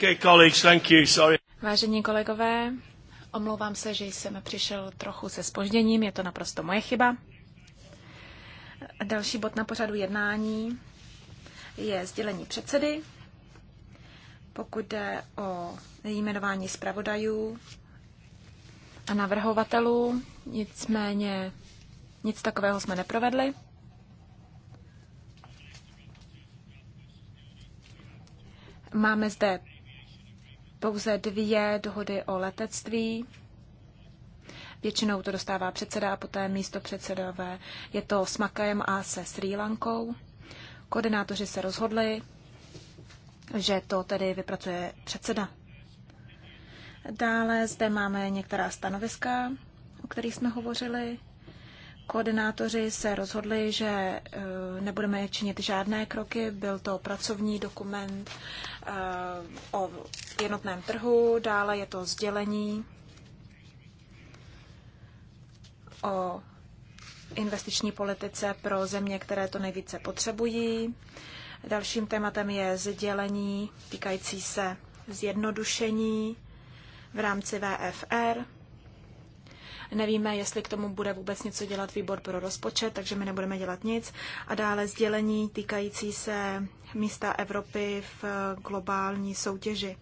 Okay, colleagues, thank you, sorry. Vážení kolegové, omlouvám se, že jsem přišel trochu se spožděním, je to naprosto moje chyba. Další bod na pořadu jednání je sdělení předsedy. Pokud jde o jmenování zpravodajů a navrhovatelů, nicméně nic takového jsme neprovedli. Máme zde pouze dvě dohody o letectví. Většinou to dostává předseda a poté místo předsedové. Je to s Makajem a se Sri Lankou. Koordinátoři se rozhodli, že to tedy vypracuje předseda. Dále zde máme některá stanoviska, o kterých jsme hovořili. Koordinátoři se rozhodli, že eh, nebudeme činit žádné kroky. Byl to pracovní dokument eh, o jednotném trhu, dále je to sdělení o investiční politice pro země, které to nejvíce potřebují. Dalším tématem je sdělení týkající se zjednodušení v rámci VFR. Nevíme, jestli k tomu bude vůbec něco dělat výbor pro rozpočet, takže my nebudeme dělat nic. A dále sdělení týkající se místa Evropy v globální soutěži.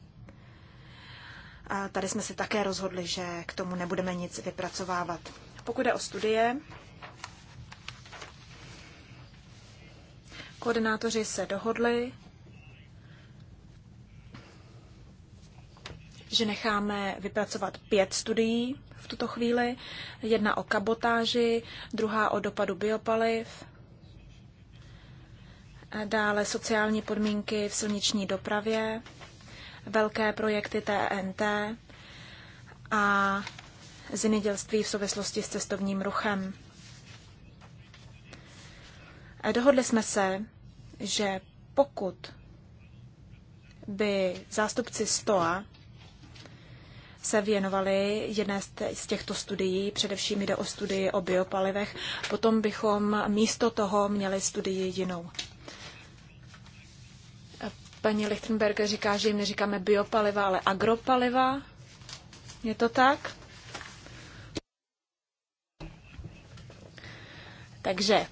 A tady jsme se také rozhodli, že k tomu nebudeme nic vypracovávat. Pokud je o studie, koordinátoři se dohodli, že necháme vypracovat pět studií v tuto chvíli. Jedna o kabotáži, druhá o dopadu biopaliv, dále sociální podmínky v silniční dopravě, velké projekty TNT a zemědělství v souvislosti s cestovním ruchem. Dohodli jsme se, že pokud by zástupci STOA se věnovali jedné z těchto studií, především jde o studii o biopalivech, potom bychom místo toho měli studii jinou. Paní Lichtenberger říká, že jim neříkáme biopaliva, ale agropaliva. Je to tak? Takže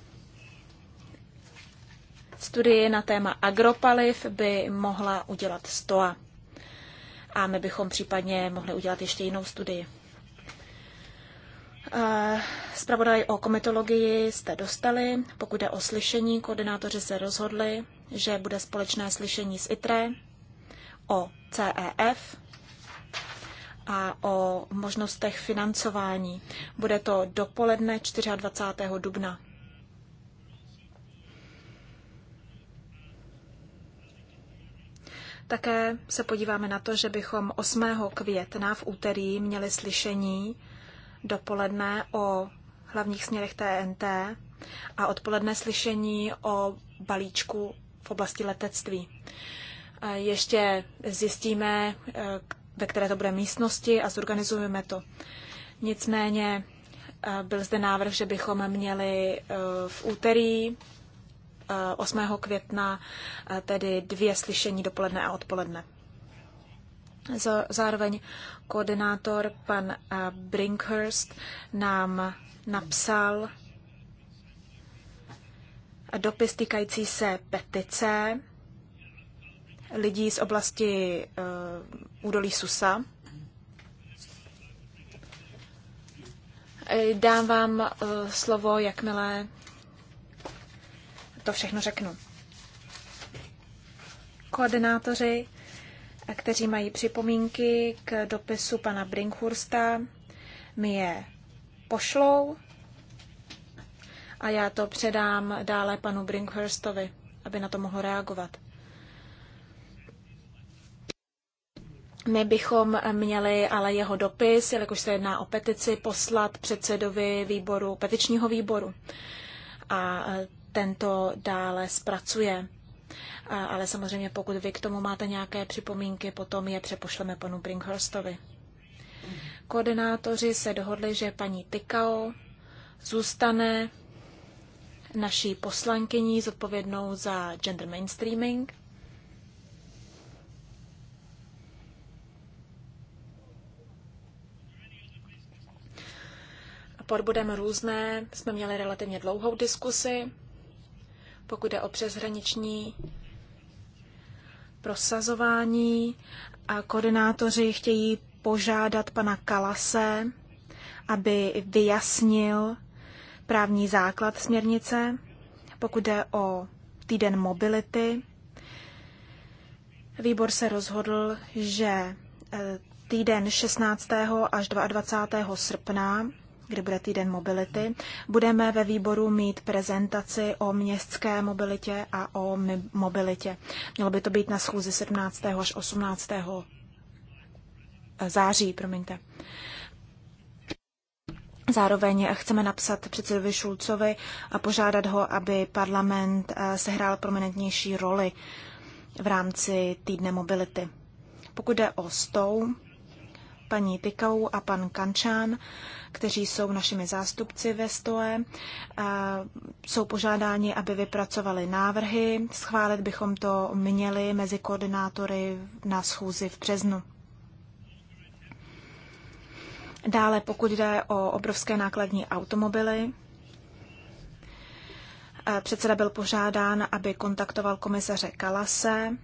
studie na téma agropaliv by mohla udělat STOA a my bychom případně mohli udělat ještě jinou studii. Eh, zpravodaj o komitologii jste dostali. Pokud jde o slyšení, koordinátoři se rozhodli, že bude společné slyšení s ITRE o CEF a o možnostech financování. Bude to dopoledne 24. dubna. Také se podíváme na to, že bychom 8. května v úterý měli slyšení dopoledne o hlavních směrech TNT a odpoledne slyšení o balíčku v oblasti letectví. Ještě zjistíme, eh, ve které to bude místnosti a zorganizujeme to. Nicméně eh, byl zde návrh, že bychom měli eh, v úterý 8. Eh, května, eh, tedy dvě slyšení dopoledne a odpoledne. Zároveň koordinátor pan eh, Brinkhurst nám napsal dopis týkající se petice lidí z oblasti údolí Susa. Dám vám slovo, jakmile to všechno řeknu. Koordinátoři, kteří mají připomínky k dopisu pana Brinkhursta, mi je pošlou a já to předám dále panu Brinkhurstovi, aby na to mohl reagovat. My bychom měli ale jeho dopis, jelikož se jedná o petici, poslat předsedovi výboru, petičního výboru. A tento dále zpracuje. Ale samozřejmě, pokud vy k tomu máte nějaké připomínky, potom je přepošleme panu Brinkhorstovi. Koordinátoři se dohodli, že paní Tykao zůstane naší poslankyní zodpovědnou za gender mainstreaming. Pod bodem různé jsme měli relativně dlouhou diskusi pokud jde o přeshraniční prosazování. A koordinátoři chtějí požádat pana Kalase, aby vyjasnil právní základ směrnice, pokud jde o týden mobility. Výbor se rozhodl, že eh, týden 16. až 22. srpna kdy bude týden mobility. Budeme ve výboru mít prezentaci o městské mobilitě a o mobilitě. Mělo by to být na schůzi 17. až 18. Eh, září, promiňte. Zároveň chceme napsat předsedovi Šulcovi a požádat ho, aby parlament eh, sehrál prominentnější roli v rámci týdne mobility. Pokud jde o STOU, paní Tykau a pan Kančán, kteří jsou našimi zástupci ve STOE, jsou požádáni, aby vypracovali návrhy. Schválit bychom to měli mezi koordinátory na schůzi v březnu. Dále, pokud jde o obrovské nákladní automobily, Předseda byl požádán, aby kontaktoval komisaře Kalase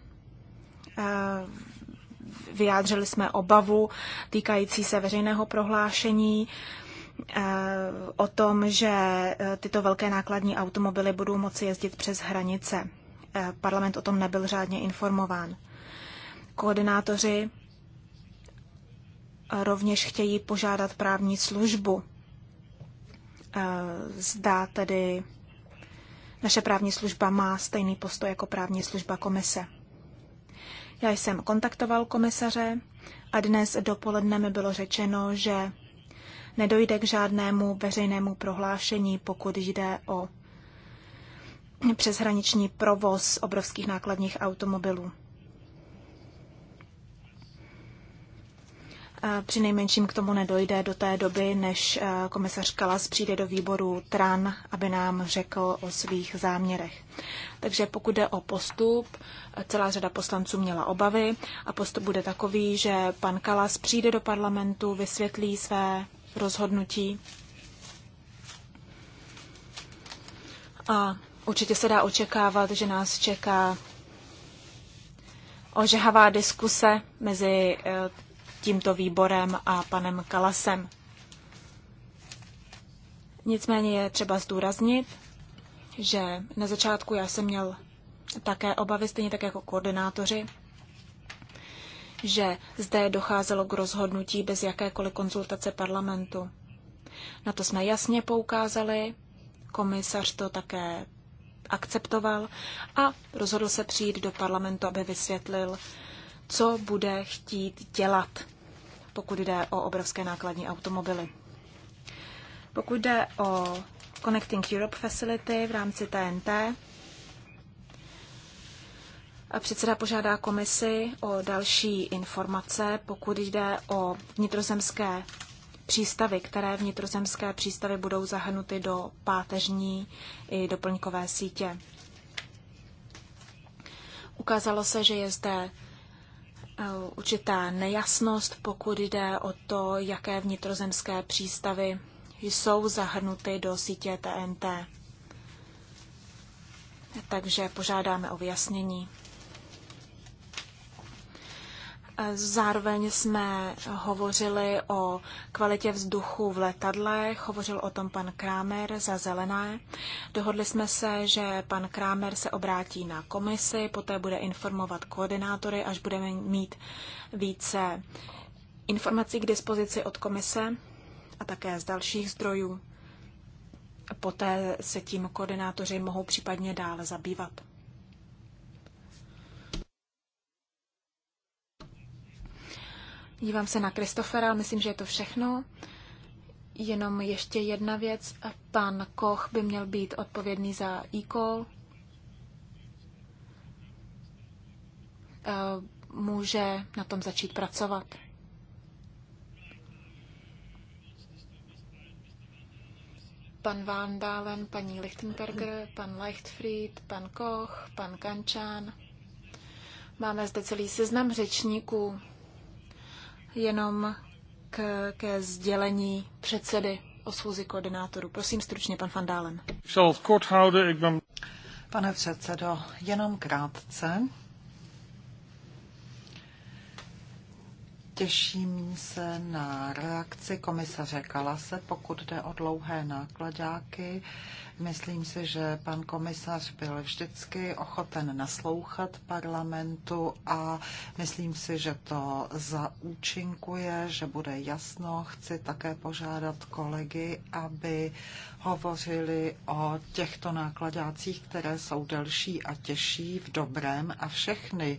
vyjádřili jsme obavu týkající se veřejného prohlášení eh, o tom, že eh, tyto velké nákladní automobily budou moci jezdit přes hranice. Eh, parlament o tom nebyl řádně informován. Koordinátoři rovněž chtějí požádat právní službu. Zdá tedy naše právní služba má stejný postoj jako právní služba komise. Já jsem kontaktoval komisaře a dnes dopoledne mi bylo řečeno, že nedojde k žádnému veřejnému prohlášení, pokud jde o přeshraniční provoz obrovských nákladních automobilů. Při nejmenším k tomu nedojde do té doby, než eh, komisař Kalas přijde do výboru TRAN, aby nám řekl o svých záměrech. Takže pokud jde o postup, celá řada poslanců měla obavy a postup bude takový, že pan Kalas přijde do parlamentu, vysvětlí své rozhodnutí a určitě se dá očekávat, že nás čeká ožehavá diskuse mezi eh, tímto výborem a panem Kalasem. Nicméně je třeba zdůraznit, že na začátku já jsem měl také obavy, stejně tak jako koordinátoři, že zde docházelo k rozhodnutí bez jakékoliv konzultace parlamentu. Na to jsme jasně poukázali, komisař to také akceptoval a rozhodl se přijít do parlamentu, aby vysvětlil, co bude chtít dělat pokud jde o obrovské nákladní automobily. Pokud jde o Connecting Europe Facility v rámci TNT, a předseda požádá komisi o další informace, pokud jde o vnitrozemské přístavy, které vnitrozemské přístavy budou zahrnuty do páteřní i doplňkové sítě. Ukázalo se, že je zde E, určitá nejasnost, pokud jde o to, jaké vnitrozemské přístavy jsou zahrnuty do sítě TNT. Takže požádáme o vyjasnění. Zároveň jsme hovořili o kvalitě vzduchu v letadlech, hovořil o tom pan Kramer za zelené. Dohodli jsme se, že pan Kramer se obrátí na komisi, poté bude informovat koordinátory, až budeme mít více informací k dispozici od komise a také z dalších zdrojů. Poté se tím koordinátoři mohou případně dále zabývat. Dívám se na Kristofera, myslím, že je to všechno. Jenom ještě jedna věc. Pan Koch by měl být odpovědný za e-call. Eh, může na tom začít pracovat. pan Van Dalen, paní Lichtenberger, pan Leichtfried, pan Koch, pan Kančán. Máme zde celý seznam řečníků jenom k, ke sdělení předsedy o schůzi koordinátorů. Prosím stručně, pan Fandálen. Pane předsedo, jenom krátce. Těším se na reakci komisaře Kalase, pokud jde o dlouhé nákladáky. Myslím si, že pan komisař byl vždycky ochoten naslouchat parlamentu a myslím si, že to zaúčinkuje, že bude jasno. Chci také požádat kolegy, aby hovořili o těchto nákladácích, které jsou delší a těžší v dobrém a všechny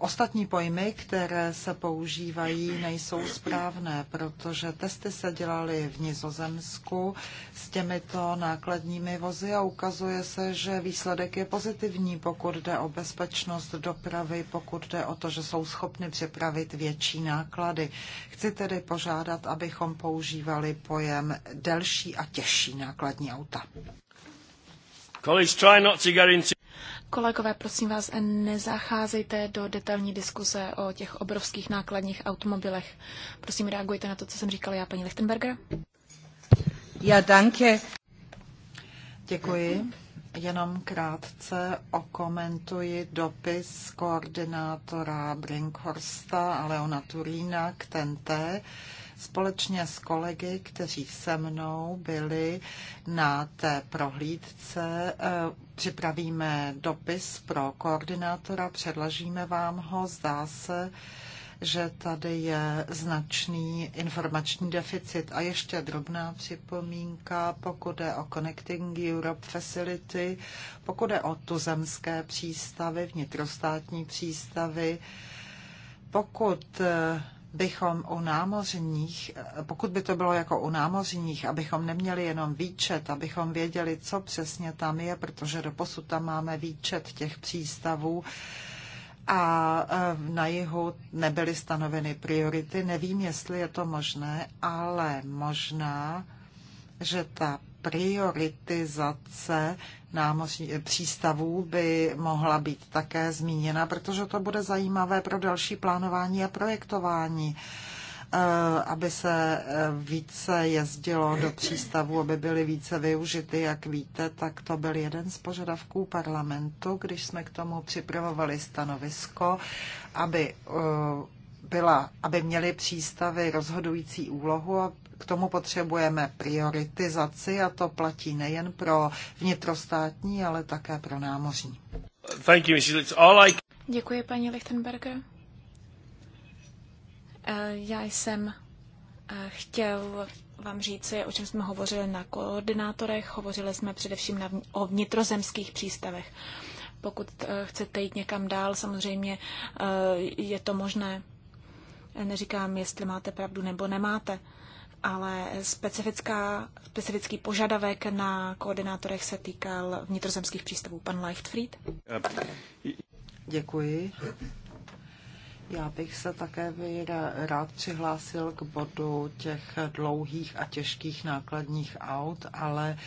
ostatní pojmy, které se používají, nejsou správné, protože testy se dělaly v Nizozemsku s těmito nákladními vozy a ukazuje se, že výsledek je pozitivní, pokud jde o bezpečnost dopravy, pokud jde o to, že jsou schopny přepravit větší náklady. Chci tedy požádat, abychom používali pojem delší a těžší nákladní auta. try not to get into... Kolegové, prosím vás, nezacházejte do detailní diskuze o těch obrovských nákladních automobilech. Prosím, reagujte na to, co jsem říkala já, paní Lichtenberger. Já danke. Děkuji. Jenom krátce okomentuji dopis koordinátora Brinkhorsta Leona Turína k TNT společně s kolegy, kteří se mnou byli na té prohlídce. Eh, připravíme dopis pro koordinátora, předložíme vám ho, zdá se, že tady je značný informační deficit. A ještě drobná připomínka, pokud je o Connecting Europe Facility, pokud je o tuzemské přístavy, vnitrostátní přístavy, pokud eh, bychom u námořních, pokud by to bylo jako u námořních, abychom neměli jenom výčet, abychom věděli, co přesně tam je, protože do posud tam máme výčet těch přístavů, a e, na jihu nebyly stanoveny priority. Nevím, jestli je to možné, ale možná, že ta prioritizace námořní, eh, přístavů by mohla být také zmíněna, protože to bude zajímavé pro další plánování a projektování eh, aby se eh, více jezdilo do přístavů, aby byly více využity. Jak víte, tak to byl jeden z požadavků parlamentu, když jsme k tomu připravovali stanovisko, aby byla, aby měly přístavy rozhodující úlohu a k tomu potřebujeme prioritizaci a to platí nejen pro vnitrostátní, ale také pro námořní. Thank you, All Děkuji, paní Lichtenberger. Eh, já jsem eh, chtěl vám říci, o čem jsme hovořili na koordinátorech. Hovořili jsme především na, o vnitrozemských přístavech. Pokud eh, chcete jít někam dál, samozřejmě je to možné. Neříkám, jestli máte pravdu nebo nemáte ale specifická, specifický požadavek na koordinátorech se týkal vnitrozemských přístavů. Pan Leichtfried? Děkuji. Já bych se také rád přihlásil k bodu těch dlouhých a těžkých nákladních aut, ale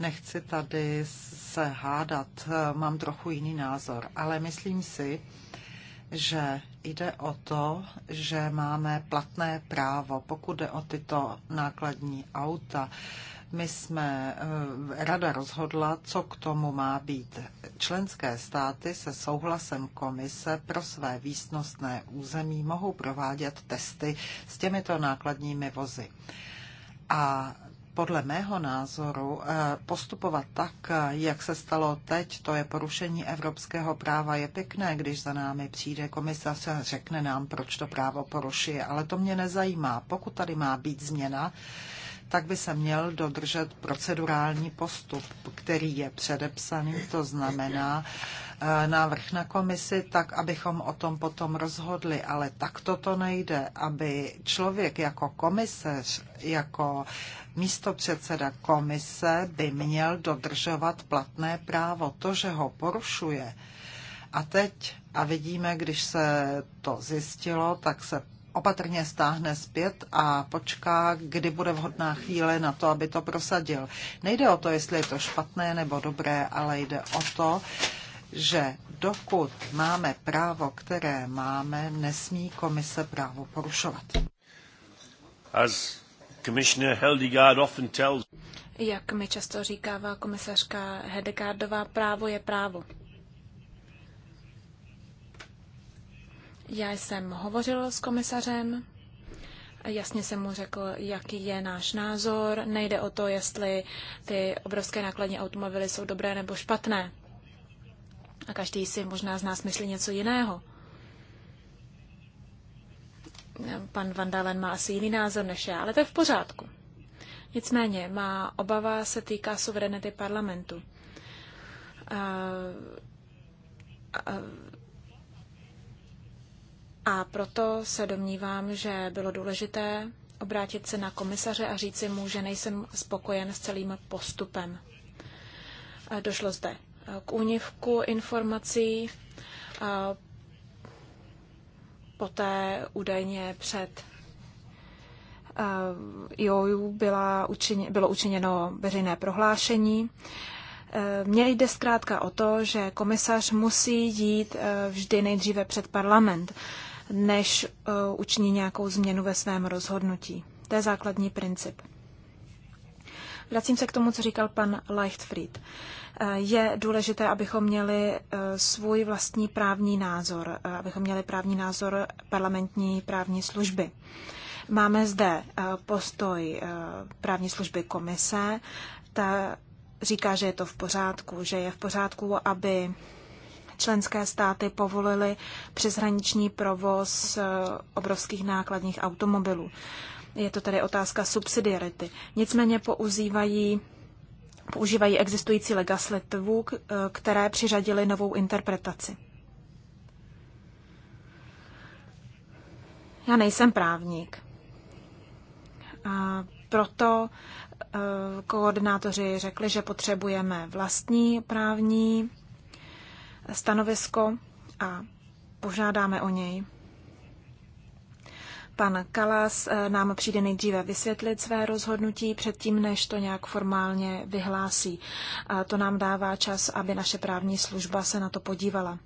nechci tady se hádat, mám trochu jiný názor. Ale myslím si, že jde o to, že máme platné právo, pokud jde o tyto nákladní auta. My jsme, eh, rada rozhodla, co k tomu má být. Členské státy se souhlasem komise pro své výstnostné území mohou provádět testy s těmito nákladními vozy. A podle mého názoru eh, postupovat tak, eh, jak se stalo teď, to je porušení evropského práva. Je pěkné, když za námi přijde komisař a řekne nám, proč to právo porušuje, ale to mě nezajímá. Pokud tady má být změna, tak by se měl dodržet procedurální postup, který je předepsaný, to znamená, E, návrh na komisi, tak abychom o tom potom rozhodli. Ale tak to nejde, aby člověk jako komisař, jako místo předseda komise by měl dodržovat platné právo. To, že ho porušuje, a teď, a vidíme, když se to zjistilo, tak se opatrně stáhne zpět a počká, kdy bude vhodná chvíle na to, aby to prosadil. Nejde o to, jestli je to špatné nebo dobré, ale jde o to, že dokud máme právo, které máme, nesmí komise právo porušovat. As tells... Jak mi často říkává komisařka Hedegardová, právo je právo. Já jsem hovořil s komisařem, jasně jsem mu řekl, jaký je náš názor. Nejde o to, jestli ty obrovské nákladní automobily jsou dobré nebo špatné. A každý si možná z nás myslí něco jiného. Pan Vandalen má asi jiný názor než já, ale to je v pořádku. Nicméně, má obava se týká suverenity parlamentu. A, a, a proto se domnívám, že bylo důležité obrátit se na komisaře a říci mu, že nejsem spokojen s celým postupem. Došlo zde k únivku informací, poté údajně před IOU bylo učiněno veřejné prohlášení. E, mně jde zkrátka o to, že komisař musí jít e, vždy nejdříve před parlament, než e, učiní nějakou změnu ve svém rozhodnutí. To je základní princip. Vracím se k tomu, co říkal pan Leichtfried je důležité, abychom měli eh, svůj vlastní právní názor, eh, abychom měli právní názor parlamentní právní služby. Máme zde eh, postoj právní služby komise. Ta říká, že je to v pořádku, že je v pořádku, aby členské státy povolily přeshraniční provoz obrovských nákladních automobilů. Je to tedy otázka subsidiarity. Nicméně používají používají existující legislativu, eh, které přiřadili novou interpretaci. Já nejsem právník. A proto eh, koordinátoři řekli, že potřebujeme vlastní právní stanovisko a požádáme o něj. Pan Kalas eh, nám přijde nejdříve vysvětlit své rozhodnutí předtím, než to nějak formálně vyhlásí. A to nám dává čas, aby naše právní služba se na to podívala.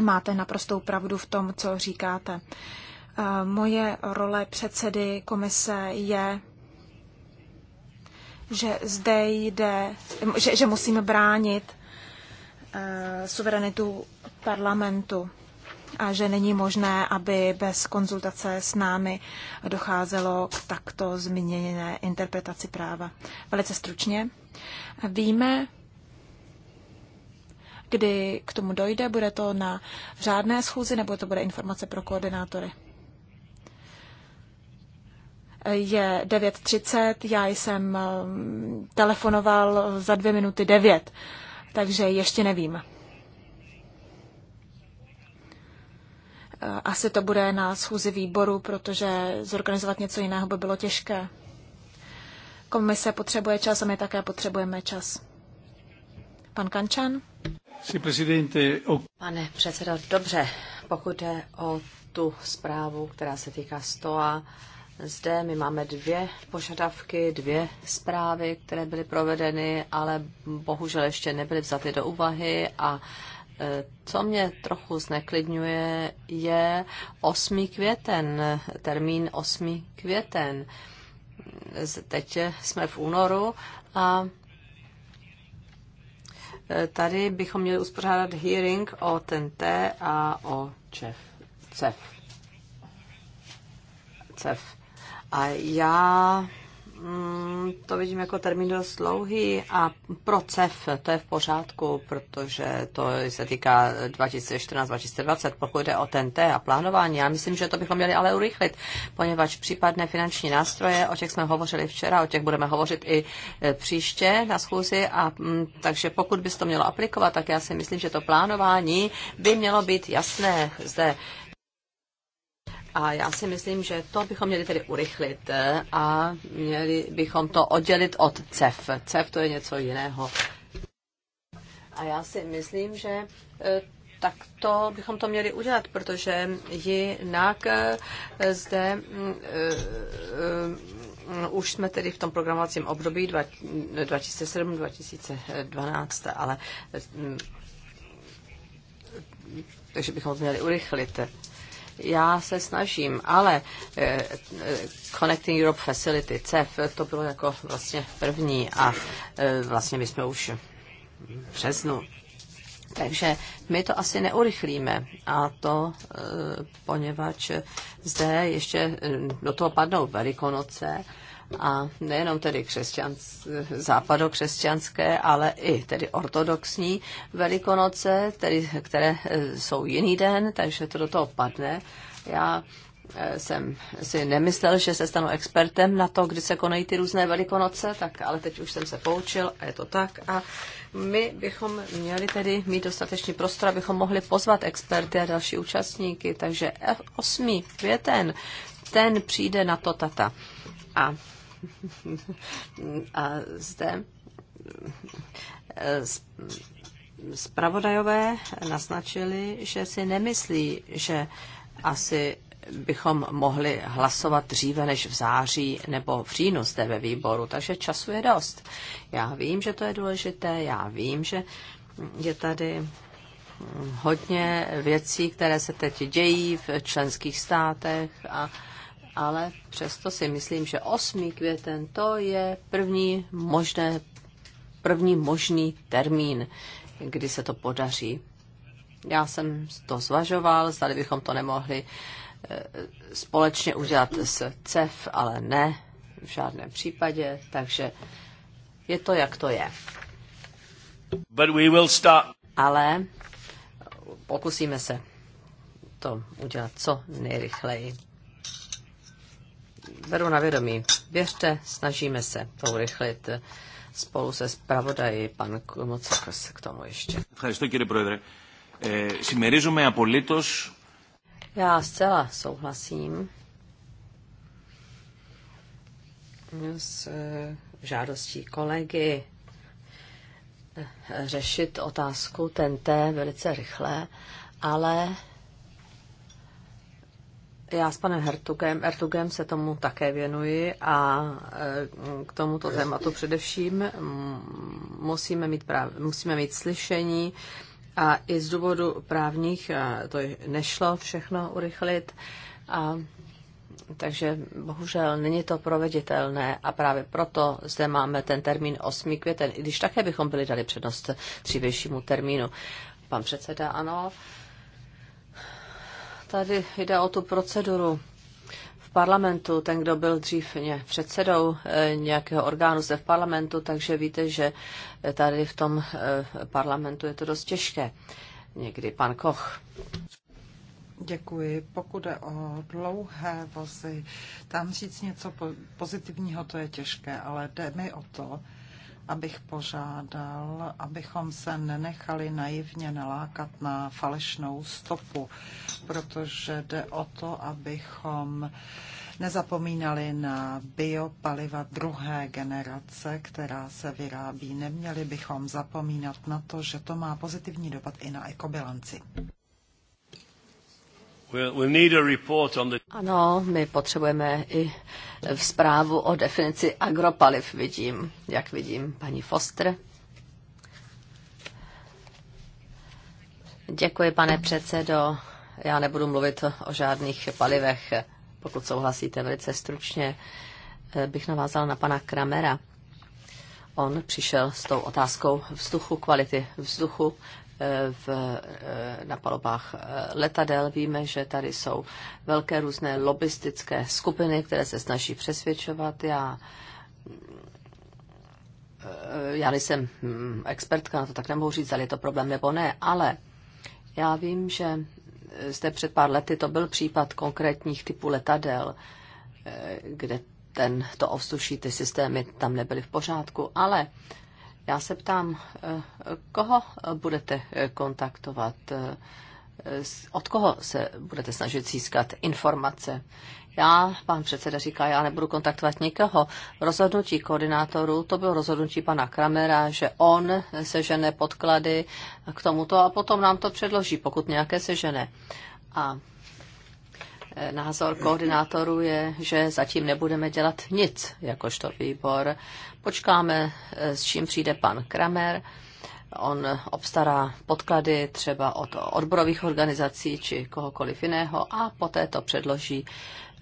Máte naprostou pravdu v tom, co říkáte. A eh, moje role předsedy komise je že zde jde, že, že musíme bránit uh, suverenitu parlamentu a že není možné, aby bez konzultace s námi docházelo k takto zmíněné interpretaci práva. Velice stručně. Víme, kdy k tomu dojde, bude to na řádné schůzi nebo to bude informace pro koordinátory. Je 9.30, já jsem ehm, telefonoval za dvě minuty 9, takže ještě nevím. Asi to bude na schůzi výboru, protože zorganizovat něco jiného by bylo těžké. Komise potřebuje čas a my také potřebujeme čas. Pan Kančan? Pane předsedo, dobře, pokud jde o tu zprávu, která se týká STOA, zde my máme dvě požadavky, dvě zprávy, které byly provedeny, ale bohužel ještě nebyly vzaty do úvahy a Eh, co mě trochu zneklidňuje, je 8. květen, termín 8. květen. Teď jsme v únoru a eh, tady bychom měli uspořádat hearing o TNT a o ČEF. CEF. CEF. A já Mm, to vidím jako termín dost dlouhý a pro CEF to je v pořádku, protože to se týká 2014-2020, pokud jde o TNT a plánování. Já myslím, že to bychom měli ale urychlit, poněvadž případné finanční nástroje, o těch jsme hovořili včera, o těch budeme hovořit i e, příště na schůzi, a, mm, takže pokud bys to mělo aplikovat, tak já si myslím, že to plánování by mělo být jasné zde a já si myslím, že to bychom měli tedy urychlit eh, a měli bychom to oddělit od CEF. CEF to je něco jiného. A já si myslím, že eh, tak to bychom to měli udělat, protože jinak eh, zde mm, mm, už jsme tedy v tom programovacím období 2007-2012, mm, ale takže bychom to měli urychlit já se snažím, ale eh, eh, Connecting Europe Facility, CEF, to bylo jako vlastně první a eh, vlastně my jsme už v březnu. Takže my to asi neurychlíme a to poněvadž zde ještě do toho padnou velikonoce a nejenom tedy křesťans, západokřesťanské, ale i tedy ortodoxní velikonoce, tedy, které e, jsou jiný den, takže to do toho padne. Já e, jsem si nemyslel, že se stanu expertem na to, kdy se konají ty různé velikonoce, tak ale teď už jsem se poučil a je to tak. A my bychom měli tedy mít dostatečný prostor, abychom mohli pozvat experty a další účastníky, takže F8 květen, ten přijde na to tata. A a zde eh, zpravodajové naznačili, že si nemyslí, že asi bychom mohli hlasovat dříve než v září nebo v říjnu zde ve výboru, takže času je dost. Já vím, že to je důležité, já vím, že je tady hodně věcí, které se teď dějí v členských státech a ale přesto si myslím, že 8. květen to je první, možné, první možný termín, kdy se to podaří. Já jsem to zvažoval, zdali bychom to nemohli e, společně udělat s CEF, ale ne v žádném případě, takže je to, jak to je. But we will start. Ale pokusíme se to udělat co nejrychleji beru na vědomí. Věřte, snažíme se to urychlit spolu se zpravodají pan Mocakos k tomu ještě. Já zcela souhlasím s eh, žádostí kolegy eh, řešit otázku té velice rychle, ale já s panem Hertugem, Hertugem se tomu také věnuji a e, k tomuto tématu především musíme mít, práv, musíme mít slyšení a i z důvodu právních e, to nešlo všechno urychlit. A takže bohužel není to proveditelné a právě proto zde máme ten termín 8. květen, i když také bychom byli dali přednost dřívějšímu termínu. Pan předseda, ano. Tady jde o tu proceduru v parlamentu. Ten, kdo byl dřív předsedou eh, nějakého orgánu zde v parlamentu, takže víte, že tady v tom eh, parlamentu je to dost těžké. Někdy pan Koch. Děkuji. Pokud jde o dlouhé vozy, tam říct něco pozitivního, to je těžké, ale jde mi o to, abych požádal, abychom se nenechali naivně nalákat na falešnou stopu, protože jde o to, abychom nezapomínali na biopaliva druhé generace, která se vyrábí. Neměli bychom zapomínat na to, že to má pozitivní dopad i na ekobilanci. Ano, my potřebujeme i v zprávu o definici agropaliv, vidím, jak vidím, paní Foster. Děkuji, pane předsedo. Já nebudu mluvit o žádných palivech, pokud souhlasíte velice stručně. Bych navázal na pana Kramera. On přišel s tou otázkou vzduchu, kvality vzduchu v, eh, na palobách eh, letadel. Víme, že tady jsou velké různé lobbystické skupiny, které se snaží přesvědčovat. Já eh, já nejsem hm, expertka na to, tak nemohu říct, zda je to problém nebo ne, ale já vím, že zde před pár lety to byl případ konkrétních typů letadel, kde ten, to ovzduší, ty systémy tam nebyly v pořádku, ale já se ptám, eh, koho budete kontaktovat, eh, od koho se budete snažit získat informace. Já, pan předseda říká, já nebudu kontaktovat nikoho. Rozhodnutí koordinátorů, to bylo rozhodnutí pana Kramera, že on sežene podklady k tomuto a potom nám to předloží, pokud nějaké sežene. A názor koordinátorů je, že zatím nebudeme dělat nic, jakožto výbor. Počkáme, eh, s čím přijde pan Kramer. On obstará podklady třeba od odborových organizací či kohokoliv jiného a poté to předloží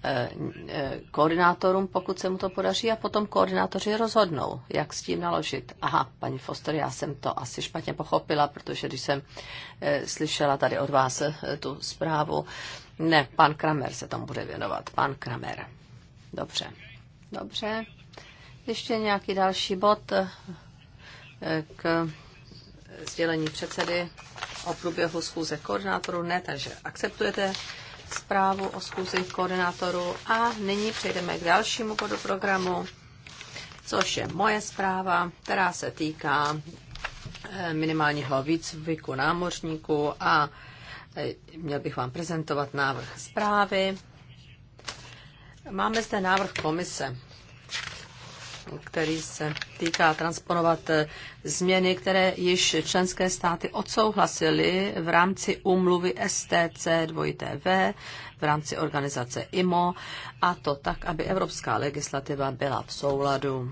eh, eh, koordinátorům, pokud se mu to podaří, a potom koordinátoři rozhodnou, jak s tím naložit. Aha, paní Foster, já jsem to asi špatně pochopila, protože když jsem slyšela tady od vás tu zprávu, ne, pan Kramer se tomu bude věnovat. Pan Kramer. Dobře. Dobře. Ještě nějaký další bod eh, k sdělení předsedy o průběhu schůze koordinátorů. Ne, takže akceptujete zprávu o schůzi koordinátorů a nyní přejdeme k dalšímu bodu programu, což je moje zpráva, která se týká eh, minimálního výcviku námořníků a Měl bych vám prezentovat návrh zprávy. Máme zde návrh komise, který se týká transponovat eh, změny, které již členské státy odsouhlasily v rámci úmluvy STC 2TV, v rámci organizace IMO, a to tak, aby evropská legislativa byla v souladu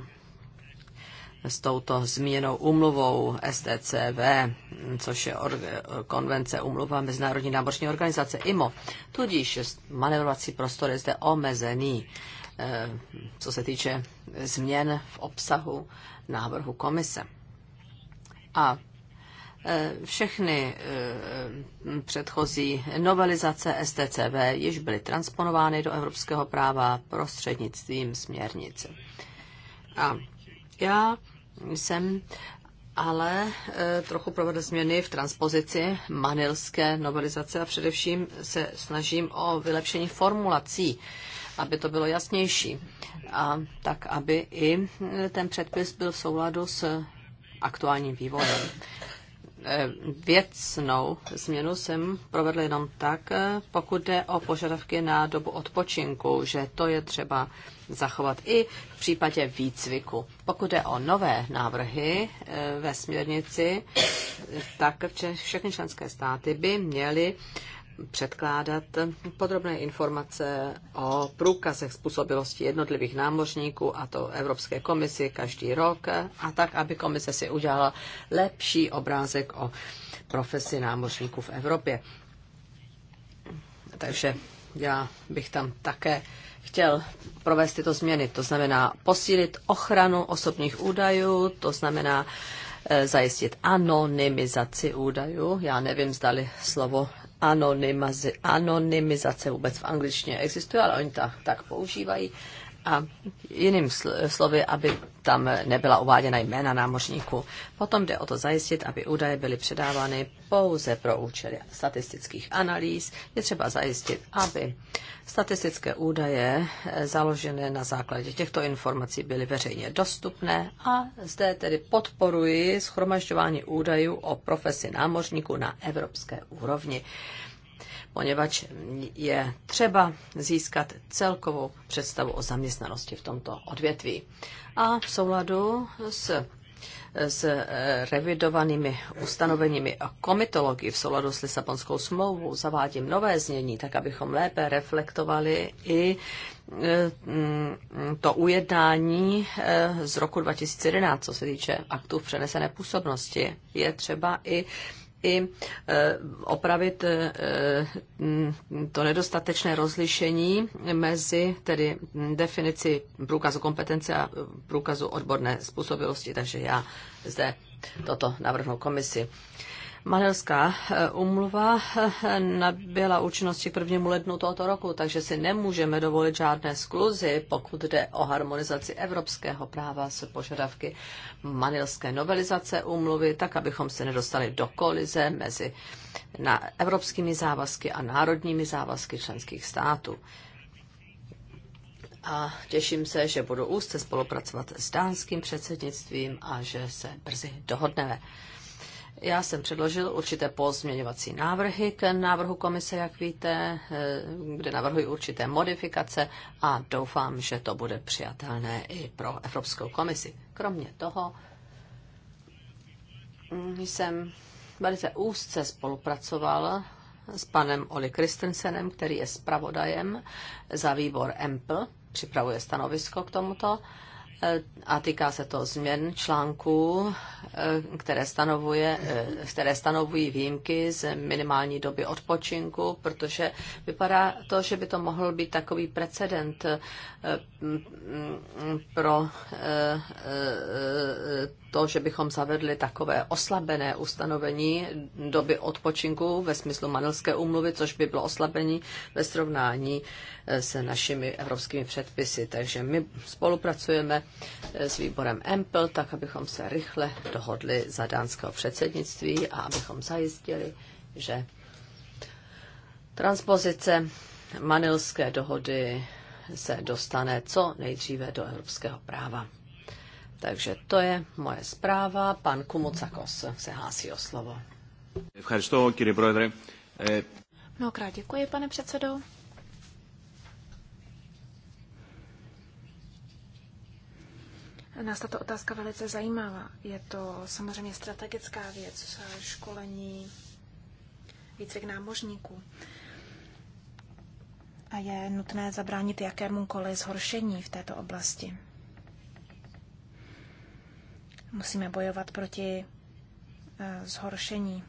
s touto změnou umluvou STCV, což je konvence umluva Mezinárodní námořní organizace IMO. Tudíž manevrovací prostor je zde omezený, eh, co se týče změn v obsahu návrhu komise. A eh, všechny eh, předchozí novelizace STCV již byly transponovány do evropského práva prostřednictvím směrnice. A já jsem ale e, trochu provedl změny v transpozici manilské novelizace a především se snažím o vylepšení formulací, aby to bylo jasnější a tak, aby i ten předpis byl v souladu s aktuálním vývojem. Eh, věcnou změnu jsem provedl jenom tak, eh, pokud jde o požadavky na dobu odpočinku, že to je třeba zachovat i v případě výcviku. Pokud jde o nové návrhy eh, ve směrnici, tak všechny členské státy by měly předkládat podrobné informace o průkazech způsobilosti jednotlivých námořníků, a to Evropské komisi každý rok, a tak, aby komise si udělala lepší obrázek o profesi námořníků v Evropě. Takže já bych tam také chtěl provést tyto změny. To znamená posílit ochranu osobních údajů, to znamená e, zajistit anonymizaci údajů. Já nevím, zdali slovo anonymizace vůbec v angličtině existuje, ale oni to tak používají. A jiným slovy, aby tam nebyla uváděna jména námořníků. Potom jde o to zajistit, aby údaje byly předávány pouze pro účely statistických analýz. Je třeba zajistit, aby statistické údaje eh, založené na základě těchto informací byly veřejně dostupné a zde tedy podporuji schromažďování údajů o profesi námořníků na evropské úrovni poněvadž je třeba získat celkovou představu o zaměstnanosti v tomto odvětví. A v souladu s s revidovanými ustanoveními a komitologii v souladu s Lisabonskou smlouvou zavádím nové znění, tak abychom lépe reflektovali i mm, to ujednání eh, z roku 2011, co se týče aktů v přenesené působnosti. Je třeba i i e, opravit e, to nedostatečné rozlišení mezi tedy definici průkazu kompetence a průkazu odborné způsobilosti. Takže já zde toto navrhnu komisi. Madelská eh, umluva eh, nabyla účinnosti k prvnímu lednu tohoto roku, takže si nemůžeme dovolit žádné skluzy, pokud jde o harmonizaci evropského práva s požadavky manilské novelizace umluvy, tak abychom se nedostali do kolize mezi na evropskými závazky a národními závazky členských států a těším se, že budu úzce spolupracovat s dánským předsednictvím a že se brzy dohodneme. Já jsem předložil určité pozměňovací návrhy k návrhu komise, jak víte, eh, kde navrhuji určité modifikace a doufám, že to bude přijatelné i pro Evropskou komisi. Kromě toho hm, jsem velice úzce spolupracoval s panem Oli Kristensenem, který je zpravodajem za výbor EMPL, připravuje stanovisko k tomuto eh, a týká se to změn článků Eh, které, stanovuje, eh, které stanovují výjimky z minimální doby odpočinku, protože vypadá to, že by to mohl být takový precedent eh, mm, pro to, že bychom zavedli takové oslabené ustanovení doby odpočinku ve smyslu manelské úmluvy, což by bylo oslabení ve srovnání se našimi evropskými předpisy. Takže my spolupracujeme s výborem EMPL, tak abychom se rychle do dohodli za dánského předsednictví a abychom zajistili, že transpozice manilské dohody se dostane co nejdříve do evropského práva. Takže to je moje zpráva. Pan Kumucakos se hlásí o slovo. Mnohokrát děkuji, pane předsedo. Nás tato otázka velice zajímala. Je to samozřejmě strategická věc, školení, výcvik námořníků. A je nutné zabránit jakémukoliv zhoršení v této oblasti. Musíme bojovat proti eh, zhoršení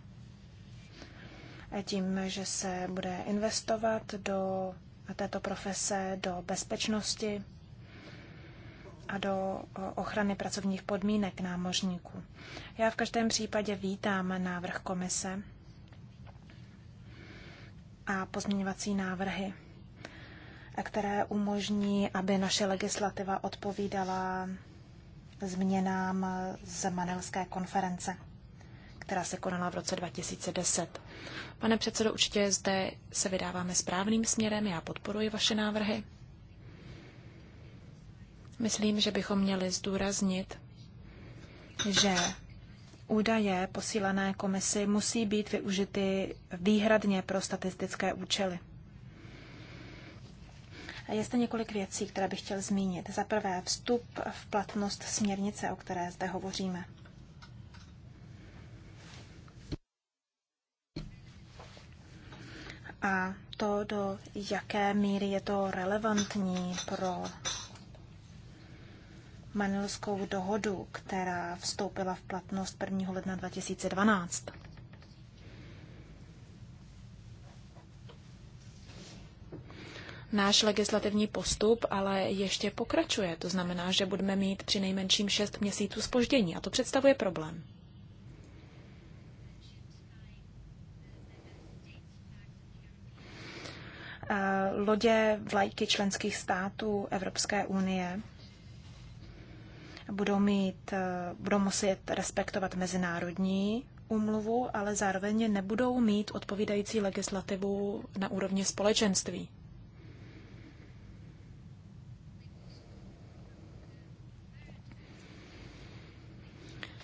tím, že se bude investovat do této profese, do bezpečnosti a do ochrany pracovních podmínek námořníků. Já v každém případě vítám návrh komise a pozměňovací návrhy, které umožní, aby naše legislativa odpovídala změnám z Manelské konference, která se konala v roce 2010. Pane předsedo, určitě zde se vydáváme správným směrem, já podporuji vaše návrhy. Myslím, že bychom měli zdůraznit, že údaje posílené komisi musí být využity výhradně pro statistické účely. Je zde několik věcí, které bych chtěl zmínit. Za prvé, vstup v platnost směrnice, o které zde hovoříme. A to, do jaké míry je to relevantní pro manilskou dohodu, která vstoupila v platnost 1. ledna 2012. Náš legislativní postup ale ještě pokračuje, to znamená, že budeme mít při nejmenším 6 měsíců spoždění a to představuje problém. Eh, lodě vlajky členských států Evropské unie budou, mít, eh, budou muset respektovat mezinárodní umluvu, ale zároveň nebudou mít odpovídající legislativu na úrovni společenství.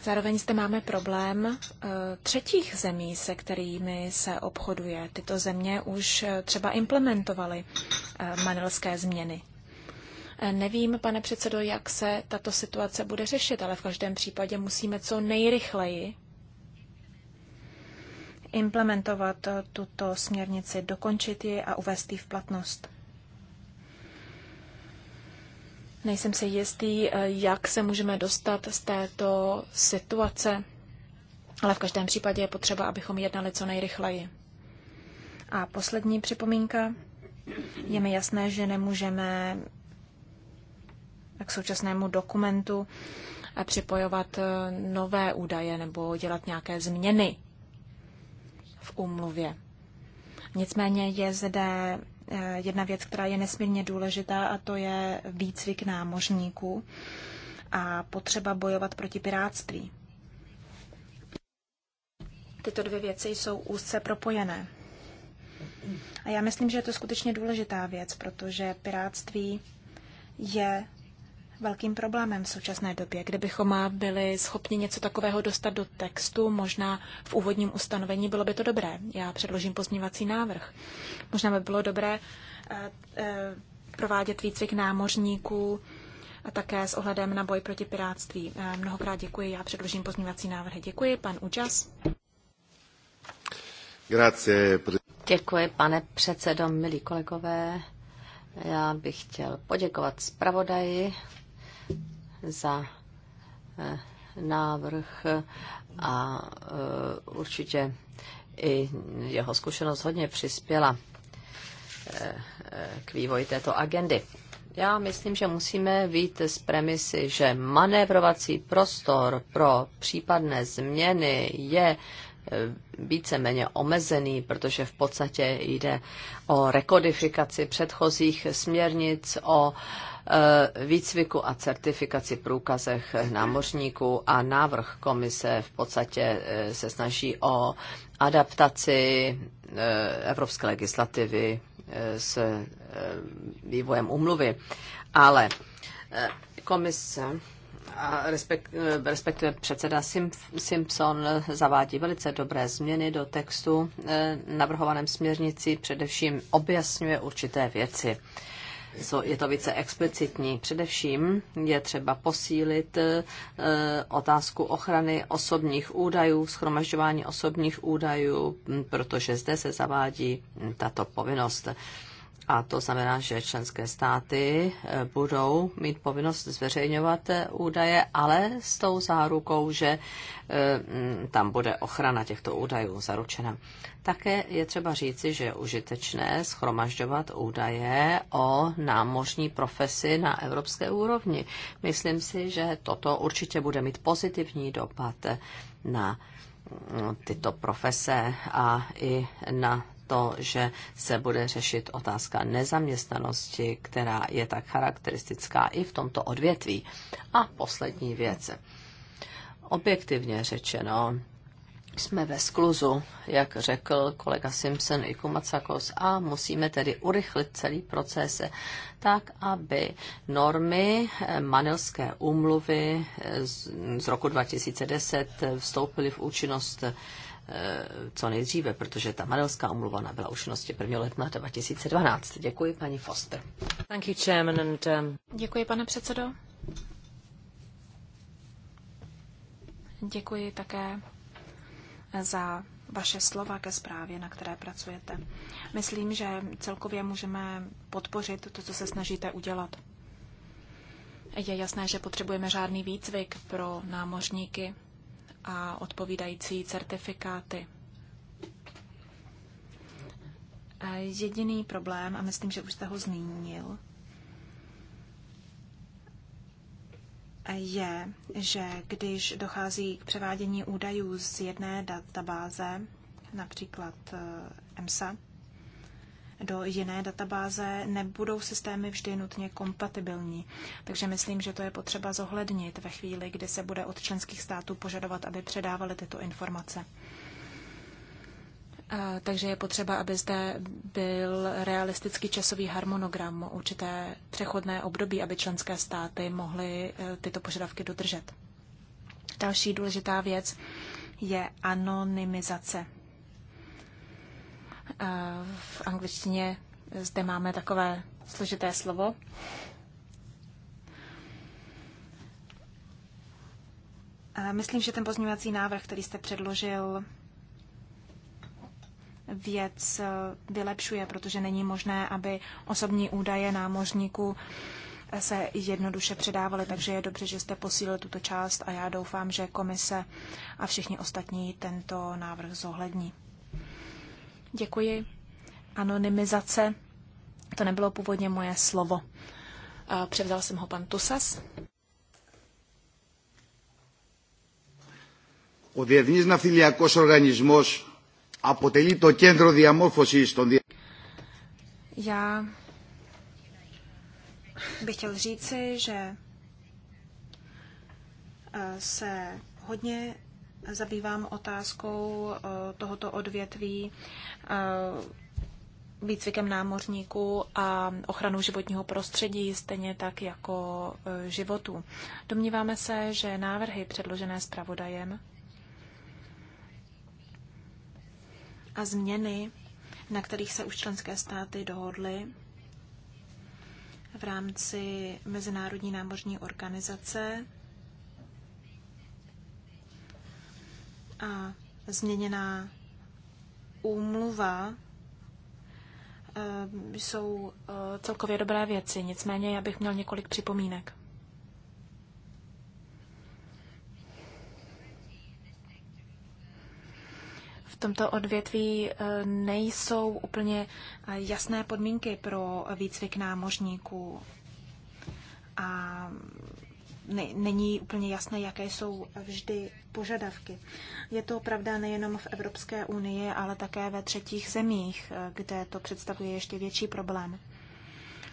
Zároveň zde máme problém eh, třetích zemí, se kterými se obchoduje. Tyto země už eh, třeba implementovaly manilské změny. Nevím, pane předsedo, jak se tato situace bude řešit, ale v každém případě musíme co nejrychleji implementovat tuto směrnici, dokončit ji a uvést ji v platnost. Nejsem si jistý, jak se můžeme dostat z této situace, ale v každém případě je potřeba, abychom jednali co nejrychleji. A poslední připomínka. Je mi jasné, že nemůžeme k současnému dokumentu připojovat eh, nové údaje nebo dělat nějaké změny v úmluvě. Nicméně je zde eh, jedna věc, která je nesmírně důležitá, a to je výcvik námořníků a potřeba bojovat proti pirátství. Tyto dvě věci jsou úzce propojené. A já myslím, že je to skutečně důležitá věc, protože pirátství je velkým problémem v současné době. Kdybychom byli schopni něco takového dostat do textu, možná v úvodním ustanovení bylo by to dobré. Já předložím pozměvací návrh. Možná by bylo dobré eh, eh, provádět výcvik námořníků a také s ohledem na boj proti pirátství. Eh, mnohokrát děkuji, já předložím pozměvací návrhy. Děkuji, pan Učas. Děkuji, pane předsedo, milí kolegové. Já bych chtěl poděkovat zpravodaji za eh, návrh a eh, určitě i jeho zkušenost hodně přispěla eh, k vývoji této agendy. Já myslím, že musíme být z premisy, že manévrovací prostor pro případné změny je víceméně omezený, protože v podstatě jde o rekodifikaci předchozích směrnic, o e, výcviku a certifikaci průkazech námořníků a návrh komise v podstatě e, se snaží o adaptaci e, evropské legislativy s vývojem umluvy. Ale komise a respekt, respektive předseda Simpson zavádí velice dobré změny do textu eh, navrhovaném směrnici, především objasňuje určité věci. Je to více explicitní. Především je třeba posílit eh, otázku ochrany osobních údajů, schromažďování osobních údajů, protože zde se zavádí tato povinnost. A to znamená, že členské státy eh, budou mít povinnost zveřejňovat eh, údaje, ale s tou zárukou, že eh, mm, tam bude ochrana těchto údajů zaručena. Také je třeba říci, že je užitečné schromažďovat údaje o námořní profesi na evropské úrovni. Myslím si, že toto určitě bude mít pozitivní dopad na mm, tyto profese a i na to, že se bude řešit otázka nezaměstnanosti, která je tak charakteristická i v tomto odvětví. A poslední věc. Objektivně řečeno, jsme ve skluzu, jak řekl kolega Simpson i Kumacakos, a musíme tedy urychlit celý proces tak, aby normy eh, Manilské úmluvy z roku 2010 vstoupily v účinnost Eh, co nejdříve, protože ta Manelská umluva nabyla účinnosti 1. ledna 2012. Děkuji, paní Foster. Thank you, chairman, and, um... Děkuji, pane předsedo. Děkuji také za vaše slova ke zprávě, na které pracujete. Myslím, že celkově můžeme podpořit to, co se snažíte udělat. Je jasné, že potřebujeme žádný výcvik pro námořníky, a odpovídající certifikáty. E, jediný problém, a myslím, že už jste ho zmínil, e, je, že když dochází k převádění údajů z jedné databáze, například EMSA, do jiné databáze, nebudou systémy vždy nutně kompatibilní. Takže myslím, že to je potřeba zohlednit ve chvíli, kdy se bude od členských států požadovat, aby předávali tyto informace. Takže je potřeba, aby zde byl realistický časový harmonogram, určité přechodné období, aby členské státy mohly e, tyto požadavky dodržet. Další důležitá věc je anonymizace v angličtině zde máme takové složité slovo. Myslím, že ten pozměňovací návrh, který jste předložil, věc eh, vylepšuje, protože není možné, aby osobní údaje námořníků se jednoduše předávaly, takže je dobře, že jste posílil tuto část a já doufám, že komise a všichni ostatní tento návrh zohlední. Děkuji. Anonymizace, to nebylo původně moje slovo. Převzal jsem ho pan Tusas. Ο Διεθνής Ναυτιλιακός Οργανισμός αποτελεί το κέντρο διαμόρφωσης των Já bych chtěl říci, že eh, se hodně zabývám otázkou eh, tohoto odvětví eh, výcvikem námořníků a ochranu životního prostředí, stejně tak jako eh, životu. Domníváme se, že návrhy předložené zpravodajem a změny, na kterých se už členské státy dohodly v rámci Mezinárodní námořní organizace, a změněná úmluva eh, jsou eh, celkově dobré věci, nicméně já bych měl několik připomínek. V tomto odvětví eh, nejsou úplně jasné podmínky pro výcvik námořníků a není úplně jasné, jaké jsou vždy požadavky. Je to pravda nejenom v Evropské unii, ale také ve třetích zemích, eh, kde to představuje ještě větší problém.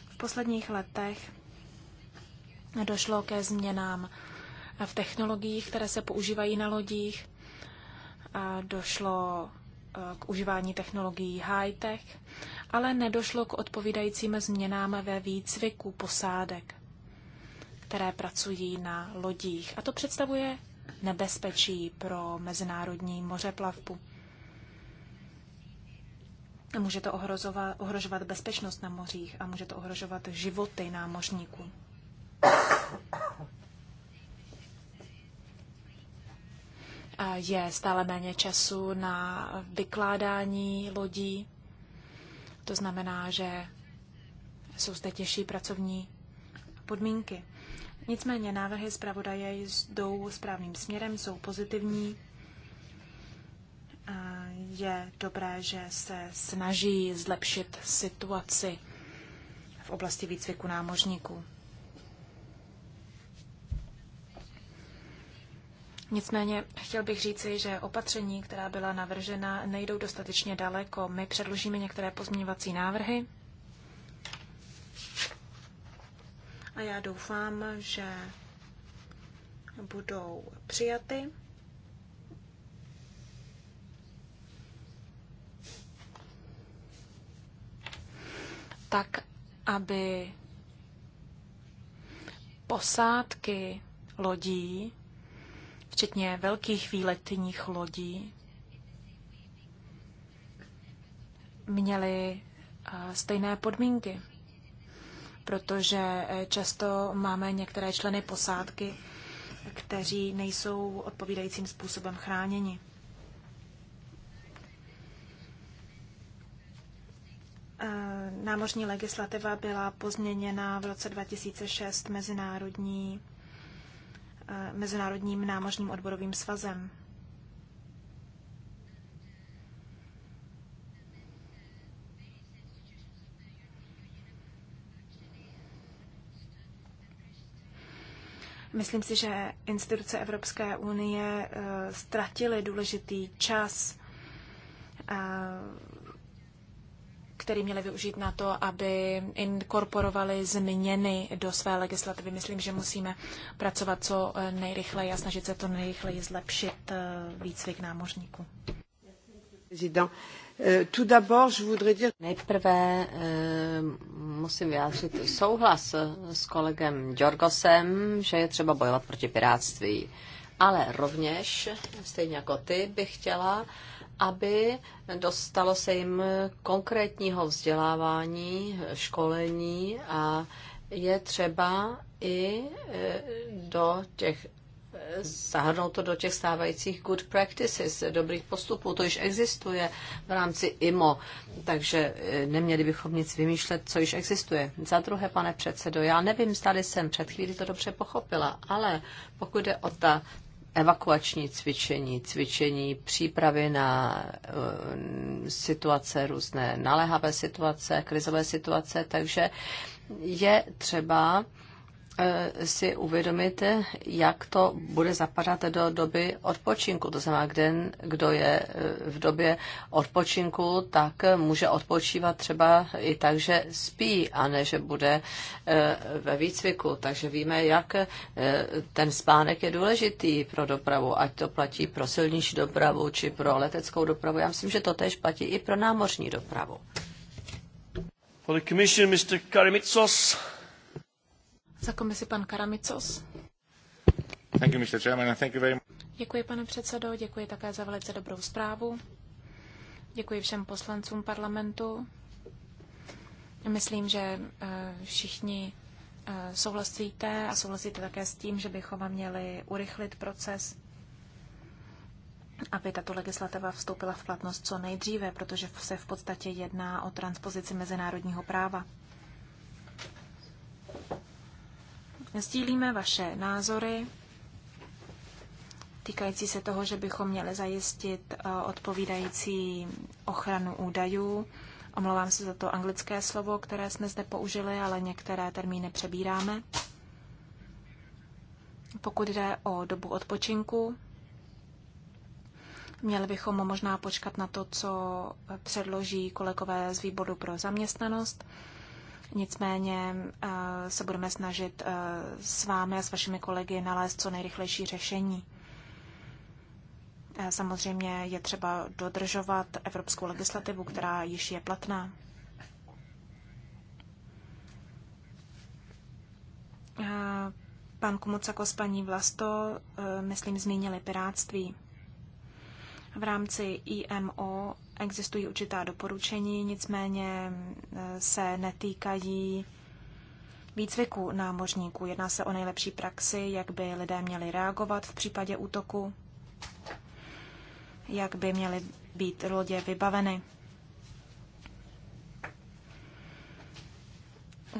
V posledních letech došlo ke změnám v technologiích, které se používají na lodích. Došlo eh, k užívání technologií high-tech, ale nedošlo k odpovídajícím změnám ve výcviku posádek které pracují na lodích. A to představuje nebezpečí pro mezinárodní mořeplavbu. může to ohrozovat, ohrožovat bezpečnost na mořích a může to ohrožovat životy námořníků. Je stále méně času na vykládání lodí. To znamená, že jsou zde těžší pracovní podmínky. Nicméně návrhy zpravodaje jdou správným směrem, jsou pozitivní. Je dobré, že se snaží zlepšit situaci v oblasti výcviku námořníků. Nicméně chtěl bych říci, že opatření, která byla navržena, nejdou dostatečně daleko. My předložíme některé pozměňovací návrhy a já doufám, že budou přijaty. Tak, aby posádky lodí, včetně velkých výletních lodí, měly eh, stejné podmínky protože eh, často máme některé členy posádky, kteří nejsou odpovídajícím způsobem chráněni. Eh, námořní legislativa byla pozměněna v roce 2006 mezinárodní, eh, Mezinárodním námořním odborovým svazem. Myslím si, že instituce Evropské unie eh, ztratily důležitý čas, eh, který měly využít na to, aby inkorporovali změny do své legislativy. Myslím, že musíme pracovat co eh, nejrychleji a snažit se to nejrychleji zlepšit výcvik námořníků. Eh, Nejprve eh, musím vyjádřit souhlas s kolegem Jorgosem, že je třeba bojovat proti piráctví. Ale rovněž, stejně jako ty, bych chtěla, aby dostalo se jim konkrétního vzdělávání, školení a je třeba i eh, do těch zahrnout to do těch stávajících good practices, dobrých postupů. To již existuje v rámci IMO, takže eh, neměli bychom nic vymýšlet, co již existuje. Za druhé, pane předsedo, já nevím, zdali jsem před chvíli to dobře pochopila, ale pokud jde o ta evakuační cvičení, cvičení přípravy na uh, situace, různé naléhavé situace, krizové situace, takže je třeba uh, Eh, si uvědomit, jak to bude zapadat do doby odpočinku. To znamená, kde, kdo je eh, v době odpočinku, tak může odpočívat třeba i tak, že spí, a ne, že bude eh, ve výcviku. Takže víme, jak ten spánek je důležitý pro dopravu, ať to platí pro silniční dopravu či pro leteckou dopravu. Já myslím, že to tež platí i pro námořní dopravu. For the commission, Mr. Karimitsos. Za komisi pan Karamicos. Thank you, Mr. Chairman, and thank you very much. Děkuji, pane předsedo, děkuji také za velice dobrou zprávu. Děkuji všem poslancům parlamentu. Myslím, že eh, všichni eh, souhlasíte a souhlasíte také s tím, že bychom měli urychlit proces, aby tato legislativa vstoupila v platnost co nejdříve, protože se v podstatě jedná o transpozici mezinárodního práva. Sdílíme vaše názory týkající se toho, že bychom měli zajistit eh, odpovídající ochranu údajů. Omlouvám se za to anglické slovo, které jsme zde použili, ale některé termíny přebíráme. Pokud jde o dobu odpočinku, měli bychom možná počkat na to, co předloží kolegové z výboru pro zaměstnanost. Nicméně eh, se budeme snažit eh, s vámi a s vašimi kolegy nalézt co nejrychlejší řešení. Eh, samozřejmě je třeba dodržovat evropskou legislativu, která již je platná. Pan Kumucako s paní Vlasto, myslím, zmínili pirátství. V rámci IMO Existují určitá doporučení, nicméně e, se netýkají výcviku námořníků. Jedná se o nejlepší praxi, jak by lidé měli reagovat v případě útoku, jak by měly být lodě vybaveny.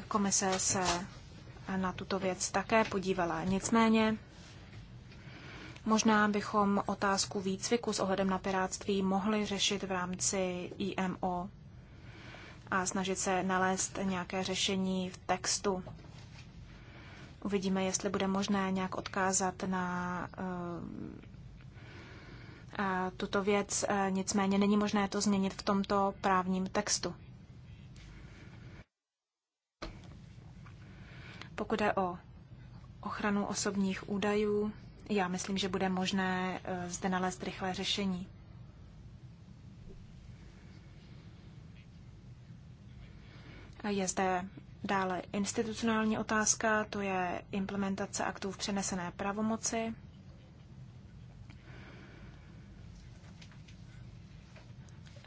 Komise se na tuto věc také podívala. Nicméně Možná bychom otázku výcviku s ohledem na piráctví mohli řešit v rámci IMO a snažit se nalézt nějaké řešení v textu. Uvidíme, jestli bude možné nějak odkázat na eh, tuto věc, nicméně není možné to změnit v tomto právním textu. Pokud je o ochranu osobních údajů, já myslím, že bude možné eh, zde nalézt rychlé řešení. Je zde dále institucionální otázka, to je implementace aktů v přenesené pravomoci.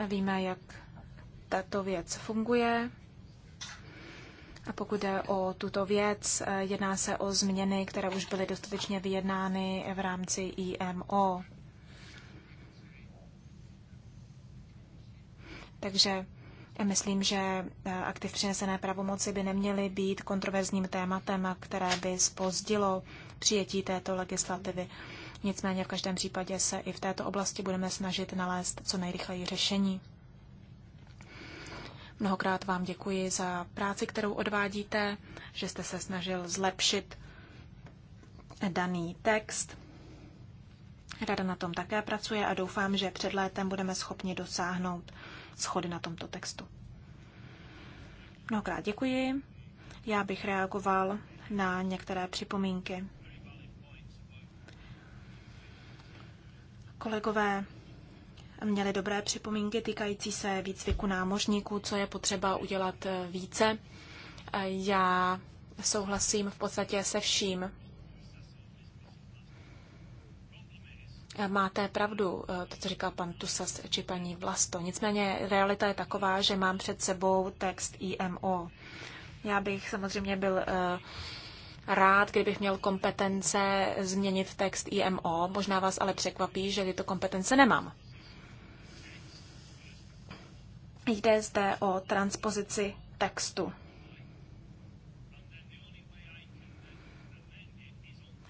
Víme, jak tato věc funguje. A pokud jde o tuto věc, eh, jedná se o změny, které už byly dostatečně vyjednány v rámci IMO. Takže myslím, že eh, aktiv přinesené pravomoci by neměly být kontroverzním tématem, které by spozdilo přijetí této legislativy. Nicméně v každém případě se i v této oblasti budeme snažit nalézt co nejrychleji řešení. Mnohokrát vám děkuji za práci, kterou odvádíte, že jste se snažil zlepšit daný text. Rada na tom také pracuje a doufám, že před létem budeme schopni dosáhnout schody na tomto textu. Mnohokrát děkuji. Já bych reagoval na některé připomínky. Kolegové měli dobré připomínky týkající se výcviku námořníků, co je potřeba udělat eh, více. Eh, já souhlasím v podstatě se vším. Eh, máte pravdu, to, co říkal pan Tusas či paní Vlasto. Nicméně realita je taková, že mám před sebou text IMO. Já bych samozřejmě byl rád, kdybych měl kompetence změnit text IMO. Možná vás ale překvapí, že tyto kompetence nemám. Jde zde o transpozici textu.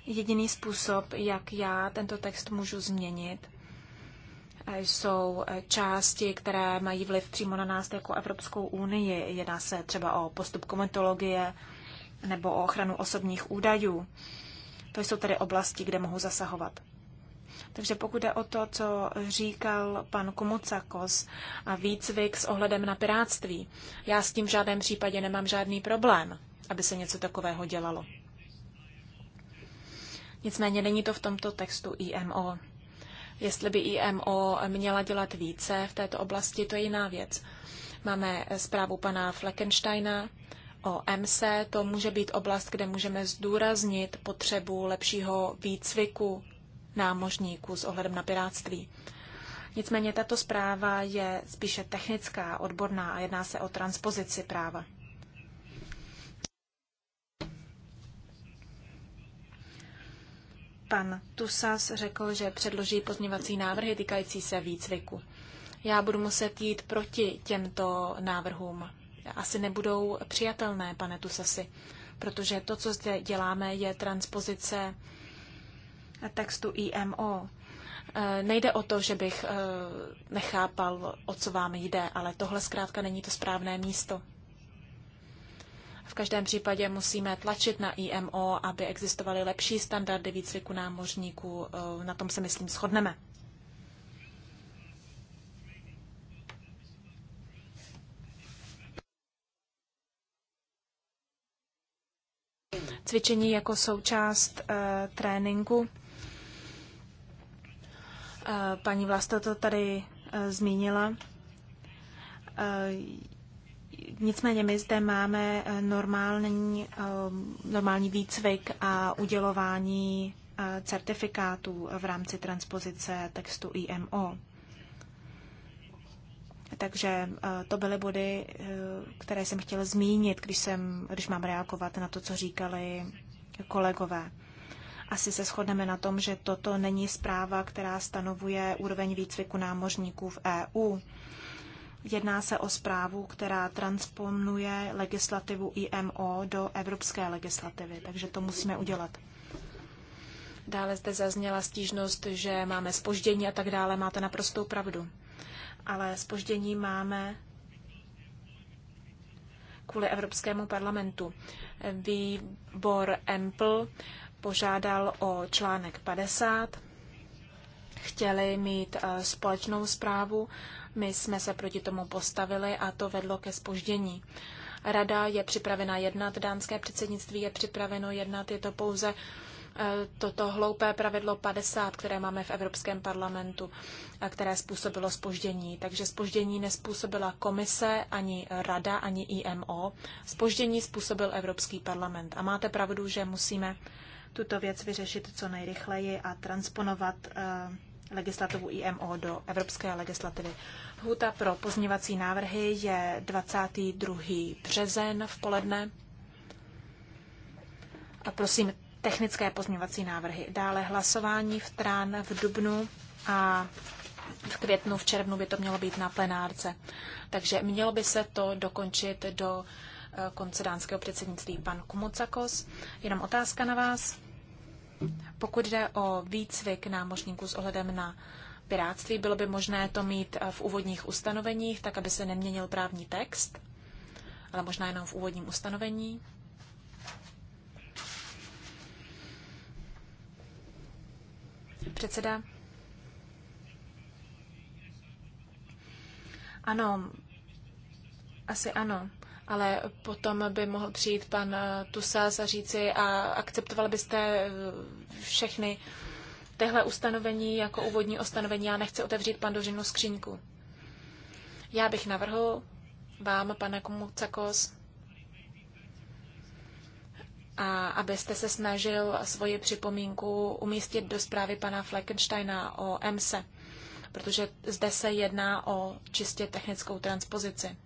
Jediný způsob, jak já tento text můžu změnit, jsou části, které mají vliv přímo na nás jako Evropskou unii. Jedná se třeba o postup komentologie nebo o ochranu osobních údajů. To jsou tedy oblasti, kde mohu zasahovat. Takže pokud jde o to, co říkal pan Komucakos a výcvik s ohledem na piráctví, já s tím v žádném případě nemám žádný problém, aby se něco takového dělalo. Nicméně není to v tomto textu IMO. Jestli by IMO měla dělat více v této oblasti, to je jiná věc. Máme zprávu pana Fleckensteina o MC. E. To může být oblast, kde můžeme zdůraznit potřebu lepšího výcviku námořníků s ohledem na pirátství. Nicméně tato zpráva je spíše technická, odborná a jedná se o transpozici práva. Pan Tusas řekl, že předloží pozměvací návrhy týkající se výcviku. Já budu muset jít proti těmto návrhům. Asi nebudou přijatelné, pane Tusasi, protože to, co zde děláme, je transpozice textu IMO. Eh, nejde o to, že bych eh, nechápal, o co vám jde, ale tohle zkrátka není to správné místo. V každém případě musíme tlačit na IMO, aby existovaly lepší standardy výcviku námořníků. Eh, na tom se, myslím, shodneme. Cvičení jako součást uh, tréninku Eh, paní Vlasta to tady eh, zmínila. Eh, nicméně my zde máme normální, normální výcvik a udělování certifikátů v rámci transpozice textu IMO. Takže to byly body, které jsem chtěla zmínit, když, jsem, když mám reagovat na to, co říkali kolegové. Asi se shodneme na tom, že toto není zpráva, která stanovuje úroveň výcviku námořníků v EU. Jedná se o zprávu, která transponuje legislativu IMO do evropské legislativy, takže to musíme udělat. Dále zde zazněla stížnost, že máme spoždění a tak dále. Máte naprostou pravdu. Ale spoždění máme kvůli Evropskému parlamentu. Výbor EMPL požádal o článek 50. Chtěli mít eh, společnou zprávu. My jsme se proti tomu postavili a to vedlo ke spoždění. Rada je připravena jednat, dánské předsednictví je připraveno jednat, je to pouze eh, toto hloupé pravidlo 50, které máme v Evropském parlamentu, které způsobilo spoždění. Takže spoždění nespůsobila komise, ani rada, ani IMO. Spoždění způsobil Evropský parlament. A máte pravdu, že musíme tuto věc vyřešit co nejrychleji a transponovat eh, legislativu IMO do evropské legislativy. Huta pro pozměvací návrhy je 22. březen v poledne. A prosím, technické pozměvací návrhy. Dále hlasování v Trán v Dubnu a v květnu, v červnu by to mělo být na plenárce. Takže mělo by se to dokončit do eh, konce dánského předsednictví. Pan Kumocakos, jenom otázka na vás. Pokud jde o výcvik námořníků s ohledem na piráctví, bylo by možné to mít eh, v úvodních ustanoveních, tak aby se neměnil právní text, ale možná jenom v úvodním ustanovení. Předseda. Ano, asi ano ale potom by mohl přijít pan eh, Tusas a říci, a akceptoval byste eh, všechny tehle ustanovení jako úvodní ustanovení, já nechci otevřít pandořinu skřínku. Já bych navrhl vám, pane Komucakos, a abyste se snažil svoji připomínku umístit do zprávy pana Fleckensteina o EMSE, protože zde se jedná o čistě technickou transpozici.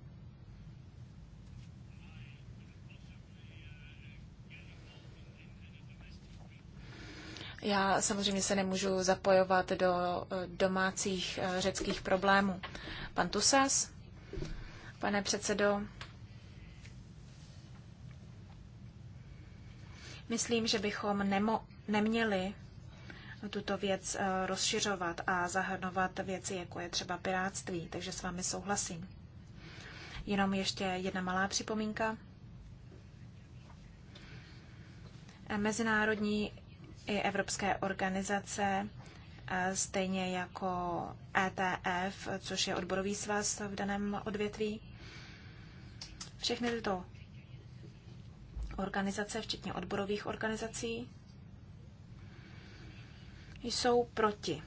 Já samozřejmě se nemůžu zapojovat do eh, domácích eh, řeckých problémů. Pan Tusas, pane předsedo, myslím, že bychom nemo- neměli tuto věc eh, rozšiřovat a zahrnovat věci, jako je třeba piráctví, takže s vámi souhlasím. Jenom ještě jedna malá připomínka. Mezinárodní i evropské organizace, stejně jako ETF, což je odborový svaz v daném odvětví. Všechny tyto organizace, včetně odborových organizací, jsou proti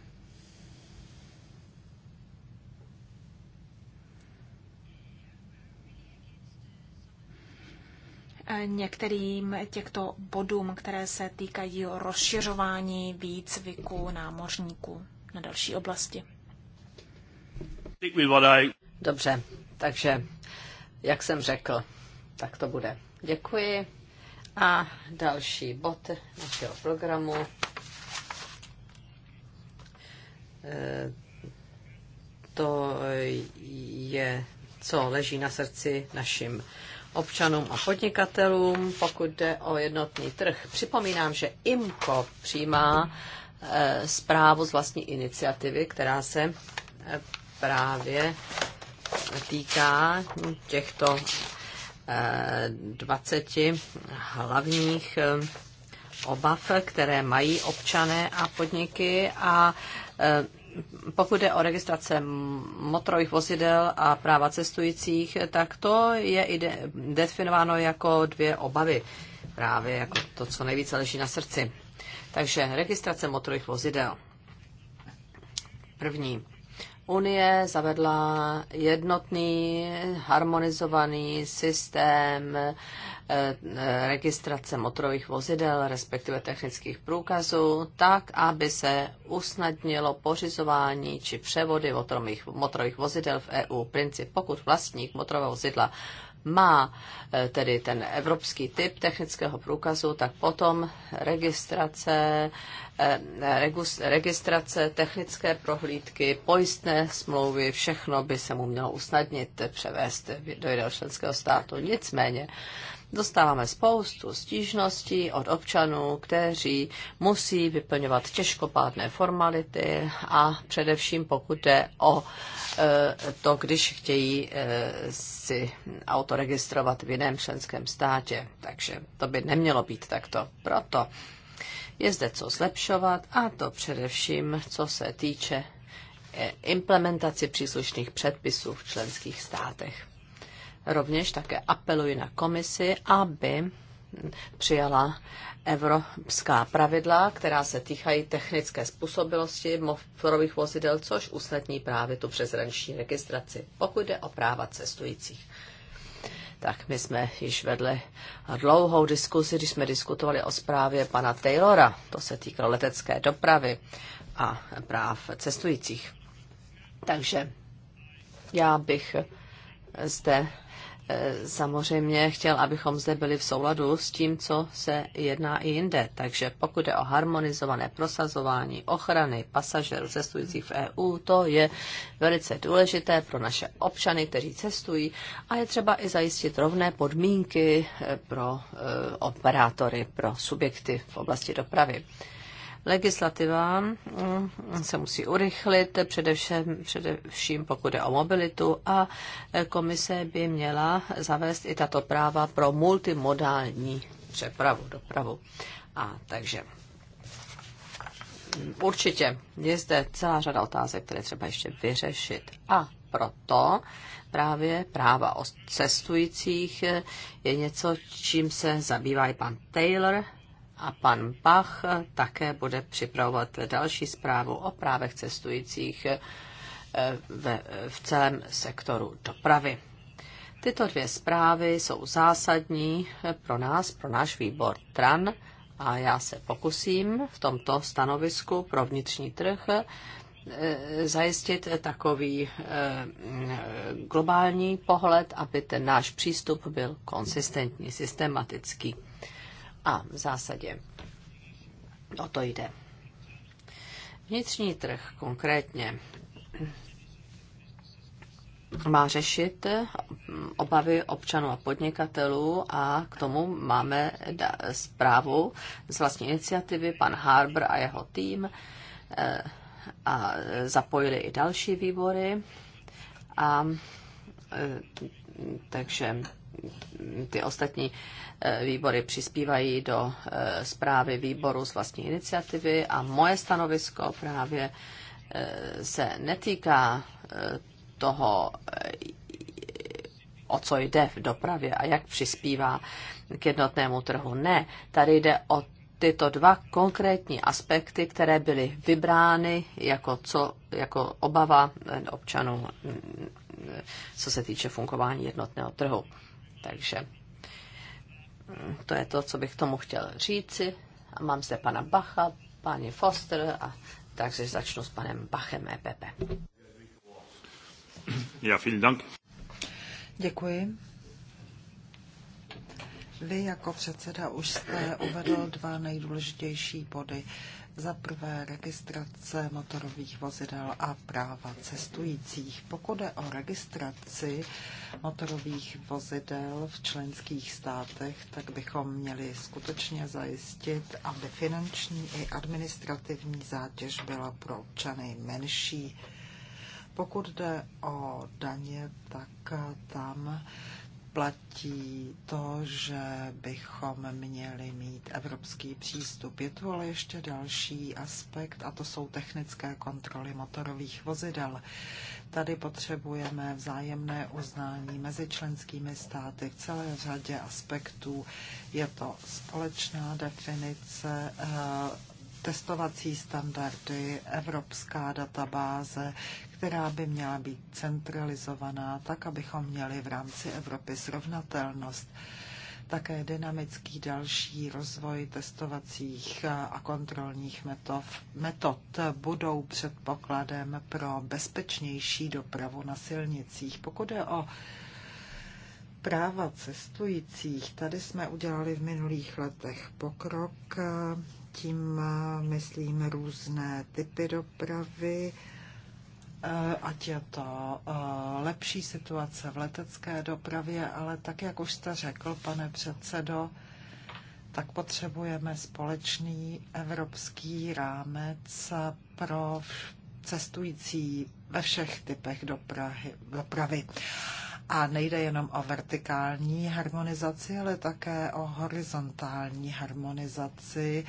některým těchto bodům, které se týkají rozšiřování výcviku námořníků na další oblasti. Dobře, takže jak jsem řekl, tak to bude. Děkuji. A další bod našeho programu. Eh, to je, co leží na srdci našim občanům a podnikatelům, pokud jde o jednotný trh. Připomínám, že IMCO přijímá eh, zprávu z vlastní iniciativy, která se eh, právě týká těchto 20 eh, hlavních obav, které mají občané a podniky a pokud je o registrace motorových vozidel a práva cestujících, tak to je definováno jako dvě obavy. Právě jako to, co nejvíce leží na srdci. Takže registrace motorových vozidel. První. Unie zavedla jednotný harmonizovaný systém Eh, eh, registrace motorových vozidel, respektive technických průkazů, tak, aby se usnadnilo pořizování či převody motorových, motorových vozidel v EU. Princip, pokud vlastník motorového vozidla má eh, tedy ten evropský typ technického průkazu, tak potom registrace, registrace, technické prohlídky, pojistné smlouvy, všechno by se mu mělo usnadnit převést do jiného členského státu. Nicméně Dostáváme spoustu stížností od občanů, kteří musí vyplňovat těžkopádné formality a především pokud jde o e, to, když chtějí e, si auto registrovat v jiném členském státě. Takže to by nemělo být takto. Proto je zde co zlepšovat a to především, co se týče e, implementaci příslušných předpisů v členských státech. Rovněž také apeluji na komisi, aby přijala evropská pravidla, která se týkají technické způsobilosti motorových vozidel, což usnadní právě tu přezranční registraci, pokud jde o práva cestujících. Tak my jsme již vedli dlouhou diskusi, když jsme diskutovali o zprávě pana Taylora, to se týkalo letecké dopravy a práv cestujících. Takže já bych zde Eh, samozřejmě chtěl, abychom zde byli v souladu s tím, co se jedná i jinde. Takže pokud je o harmonizované prosazování ochrany pasažerů cestujících v EU, to je velice důležité pro naše občany, kteří cestují a je třeba i zajistit rovné podmínky eh, pro eh, operátory, pro subjekty v oblasti dopravy. Legislativa mm, se musí urychlit, především, především pokud je o mobilitu a komise by měla zavést i tato práva pro multimodální přepravu, dopravu. A takže určitě je zde celá řada otázek, které třeba ještě vyřešit. A proto právě práva o cestujících je něco, čím se zabývá i pan Taylor a pan Bach také bude připravovat další zprávu o právech cestujících eh, ve, v celém sektoru dopravy. Tyto dvě zprávy jsou zásadní eh, pro nás, pro náš výbor TRAN a já se pokusím v tomto stanovisku pro vnitřní trh eh, zajistit takový globální pohled, aby ten náš přístup byl konsistentní, systematický. A v zásadě o to jde. Vnitřní trh konkrétně má řešit obavy občanů a podnikatelů a k tomu máme zprávu z vlastní iniciativy pan Harbour a jeho tým eh, a zapojili i další výbory a eh, takže ty ostatní eh, výbory přispívají do eh, zprávy výboru z vlastní iniciativy a moje stanovisko právě eh, se netýká toho, o co jde v dopravě a jak přispívá k jednotnému trhu. Ne, tady jde o tyto dva konkrétní aspekty, které byly vybrány jako, co, jako obava občanů, mm, co se týče fungování jednotného trhu. Takže mm, to je to, co bych k tomu chtěl říci. A mám zde pana Bacha, paní Foster, a takže začnu s panem Bachem EPP. Ja, vielen Dank. Děkuji. Vy jako předseda už jste uvedl dva nejdůležitější body. Za prvé registrace motorových vozidel a práva cestujících. Pokud je o registraci motorových vozidel v členských státech, tak bychom měli skutečně zajistit, aby finanční i administrativní zátěž byla pro občany menší. Pokud jde o daně, tak tam platí to, že bychom měli mít evropský přístup. Je tu ale ještě další aspekt a to jsou technické kontroly motorových vozidel. Tady potřebujeme vzájemné uznání mezi členskými státy v celé řadě aspektů. Je to společná definice eh, testovací standardy, evropská databáze, která by měla být centralizovaná, tak abychom měli v rámci Evropy srovnatelnost. Také dynamický další rozvoj testovacích a kontrolních metod, metod budou předpokladem pro bezpečnější dopravu na silnicích. Pokud je o práva cestujících, tady jsme udělali v minulých letech pokrok, tím myslím různé typy dopravy, Eh, ať je to eh, lepší situace v letecké dopravě, ale tak, jak už jste řekl, pane předsedo, tak potřebujeme společný evropský rámec pro cestující ve všech typech dopravy. dopravy. A nejde jenom o vertikální harmonizaci, ale také o horizontální harmonizaci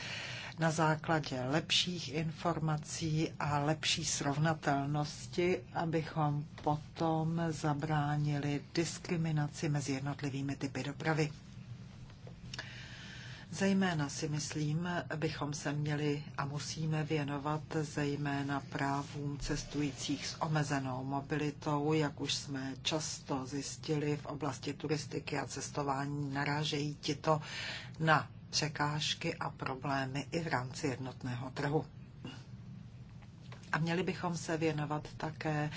na základě lepších informací a lepší srovnatelnosti, abychom potom zabránili diskriminaci mezi jednotlivými typy dopravy. Zejména si myslím, bychom se měli a musíme věnovat zejména právům cestujících s omezenou mobilitou, jak už jsme často zjistili v oblasti turistiky a cestování, narážejí tito na překážky a problémy i v rámci jednotného trhu. A měli bychom se věnovat také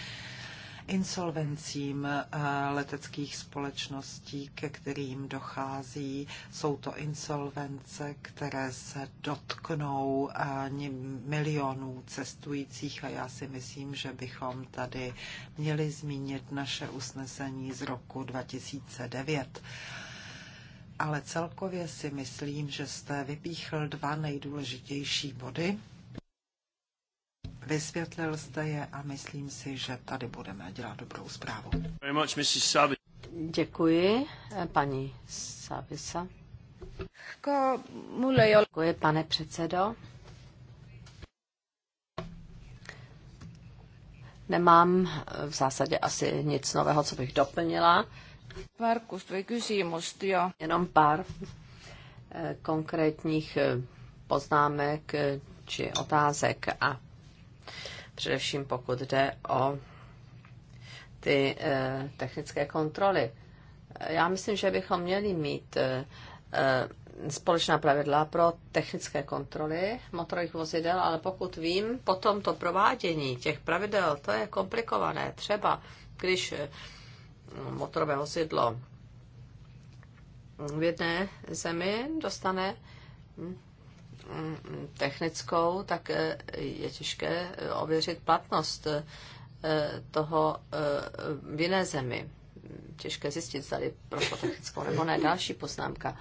insolvencím eh, leteckých společností, ke kterým dochází. Jsou to insolvence, které se dotknou eh, milionů cestujících a já si myslím, že bychom tady měli zmínit naše usnesení z roku 2009 ale celkově si myslím, že jste vypíchl dva nejdůležitější body. Vysvětlil jste je a myslím si, že tady budeme dělat dobrou zprávu. Děkuji, eh, paní Savisa. Děkuji, pane předsedo. Nemám eh, v zásadě asi nic nového, co bych doplnila. Märkust või küsimust ja... Jenom pár eh, konkrétních eh, poznámek eh, či otázek a především pokud jde o ty technické kontroly. Já myslím, že bychom měli mít společná pravidla pro technické kontroly motorových vozidel, ale pokud vím, potom to provádění těch pravidel, to je komplikované. Třeba když motorové osidlo v jedné zemi dostane mm, mm, technickou, tak e, je těžké e, ověřit platnost e, toho v jiné zemi. Těžké zjistit, zda prošlo technickou nebo ne. Další poznámka.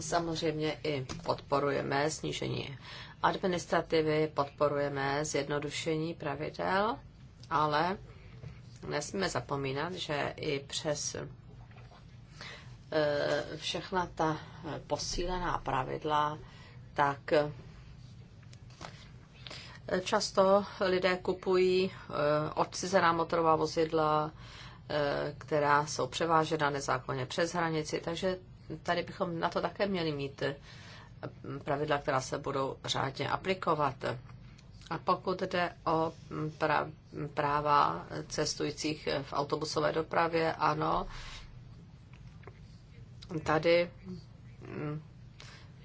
Samozřejmě i podporujeme snížení administrativy, podporujeme zjednodušení pravidel, ale nesmíme zapomínat, že i přes eh, všechna ta posílená pravidla, tak eh, často lidé kupují eh, odcizená motorová vozidla, která jsou převážena nezákonně přes hranici, takže tady bychom na to také měli mít pravidla, která se budou řádně aplikovat. A pokud jde o mm, práva cestujících v autobusové dopravě, ano, tady mm,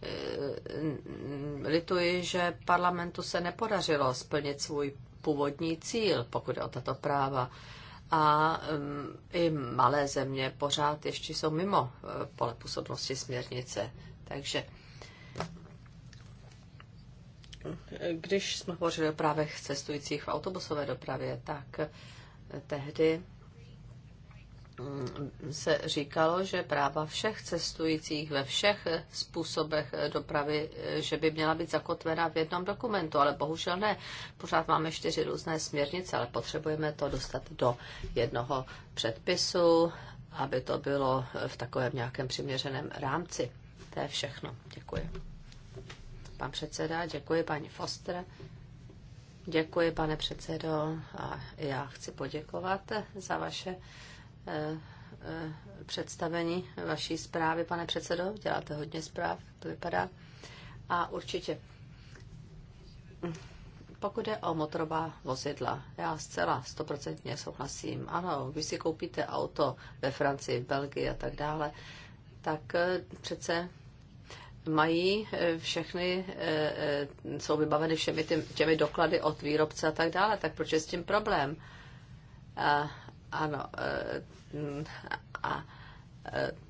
e, lituji, že parlamentu se nepodařilo splnit svůj původní cíl, pokud je o tato práva. A mm, i malé země pořád ještě jsou mimo e, pole působnosti směrnice. Takže když jsme hovořili o právech cestujících v autobusové dopravě, tak tehdy mm, se říkalo, že práva všech cestujících ve všech způsobech dopravy, že by měla být zakotvena v jednom dokumentu, ale bohužel ne. Pořád máme čtyři různé směrnice, ale potřebujeme to dostat do jednoho předpisu, aby to bylo v takovém nějakém přiměřeném rámci. To je všechno. Děkuji. Pan předseda, děkuji paní Foster. Děkuji, pane předsedo. A já chci poděkovat za vaše eh, eh, představení vaší zprávy, pane předsedo. Děláte hodně zpráv, to vypadá. A určitě, pokud je o motorová vozidla, já zcela stoprocentně souhlasím. Ano, vy si koupíte auto ve Francii, v Belgii a tak dále, tak eh, přece mají eh, všechny, eh, eh, jsou vybaveny všemi těmi, doklady od výrobce a tak dále, tak proč je s tím problém? A, ano, mm, a, a,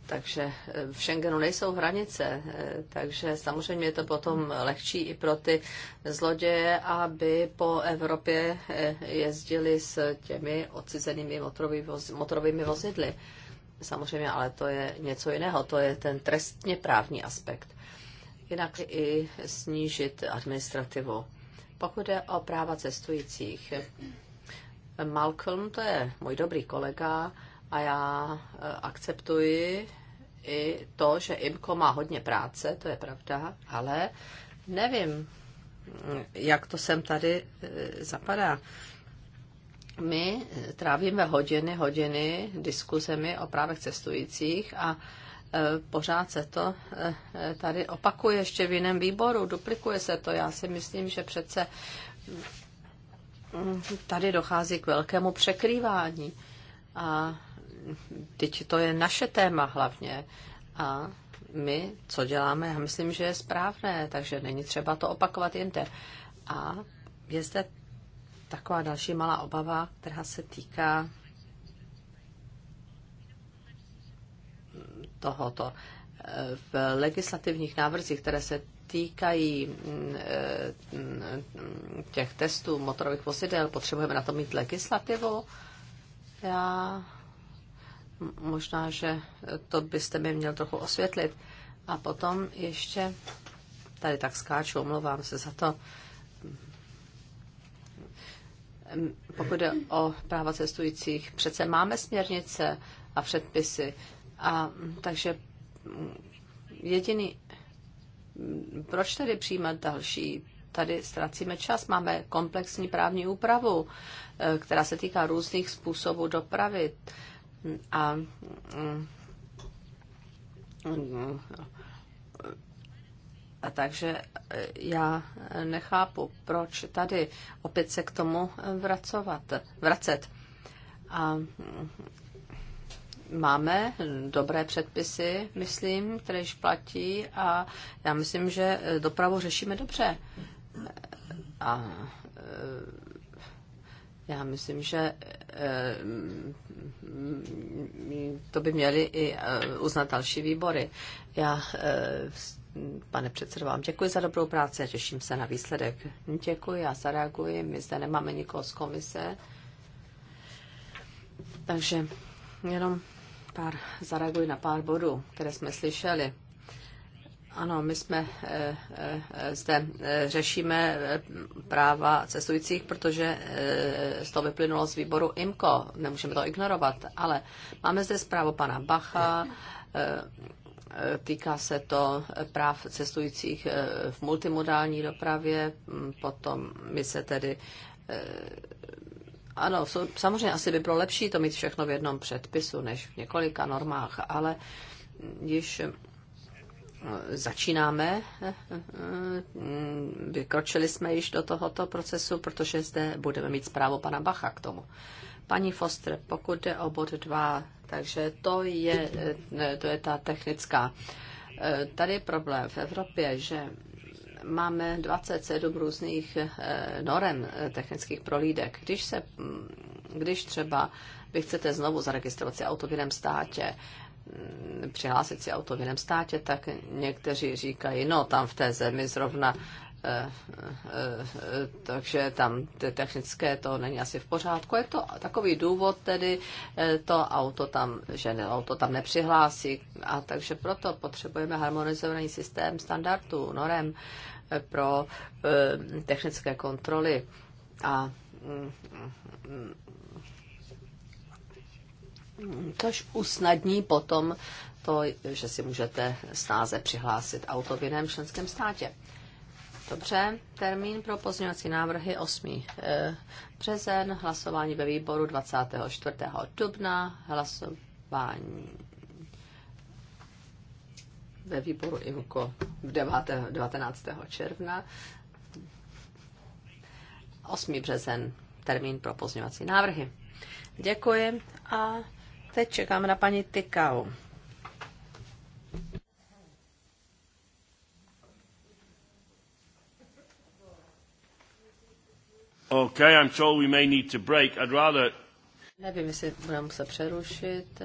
takže v Schengenu nejsou hranice, takže samozřejmě je to potom lehčí i pro ty zloděje, aby po Evropě jezdili s těmi odcizenými motorovými vozidly. Samozřejmě, ale to je něco jiného, to je ten trestně právní aspekt jinak i snížit administrativu. Pokud je o práva cestujících, Malcolm to je můj dobrý kolega a já e, akceptuji i to, že IMCO má hodně práce, to je pravda, ale nevím, jak to sem tady e, zapadá. My trávíme hodiny, hodiny diskuzemi o právech cestujících a Eh, pořád se to eh, tady opakuje ještě v jiném výboru, duplikuje se to. Já si myslím, že přece mm, tady dochází k velkému překrývání. A teď to je naše téma hlavně. A my, co děláme, já myslím, že je správné, takže není třeba to opakovat jinde. A je zde taková další malá obava, která se týká tohoto. E, v legislativních návrzích, které se týkají mm, e, mm, těch testů motorových vozidel, potřebujeme na to mít legislativu. Já možná, že to byste mi měl trochu osvětlit. A potom ještě, tady tak skáču, omlouvám se za to, pokud jde o práva cestujících, přece máme směrnice a předpisy, a takže jediný, proč tedy přijímat další? Tady ztracíme čas, máme komplexní právní úpravu, eh, která se týká různých způsobů dopravy. A eh, a takže eh, já nechápu, proč tady opět se k tomu vracovat, vracet. A máme dobré předpisy, myslím, které již platí a já myslím, že dopravu řešíme dobře. A e, já myslím, že e, to by měli i e, uznat další výbory. Já, pane předsedo, vám děkuji za dobrou práci a těším se na výsledek. Děkuji, já zareaguji. My zde nemáme nikoho z komise. Takže jenom pár, zareaguji na pár bodů, které jsme slyšeli. Ano, my jsme eh, eh, eh, zde řešíme práva cestujících, protože z toho vyplynulo z výboru IMCO. Nemůžeme to ignorovat, ale máme zde zprávu pana Bacha, týká se to práv cestujících v multimodální dopravě, mm, potom my se tedy ano, jsou, samozřejmě asi by bylo lepší to mít všechno v jednom předpisu než v několika normách, ale když eh, začínáme, eh, eh, vykročili jsme již do tohoto procesu, protože zde budeme mít zprávu pana Bacha k tomu. Paní Foster, pokud jde o bod 2, takže to je, to je ta technická. Tady je problém v Evropě, že máme 27 různých eh, norem eh, technických prolídek. Když, se, mm, když třeba vy chcete znovu zaregistrovat si auto v jiném státě, mm, přihlásit si auto v jiném státě, tak někteří říkají, no tam v té zemi zrovna eh, takže tam ty technické to není asi v pořádku. Je to takový důvod tedy, to auto tam, že ne, auto tam nepřihlásí a takže proto potřebujeme harmonizovaný systém standardů, norem, pro eh, technické kontroly a mm, což usnadní potom to, že si můžete snáze přihlásit auto v jiném členském státě. Dobře, termín pro pozměňovací návrhy 8. Eh, březen, hlasování ve výboru 24. dubna, hlasování ve výboru IMKO 19. června. 8. březen termín pro pozměňovací návrhy. Děkuji a teď čekám na paní Tykau. Okay, I'm told we may need to break. I'd rather... Nevím, jestli budeme muset přerušit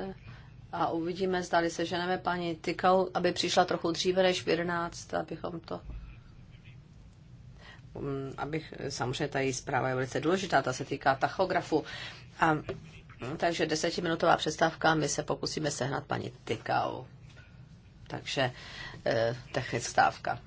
a uvidíme, zdali se ženeme paní Tykal, aby přišla trochu dříve než v 11, abychom to mm, abych, samozřejmě ta její zpráva je velice důležitá, ta se týká tachografu. A, mm, takže desetiminutová přestávka, my se pokusíme sehnat paní Tykau. Takže eh, technická stávka.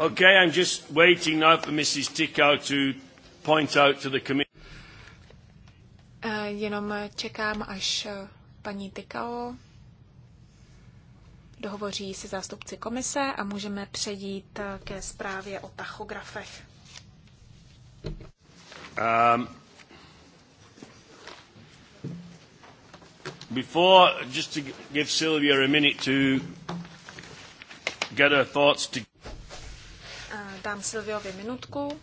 Okay, I'm just waiting now for Mrs. Tickow to point out to the committee. Uh, jenom čekám, až eh, paní Tykao dohovoří se zástupci komise a můžeme přejít eh, ke zprávě o tachografech. Um, before, just to give Sylvia a minute to get her thoughts together dám Silviovi minutku,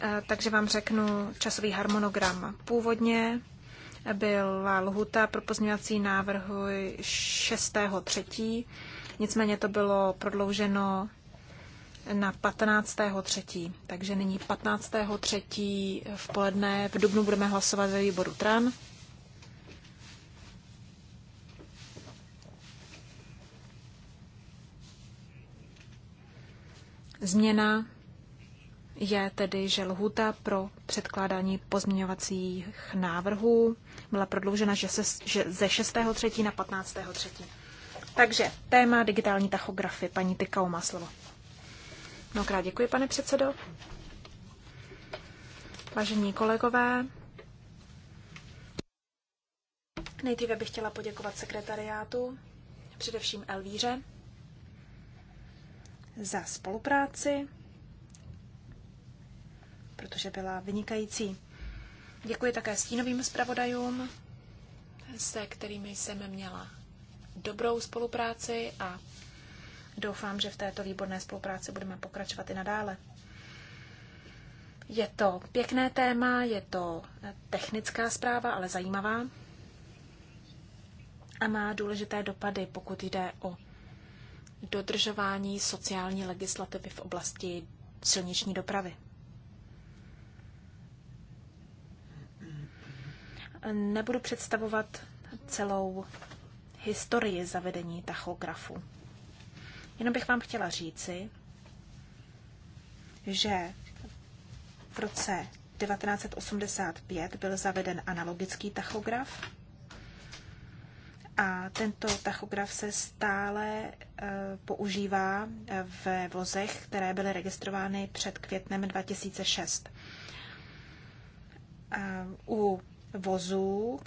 eh, takže vám řeknu časový harmonogram. Původně byla lhuta pro pozměňovací návrh 6.3., nicméně to bylo prodlouženo na 15.3., takže nyní 15.3. v poledne v Dubnu budeme hlasovat ve výboru TRAN. Změna je tedy, že lhuta pro předkládání pozměňovacích návrhů byla prodloužena že se, že ze 6.3. na 15.3. Takže téma digitální tachografy. Paní Tykau má slovo. Mnohokrát děkuji, pane předsedo. Vážení kolegové, nejdříve bych chtěla poděkovat sekretariátu, především Elvíře, za spolupráci, protože byla vynikající. Děkuji také stínovým zpravodajům, se kterými jsem měla dobrou spolupráci a doufám, že v této výborné spolupráci budeme pokračovat i nadále. Je to pěkné téma, je to technická zpráva, ale zajímavá a má důležité dopady, pokud jde o dodržování sociální legislativy v oblasti silniční dopravy. Nebudu představovat celou historii zavedení tachografu. Jenom bych vám chtěla říci, že v roce 1985 byl zaveden analogický tachograf a tento tachograf se stále eh, používá eh, ve vozech, které byly registrovány před květnem 2006. U vozů,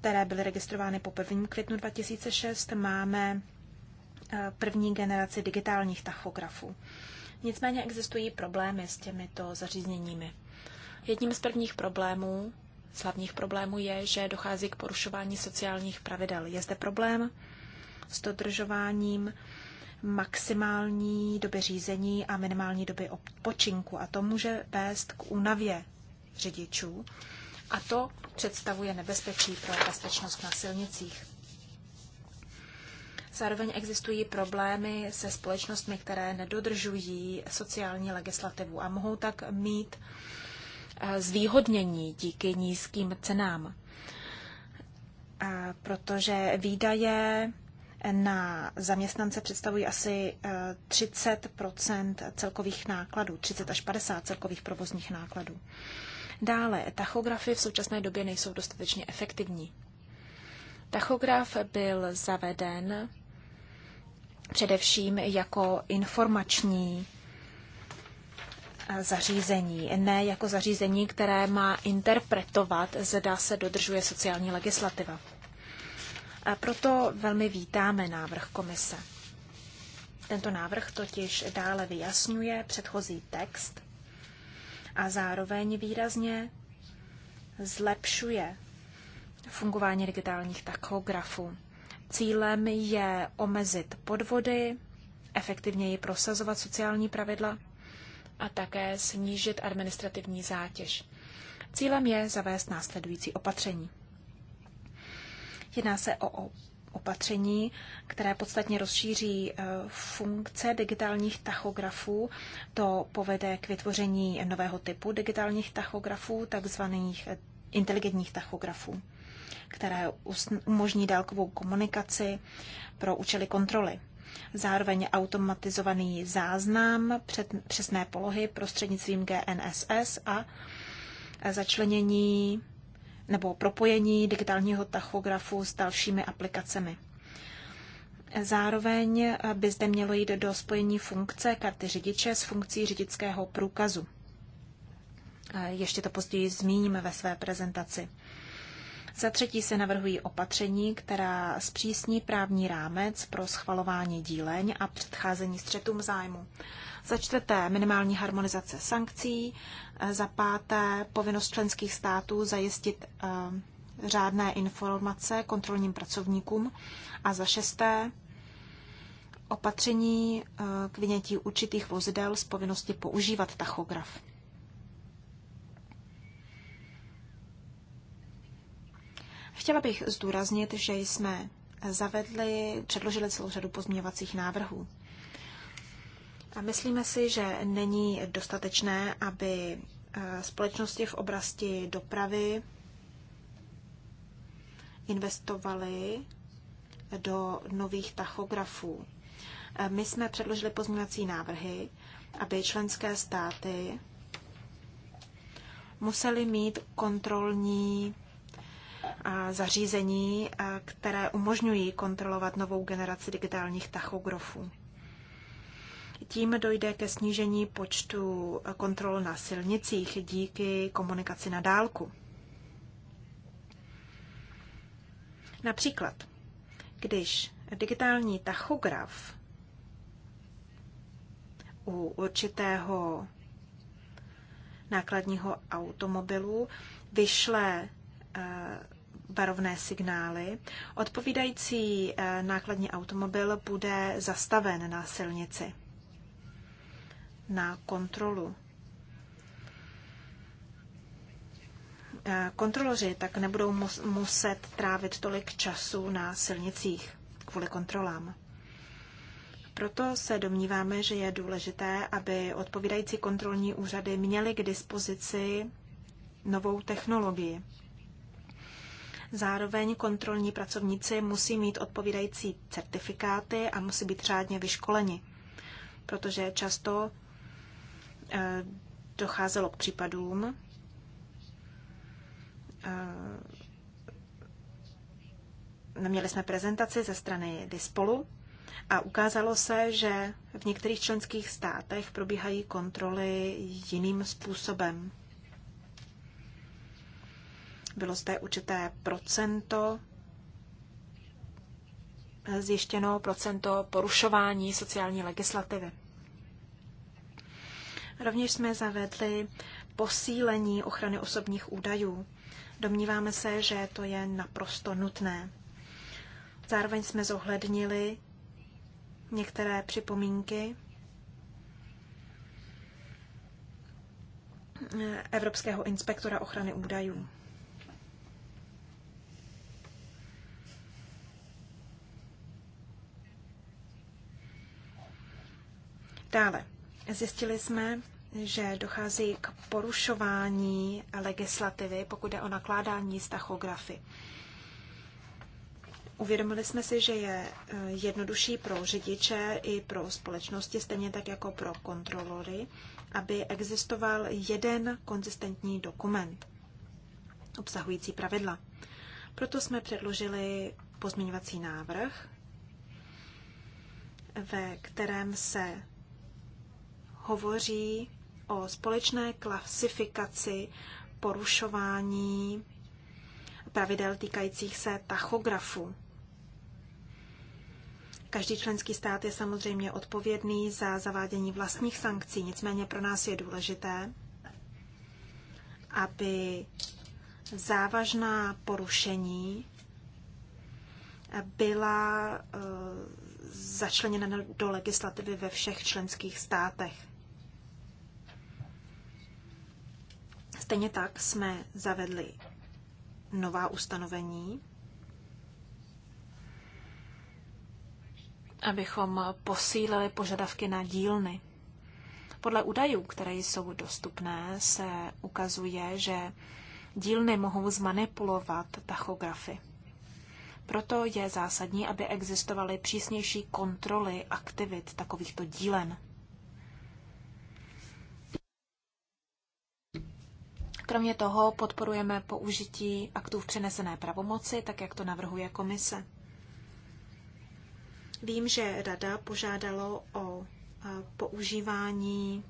které byly registrovány po 1. květnu 2006, máme eh, první generaci digitálních tachografů. Nicméně existují problémy s těmito zařízeními. Jedním z prvních problémů z hlavních problémů je, že dochází k porušování sociálních pravidel. Je zde problém s dodržováním maximální doby řízení a minimální doby odpočinku. A to může vést k únavě řidičů. A to představuje nebezpečí pro bezpečnost na silnicích. Zároveň existují problémy se společnostmi, které nedodržují sociální legislativu a mohou tak mít Eh, zvýhodnění díky nízkým cenám, eh, protože výdaje na zaměstnance představují asi 30 eh, celkových nákladů, 30 až 50 celkových provozních nákladů. Dále, tachografy v současné době nejsou dostatečně efektivní. Tachograf byl zaveden především jako informační zařízení, ne jako zařízení, které má interpretovat, zda se dodržuje sociální legislativa. A proto velmi vítáme návrh komise. Tento návrh totiž dále vyjasňuje předchozí text a zároveň výrazně zlepšuje fungování digitálních tachografů. Cílem je omezit podvody, efektivněji prosazovat sociální pravidla a také snížit administrativní zátěž. Cílem je zavést následující opatření. Jedná se o opatření, které podstatně rozšíří eh, funkce digitálních tachografů. To povede k vytvoření nového typu digitálních tachografů, takzvaných eh, inteligentních tachografů, které umožní dálkovou komunikaci pro účely kontroly zároveň automatizovaný záznam před, přesné polohy prostřednictvím GNSS a začlenění nebo propojení digitálního tachografu s dalšími aplikacemi. Zároveň by zde mělo jít do spojení funkce karty řidiče s funkcí řidičského průkazu. Ještě to později zmíníme ve své prezentaci. Za třetí se navrhují opatření, která zpřísní právní rámec pro schvalování díleň a předcházení střetům zájmu. Za čtvrté minimální harmonizace sankcí. Za páté povinnost členských států zajistit eh, řádné informace kontrolním pracovníkům. A za šesté opatření eh, k vynětí určitých vozidel z povinnosti používat tachograf. Chtěla bych zdůraznit, že jsme zavedli, předložili celou řadu pozměňovacích návrhů. A myslíme si, že není dostatečné, aby eh, společnosti v oblasti dopravy investovaly do nových tachografů. Eh, my jsme předložili pozměňovací návrhy, aby členské státy museli mít kontrolní zařízení, eh, které umožňují kontrolovat novou generaci digitálních tachografů. Tím dojde ke snížení počtu eh, kontrol na silnicích díky komunikaci na dálku. Například, když digitální tachograf u určitého nákladního automobilu vyšle eh, barovné signály, odpovídající eh, nákladní automobil bude zastaven na silnici na kontrolu. Eh, kontroloři tak nebudou muset trávit tolik času na silnicích kvůli kontrolám. Proto se domníváme, že je důležité, aby odpovídající kontrolní úřady měly k dispozici novou technologii Zároveň kontrolní pracovníci musí mít odpovídající certifikáty a musí být řádně vyškoleni, protože často eh, docházelo k případům, eh, neměli jsme prezentaci ze strany Dispolu a ukázalo se, že v některých členských státech probíhají kontroly jiným způsobem. Bylo zde určité procento zjištěno procento porušování sociální legislativy. Rovněž jsme zavedli posílení ochrany osobních údajů. Domníváme se, že to je naprosto nutné. Zároveň jsme zohlednili některé připomínky Evropského inspektora ochrany údajů. Dále, zjistili jsme, že dochází k porušování legislativy, pokud jde o nakládání s tachografy. Uvědomili jsme si, že je eh, jednodušší pro řidiče i pro společnosti, stejně tak jako pro kontrolory, aby existoval jeden konzistentní dokument obsahující pravidla. Proto jsme předložili pozměňovací návrh, ve kterém se hovoří o společné klasifikaci porušování pravidel týkajících se tachografu. Každý členský stát je samozřejmě odpovědný za zavádění vlastních sankcí, nicméně pro nás je důležité, aby závažná porušení byla eh, začleněna do legislativy ve všech členských státech. Stejně tak jsme zavedli nová ustanovení, abychom posílili požadavky na dílny. Podle údajů, které jsou dostupné, se ukazuje, že dílny mohou zmanipulovat tachografy. Proto je zásadní, aby existovaly přísnější kontroly aktivit takovýchto dílen. Kromě toho podporujeme použití aktů v přenesené pravomoci, tak jak to navrhuje komise. Vím, že Rada požádalo o používání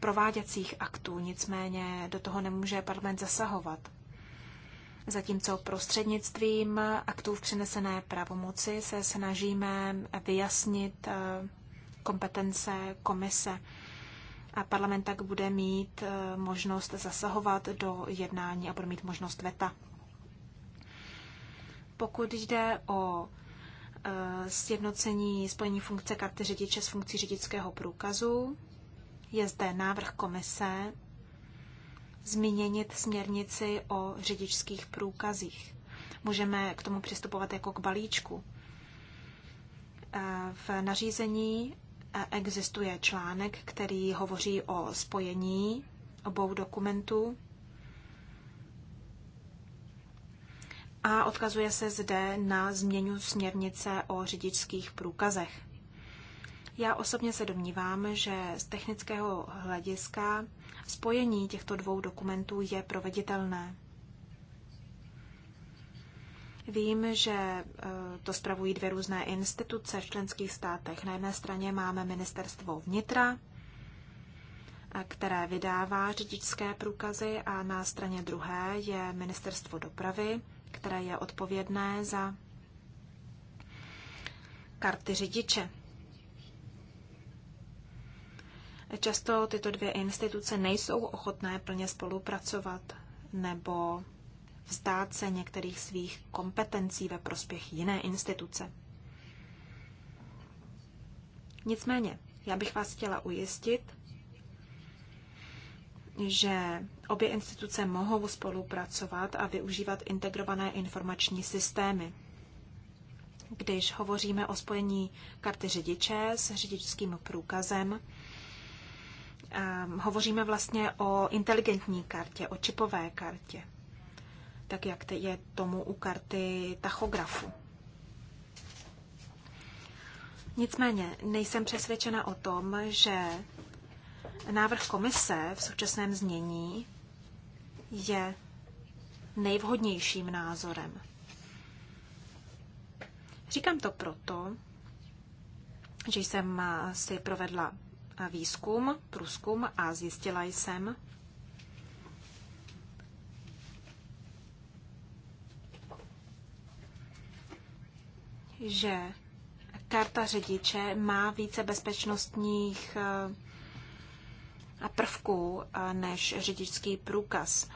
prováděcích aktů, nicméně do toho nemůže parlament zasahovat. Zatímco prostřednictvím aktů v přenesené pravomoci se snažíme vyjasnit kompetence komise a parlament tak bude mít eh, možnost zasahovat do jednání a bude mít možnost veta. Pokud jde o eh, sjednocení spojení funkce karty řidiče s funkcí řidičského průkazu, je zde návrh komise zmíněnit směrnici o řidičských průkazích. Můžeme k tomu přistupovat jako k balíčku. Eh, v nařízení existuje článek, který hovoří o spojení obou dokumentů. A odkazuje se zde na změnu směrnice o řidičských průkazech. Já osobně se domnívám, že z technického hlediska spojení těchto dvou dokumentů je proveditelné. Vím, že e, to spravují dvě různé instituce v členských státech. Na jedné straně máme ministerstvo vnitra, e, které vydává řidičské průkazy a na straně druhé je ministerstvo dopravy, které je odpovědné za karty řidiče. Často tyto dvě instituce nejsou ochotné plně spolupracovat nebo vzdát se některých svých kompetencí ve prospěch jiné instituce. Nicméně, já bych vás chtěla ujistit, že obě instituce mohou spolupracovat a využívat integrované informační systémy. Když hovoříme o spojení karty řidiče s řidičským průkazem, ehm, hovoříme vlastně o inteligentní kartě, o čipové kartě tak jak je tomu u karty tachografu. Nicméně nejsem přesvědčena o tom, že návrh komise v současném znění je nejvhodnějším názorem. Říkám to proto, že jsem si provedla výzkum, průzkum a zjistila jsem, že karta řidiče má více bezpečnostních eh, prvků eh, než řidičský průkaz.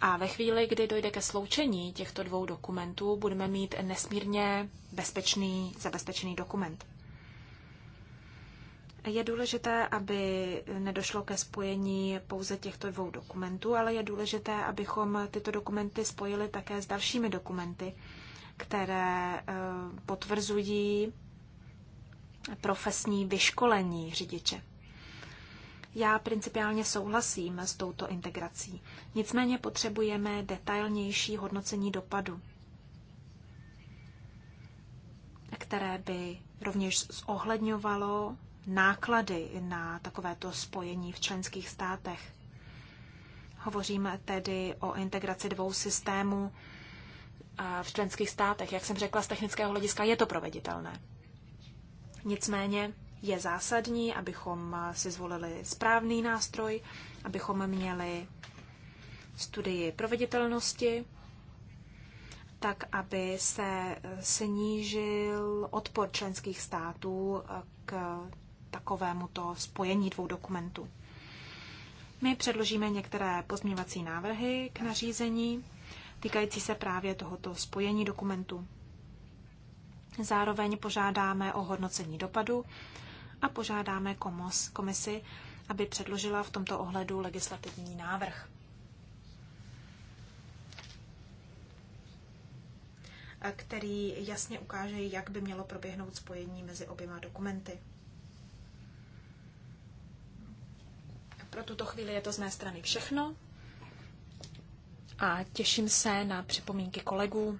A ve chvíli, kdy dojde ke sloučení těchto dvou dokumentů, budeme mít nesmírně bezpečný, zabezpečený dokument. Je důležité, aby nedošlo ke spojení pouze těchto dvou dokumentů, ale je důležité, abychom tyto dokumenty spojili také s dalšími dokumenty, které eh, potvrzují profesní vyškolení řidiče. Já principiálně souhlasím s touto integrací. Nicméně potřebujeme detailnější hodnocení dopadu, které by rovněž zohledňovalo náklady na takovéto spojení v členských státech. Hovoříme tedy o integraci dvou systémů v členských státech. Jak jsem řekla, z technického hlediska je to proveditelné. Nicméně je zásadní, abychom si zvolili správný nástroj, abychom měli studii proveditelnosti, tak aby se snížil odpor členských států k takovémuto spojení dvou dokumentů. My předložíme některé pozměňovací návrhy k nařízení týkající se právě tohoto spojení dokumentů. Zároveň požádáme o hodnocení dopadu a požádáme komos, komisi, aby předložila v tomto ohledu legislativní návrh. který jasně ukáže, jak by mělo proběhnout spojení mezi oběma dokumenty. Pro tuto chvíli je to z mé strany všechno a těším se na připomínky kolegů.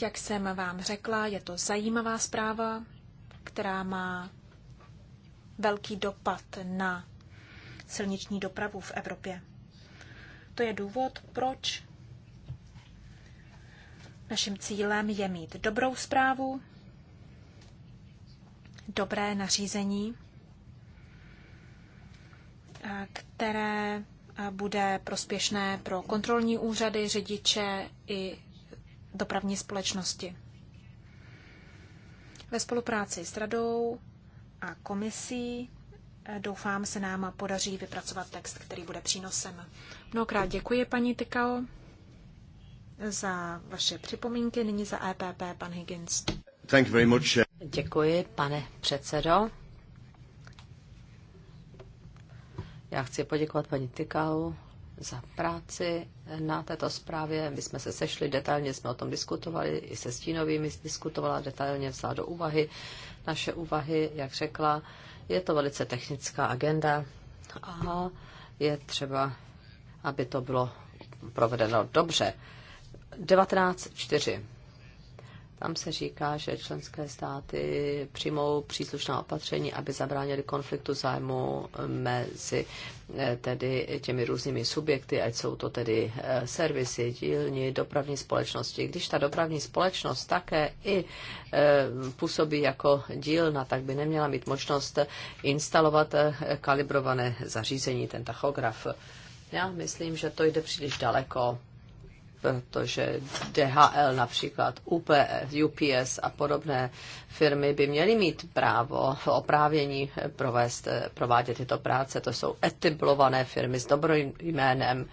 Jak jsem vám řekla, je to zajímavá zpráva, která má velký dopad na silniční dopravu v Evropě. To je důvod, proč naším cílem je mít dobrou zprávu, dobré nařízení, které bude prospěšné pro kontrolní úřady, řidiče i dopravní společnosti. Ve spolupráci s radou a komisí eh, doufám se nám podaří vypracovat text, který bude přínosem. Mnohokrát děkuji, paní Tykao, za vaše připomínky. Nyní za EPP, pan Higgins. Eh. Děkuji, pane předsedo. Já chci poděkovat paní Tykau za práci na této zprávě. My jsme se sešli, detailně jsme o tom diskutovali, i se Stínovými diskutovala, detailně vzala do úvahy naše úvahy, jak řekla. Je to velice technická agenda a je třeba, aby to bylo provedeno dobře. 19.4. Tam se říká, že členské státy přijmou příslušná opatření, aby zabránili konfliktu zájmu mezi eh, tedy těmi různými subjekty, ať jsou to tedy eh, servisy, dílny, dopravní společnosti. Když ta dopravní společnost také i eh, působí jako dílna, tak by neměla mít možnost instalovat kalibrované zařízení, ten tachograf. Já myslím, že to jde příliš daleko protože DHL například, UPS, UPS a podobné firmy by měly mít právo oprávění provést, provádět tyto práce. To jsou etiblované firmy s dobrým jménem.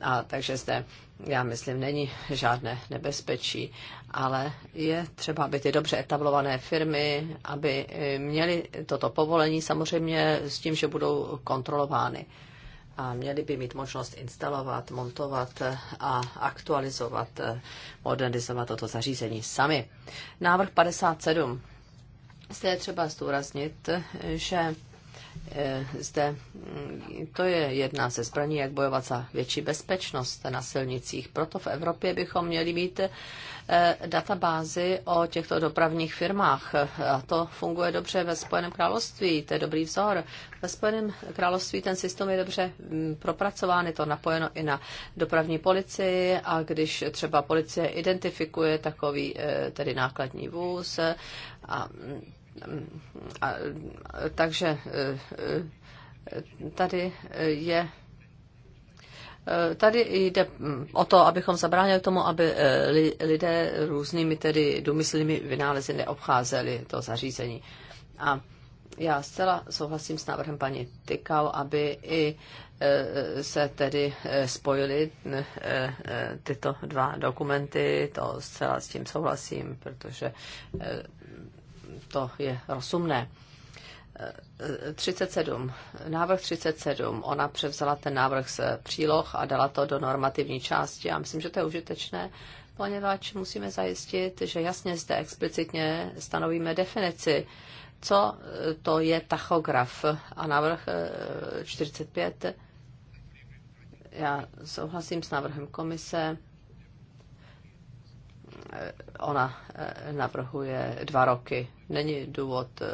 A takže zde, já myslím, není žádné nebezpečí, ale je třeba, aby ty dobře etablované firmy, aby měly toto povolení samozřejmě s tím, že budou kontrolovány a měli by mít možnost instalovat, montovat a aktualizovat, modernizovat toto zařízení sami. Návrh 57. Zde je třeba zdůraznit, že Eh, zde mm, to je jedna ze zbraní, jak bojovat za větší bezpečnost na silnicích. Proto v Evropě bychom měli mít eh, databázy o těchto dopravních firmách. A to funguje dobře ve Spojeném království, to je dobrý vzor. Ve Spojeném království ten systém je dobře mm, propracován, je to napojeno i na dopravní policii a když třeba policie identifikuje takový eh, tedy nákladní vůz a mm, a, takže eh, tady je eh, Tady jde o to, abychom zabránili tomu, aby eh, lidé různými tedy důmyslnými vynálezy neobcházeli to zařízení. A já zcela souhlasím s návrhem paní Tykal, aby i se tedy spojily tyto dva dokumenty. To zcela s tím souhlasím, protože to je rozumné. 37, eh, návrh 37, ona převzala ten návrh z příloh a dala to do normativní části. Já myslím, že to je užitečné, poněvadž musíme zajistit, že jasně zde explicitně stanovíme definici, co eh, to je tachograf. A návrh 45, eh, já souhlasím s návrhem komise, Eh, ona eh, navrhuje dva roky. Není důvod, eh,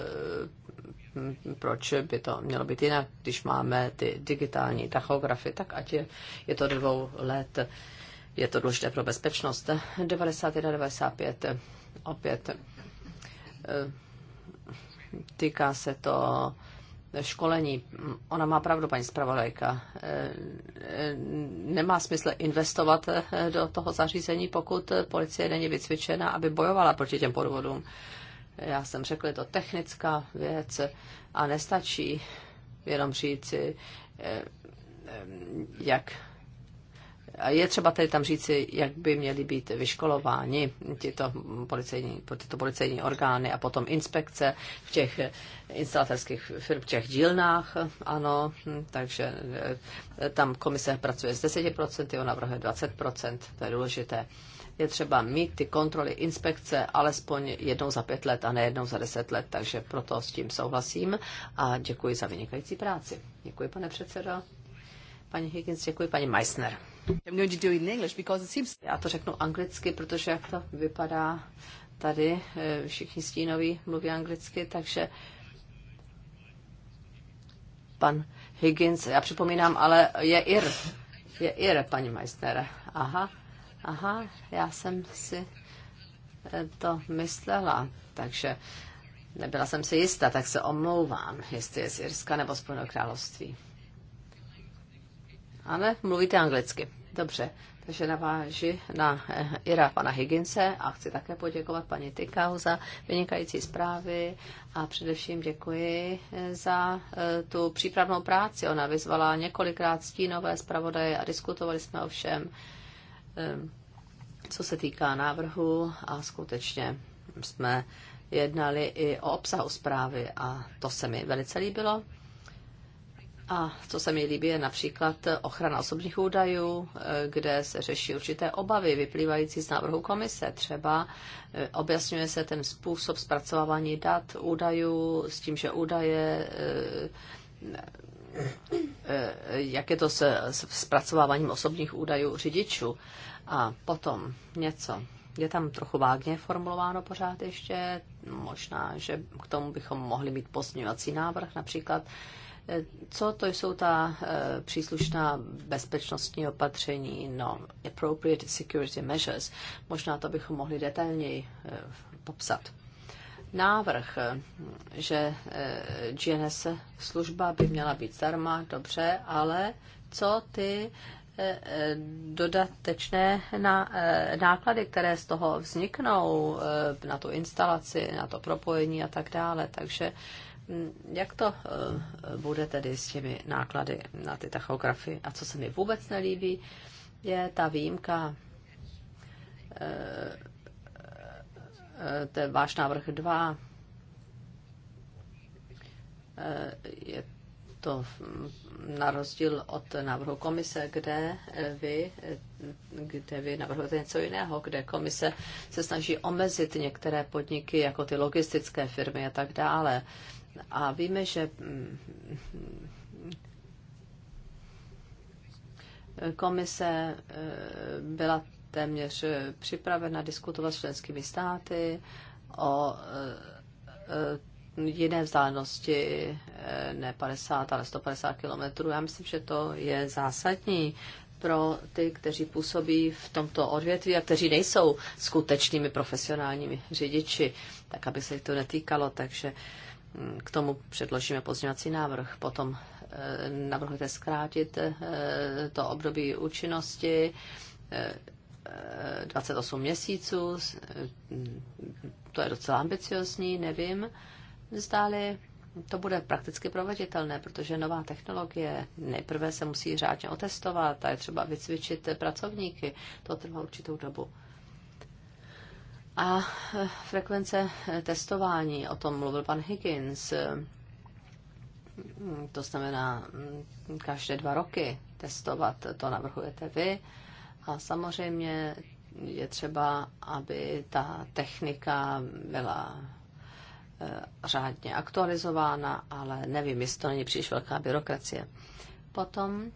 proč by to mělo být jinak, když máme ty digitální tachografy, tak ať je, je to dvou let. Je to důležité pro bezpečnost. 91-95 opět týká se to školení. Ona má pravdu, paní zpravodajka. E, e, nemá smysl investovat e, do toho zařízení, pokud policie není vycvičena, aby bojovala proti těm podvodům. Já jsem řekl, je to technická věc a nestačí jenom říci, jak je třeba tedy tam říci, jak by měli být vyškolováni tyto policejní, tyto policejní orgány a potom inspekce v těch instalatérských firm, v těch dílnách, ano, takže e, tam komise pracuje s 10%, on navrhuje 20%, to je důležité. Je třeba mít ty kontroly inspekce alespoň jednou za pět let a ne jednou za deset let, takže proto s tím souhlasím a děkuji za vynikající práci. Děkuji, pane předsedo. Paní Higgins, děkuji, paní Meissner. Já to řeknu anglicky, protože jak to vypadá tady, eh, všichni stínoví mluví anglicky, takže pan Higgins, já připomínám, ale je Ir. Je Ir, paní Meissner. Aha, aha, já jsem si eh, to myslela, takže nebyla jsem si jistá, tak se omlouvám, jestli je z Irska nebo z Království. Ale mluvíte anglicky. Dobře, takže naváži na eh, Ira pana Higginse a chci také poděkovat paní Tykau za vynikající zprávy a především děkuji eh, za eh, tu přípravnou práci. Ona vyzvala několikrát stínové zpravodaje a diskutovali jsme o všem, co se týká návrhu a skutečně jsme jednali i o obsahu zprávy a to se mi velice líbilo. A co se mi líbí, je například ochrana osobních údajů, eh, kde se řeší určité obavy vyplývající z návrhu komise. Třeba eh, objasňuje se ten způsob zpracovávání dat údajů s tím, že údaje eh, jak je to se zpracováváním osobních údajů řidičů. A potom něco. Je tam trochu vágně formulováno pořád ještě, možná, že k tomu bychom mohli mít pozměňovací návrh například, co to jsou ta e, příslušná bezpečnostní opatření, no, appropriate security measures? Možná to bychom mohli detailněji e, popsat. Návrh, e, že GNS služba by měla být zdarma, dobře, ale co ty dodatečné eh, náklady, které z toho vzniknou eh, na tu instalaci, na to propojení a tak dále. Takže hm, jak to eh, bude tedy s těmi náklady na ty tachografy? A co se mi vůbec nelíbí, je ta výjimka to je váš návrh 2. Je to na rozdíl od návrhu komise, kde vy, kde vy navrhujete něco jiného, kde komise se snaží omezit některé podniky, jako ty logistické firmy a tak dále. A víme, že mm, komise eh, byla téměř připravena diskutovat s členskými státy o eh, jiné vzdálenosti, eh, ne 50, ale 150 kilometrů. Já myslím, že to je zásadní pro ty, kteří působí v tomto odvětví a kteří nejsou skutečnými profesionálními řidiči, tak aby se jich to netýkalo. Takže mm, k tomu předložíme pozměňovací návrh. Potom eh, navrhujete zkrátit eh, to období účinnosti 28 měsíců. Mm, to je docela ambiciozní, nevím zdáli, to bude prakticky proveditelné, protože nová technologie nejprve se musí řádně otestovat a je třeba vycvičit pracovníky. To trvá určitou dobu. A eh, frekvence eh, testování, o tom mluvil pan Higgins, eh, to znamená hm, každé dva roky testovat, to navrhujete vy. A samozřejmě je třeba, aby ta technika byla Eh, řádně aktualizována, ale nevím, jestli to není příliš velká byrokracie. Potom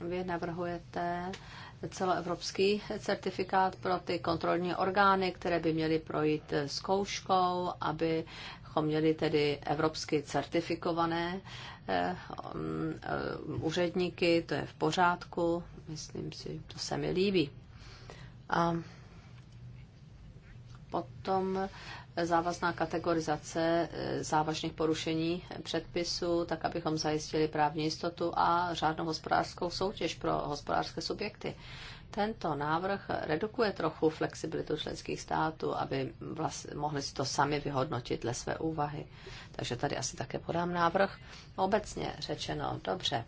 vy navrhujete celoevropský certifikát pro ty kontrolní orgány, které by měly projít zkouškou, aby měli tedy evropsky certifikované eh, um, eh, úředníky, to je v pořádku, myslím si, to se mi líbí. A potom závazná kategorizace eh, závažných porušení předpisů, tak abychom zajistili právní jistotu a řádnou hospodářskou soutěž pro hospodářské subjekty. Tento návrh redukuje trochu flexibilitu členských států, aby vlast, mohli si to sami vyhodnotit dle své úvahy. Takže tady asi také podám návrh. Obecně řečeno, dobře,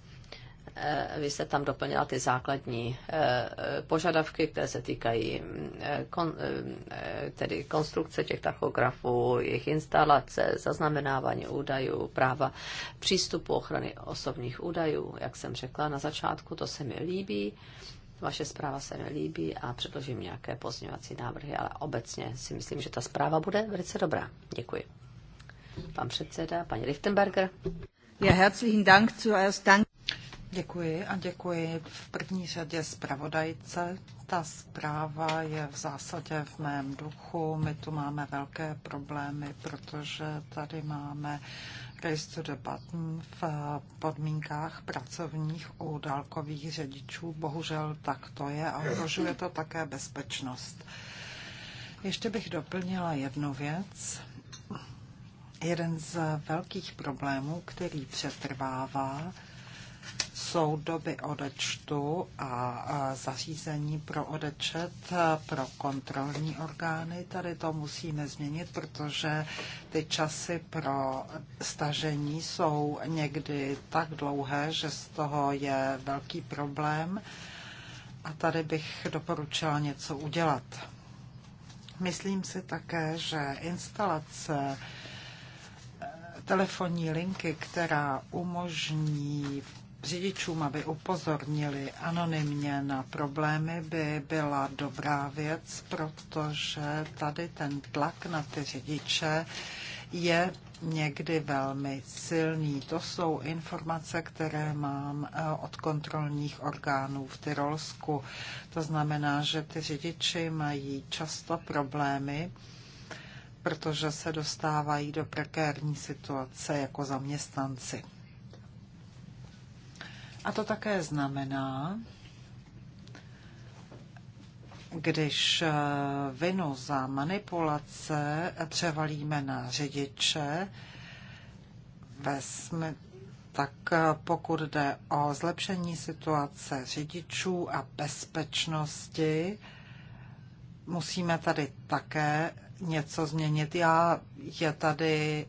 Eh, vy jste tam doplnila ty základní eh, požadavky, které se týkají eh, kon, tedy konstrukce těch tachografů, jejich instalace, zaznamenávání údajů, práva přístupu ochrany osobních údajů. Jak jsem řekla na začátku, to se mi líbí. Vaše zpráva se mi líbí a předložím nějaké pozměňovací návrhy, ale obecně si myslím, že ta zpráva bude velice dobrá. Děkuji. Pan předseda, paní Lichtenberger. Ja, herzlichen Dank zuerst. Dank Děkuji a děkuji v první řadě zpravodajce. Ta zpráva je v zásadě v mém duchu. My tu máme velké problémy, protože tady máme race to the button v podmínkách pracovních u dálkových řidičů. Bohužel tak to je a ohrožuje to také bezpečnost. Ještě bych doplnila jednu věc. Jeden z velkých problémů, který přetrvává, jsou doby odečtu a zařízení pro odečet pro kontrolní orgány. Tady to musíme změnit, protože ty časy pro stažení jsou někdy tak dlouhé, že z toho je velký problém. A tady bych doporučila něco udělat. Myslím si také, že instalace e, telefonní linky, která umožní řidičům, aby upozornili anonymně na problémy, by byla dobrá věc, protože tady ten tlak na ty řidiče je někdy velmi silný. To jsou informace, které mám eh, od kontrolních orgánů v Tyrolsku. To znamená, že ty řidiči mají často problémy, protože se dostávají do prekérní situace jako zaměstnanci. A to také znamená, když eh, vinu za manipulace převalíme na řidiče, vezme, tak eh, pokud jde o zlepšení situace řidičů a bezpečnosti, musíme tady také něco změnit. Já je tady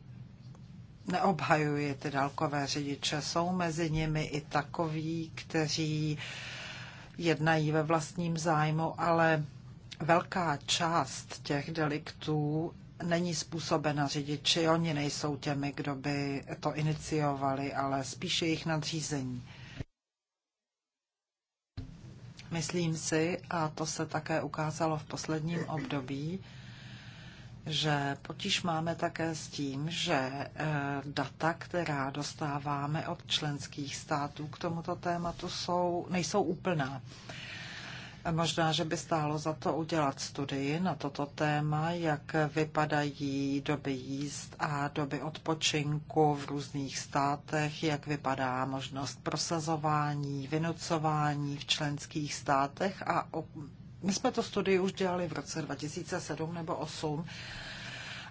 neobhajuji ty dálkové řidiče. Jsou mezi nimi i takoví, kteří jednají ve vlastním zájmu, ale velká část těch deliktů není způsobena řidiči. Oni nejsou těmi, kdo by to iniciovali, ale spíše jejich nadřízení. Myslím si, a to se také ukázalo v posledním období, že potíž máme také s tím, že eh, data, která dostáváme od členských států k tomuto tématu, jsou, nejsou úplná. Možná, že by stálo za to udělat studii na toto téma, jak vypadají doby jíst a doby odpočinku v různých státech, jak vypadá možnost prosazování, vynucování v členských státech a my jsme to studii už dělali v roce 2007 nebo 2008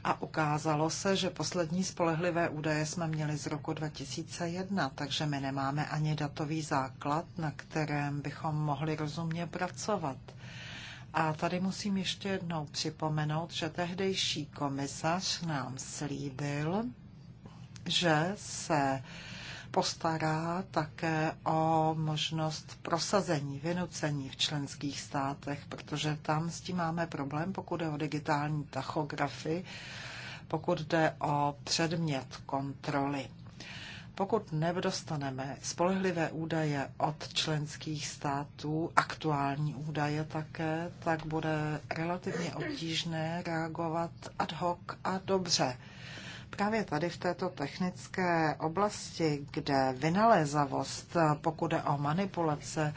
a ukázalo se, že poslední spolehlivé údaje jsme měli z roku 2001, takže my nemáme ani datový základ, na kterém bychom mohli rozumně pracovat. A tady musím ještě jednou připomenout, že tehdejší komisař nám slíbil, že se postará také o možnost prosazení, vynucení v členských státech, protože tam s tím máme problém, pokud je o digitální tachografy, pokud jde o předmět kontroly. Pokud nedostaneme spolehlivé údaje od členských států, aktuální údaje také, tak bude relativně obtížné reagovat ad hoc a dobře. Právě tady v této technické oblasti, kde vynalézavost, pokud je o manipulace,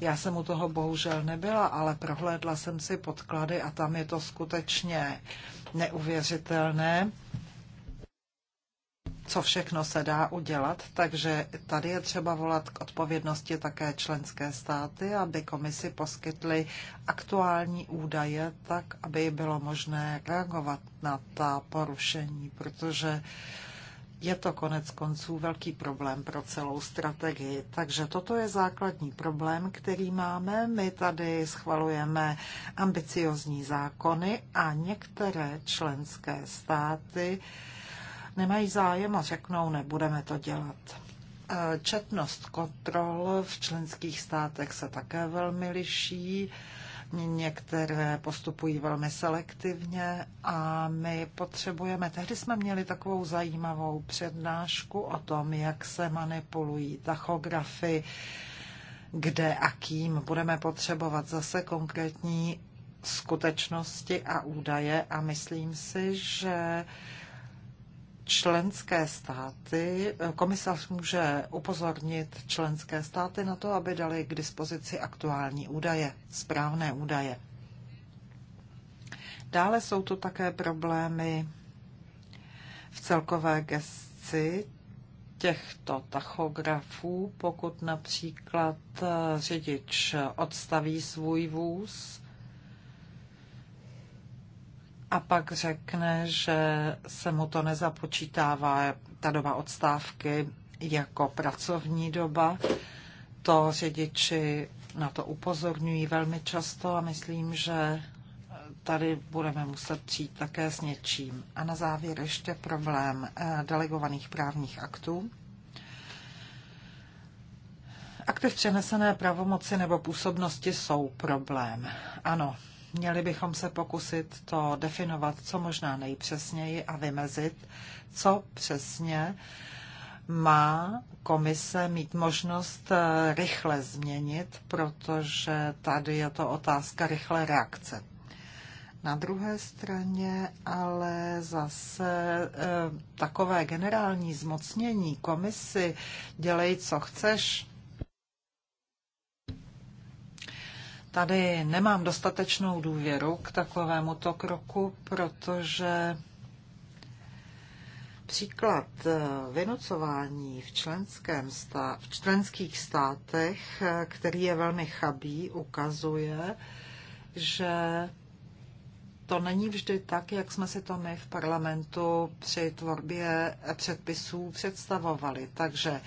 já jsem u toho bohužel nebyla, ale prohlédla jsem si podklady a tam je to skutečně neuvěřitelné co všechno se dá udělat, takže tady je třeba volat k odpovědnosti také členské státy, aby komisi poskytly aktuální údaje, tak aby bylo možné reagovat na ta porušení, protože je to konec konců velký problém pro celou strategii. Takže toto je základní problém, který máme. My tady schvalujeme ambiciozní zákony a některé členské státy nemají zájem a řeknou, nebudeme to dělat. E, četnost kontrol v členských státech se také velmi liší. Některé postupují velmi selektivně a my potřebujeme. Tehdy jsme měli takovou zajímavou přednášku o tom, jak se manipulují tachografy, kde a kým budeme potřebovat zase konkrétní skutečnosti a údaje a myslím si, že členské státy, komisař může upozornit členské státy na to, aby dali k dispozici aktuální údaje, správné údaje. Dále jsou tu také problémy v celkové gesci těchto tachografů, pokud například eh, řidič odstaví svůj vůz, a pak řekne, že se mu to nezapočítává ta doba odstávky jako pracovní doba. To řidiči na to upozorňují velmi často a myslím, že tady budeme muset přijít také s něčím. A na závěr ještě problém eh, delegovaných právních aktů. Akty v přenesené pravomoci nebo působnosti jsou problém. Ano, Měli bychom se pokusit to definovat co možná nejpřesněji a vymezit, co přesně má komise mít možnost eh, rychle změnit, protože tady je to otázka rychlé reakce. Na druhé straně ale zase e, takové generální zmocnění komisi dělej, co chceš, Tady nemám dostatečnou důvěru k takovému to kroku, protože příklad eh, vynucování v, členském stá- v členských státech, eh, který je velmi chabý, ukazuje, že to není vždy tak, jak jsme si to my v parlamentu při tvorbě předpisů představovali. Takže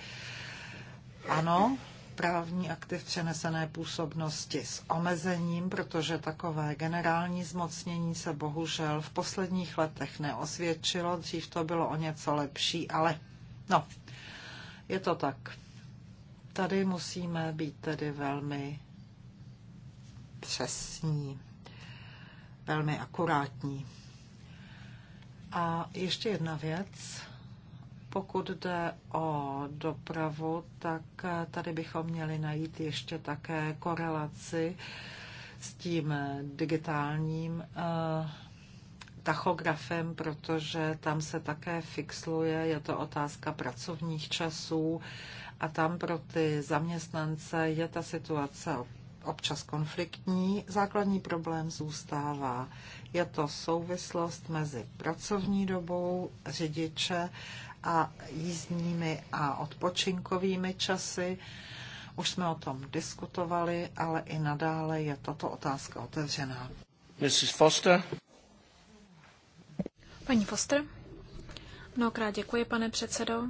ano, právní akty v přenesené působnosti s omezením, protože takové generální zmocnění se bohužel v posledních letech neosvědčilo. Dřív to bylo o něco lepší, ale no, je to tak. Tady musíme být tedy velmi přesní, velmi akurátní. A ještě jedna věc pokud jde o dopravu, tak tady bychom měli najít ještě také korelaci s tím digitálním eh, tachografem, protože tam se také fixluje, je to otázka pracovních časů a tam pro ty zaměstnance je ta situace občas konfliktní. Základní problém zůstává. Je to souvislost mezi pracovní dobou řidiče a jízdními a odpočinkovými časy. Už jsme o tom diskutovali, ale i nadále je tato otázka otevřená. Mrs. Foster. Paní Foster. Mnohokrát děkuji, pane předsedo.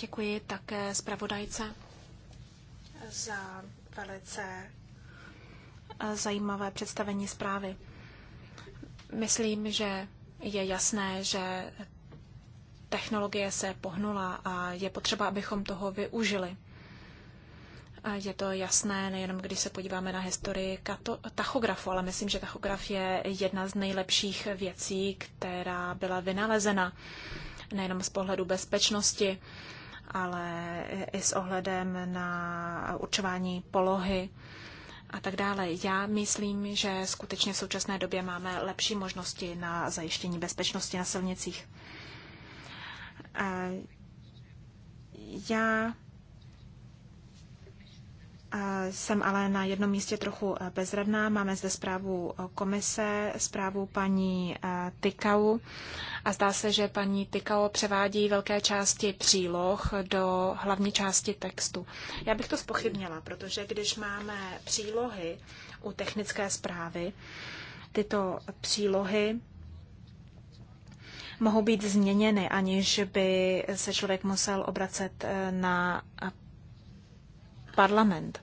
Děkuji také zpravodajce za velice zajímavé představení zprávy. Myslím, že je jasné, že technologie se pohnula a je potřeba, abychom toho využili. A je to jasné nejenom, když se podíváme na historii kato- tachografu, ale myslím, že tachograf je jedna z nejlepších věcí, která byla vynalezena nejenom z pohledu bezpečnosti, ale i s ohledem na určování polohy a tak dále. Já myslím, že skutečně v současné době máme lepší možnosti na zajištění bezpečnosti na silnicích. Já jsem ale na jednom místě trochu eh, bezradná. Máme zde zprávu eh, komise, zprávu paní eh, Tykau a zdá se, že paní Tykau převádí velké části příloh do hlavní části textu. Já bych to spochybnila, protože když máme přílohy u technické zprávy, tyto přílohy mohou být změněny, aniž by se člověk musel obracet eh, na eh, parlament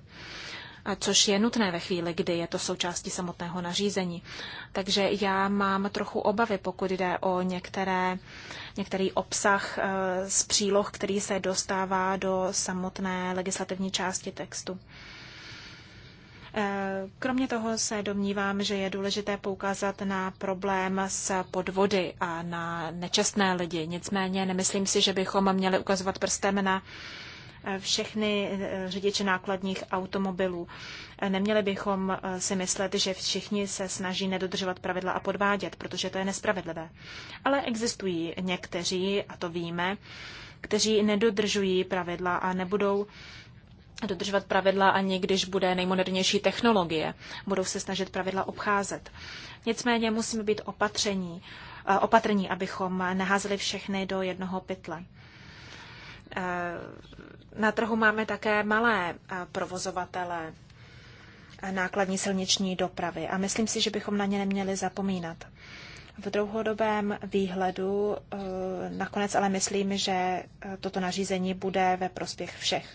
což je nutné ve chvíli, kdy je to součástí samotného nařízení. Takže já mám trochu obavy, pokud jde o některé, některý obsah eh, z příloh, který se dostává do samotné legislativní části textu. Eh, kromě toho se domnívám, že je důležité poukázat na problém s podvody a na nečestné lidi. Nicméně nemyslím si, že bychom měli ukazovat prstem na eh, všechny eh, řidiče nákladních automobilů. Neměli bychom si myslet, že všichni se snaží nedodržovat pravidla a podvádět, protože to je nespravedlivé. Ale existují někteří, a to víme, kteří nedodržují pravidla a nebudou dodržovat pravidla ani když bude nejmodernější technologie. Budou se snažit pravidla obcházet. Nicméně musíme být opatření, eh, opatrní, abychom neházeli všechny do jednoho pytle. Eh, na trhu máme také malé eh, provozovatele nákladní silniční dopravy a myslím si, že bychom na ně neměli zapomínat. V dlouhodobém výhledu nakonec ale myslím, že toto nařízení bude ve prospěch všech.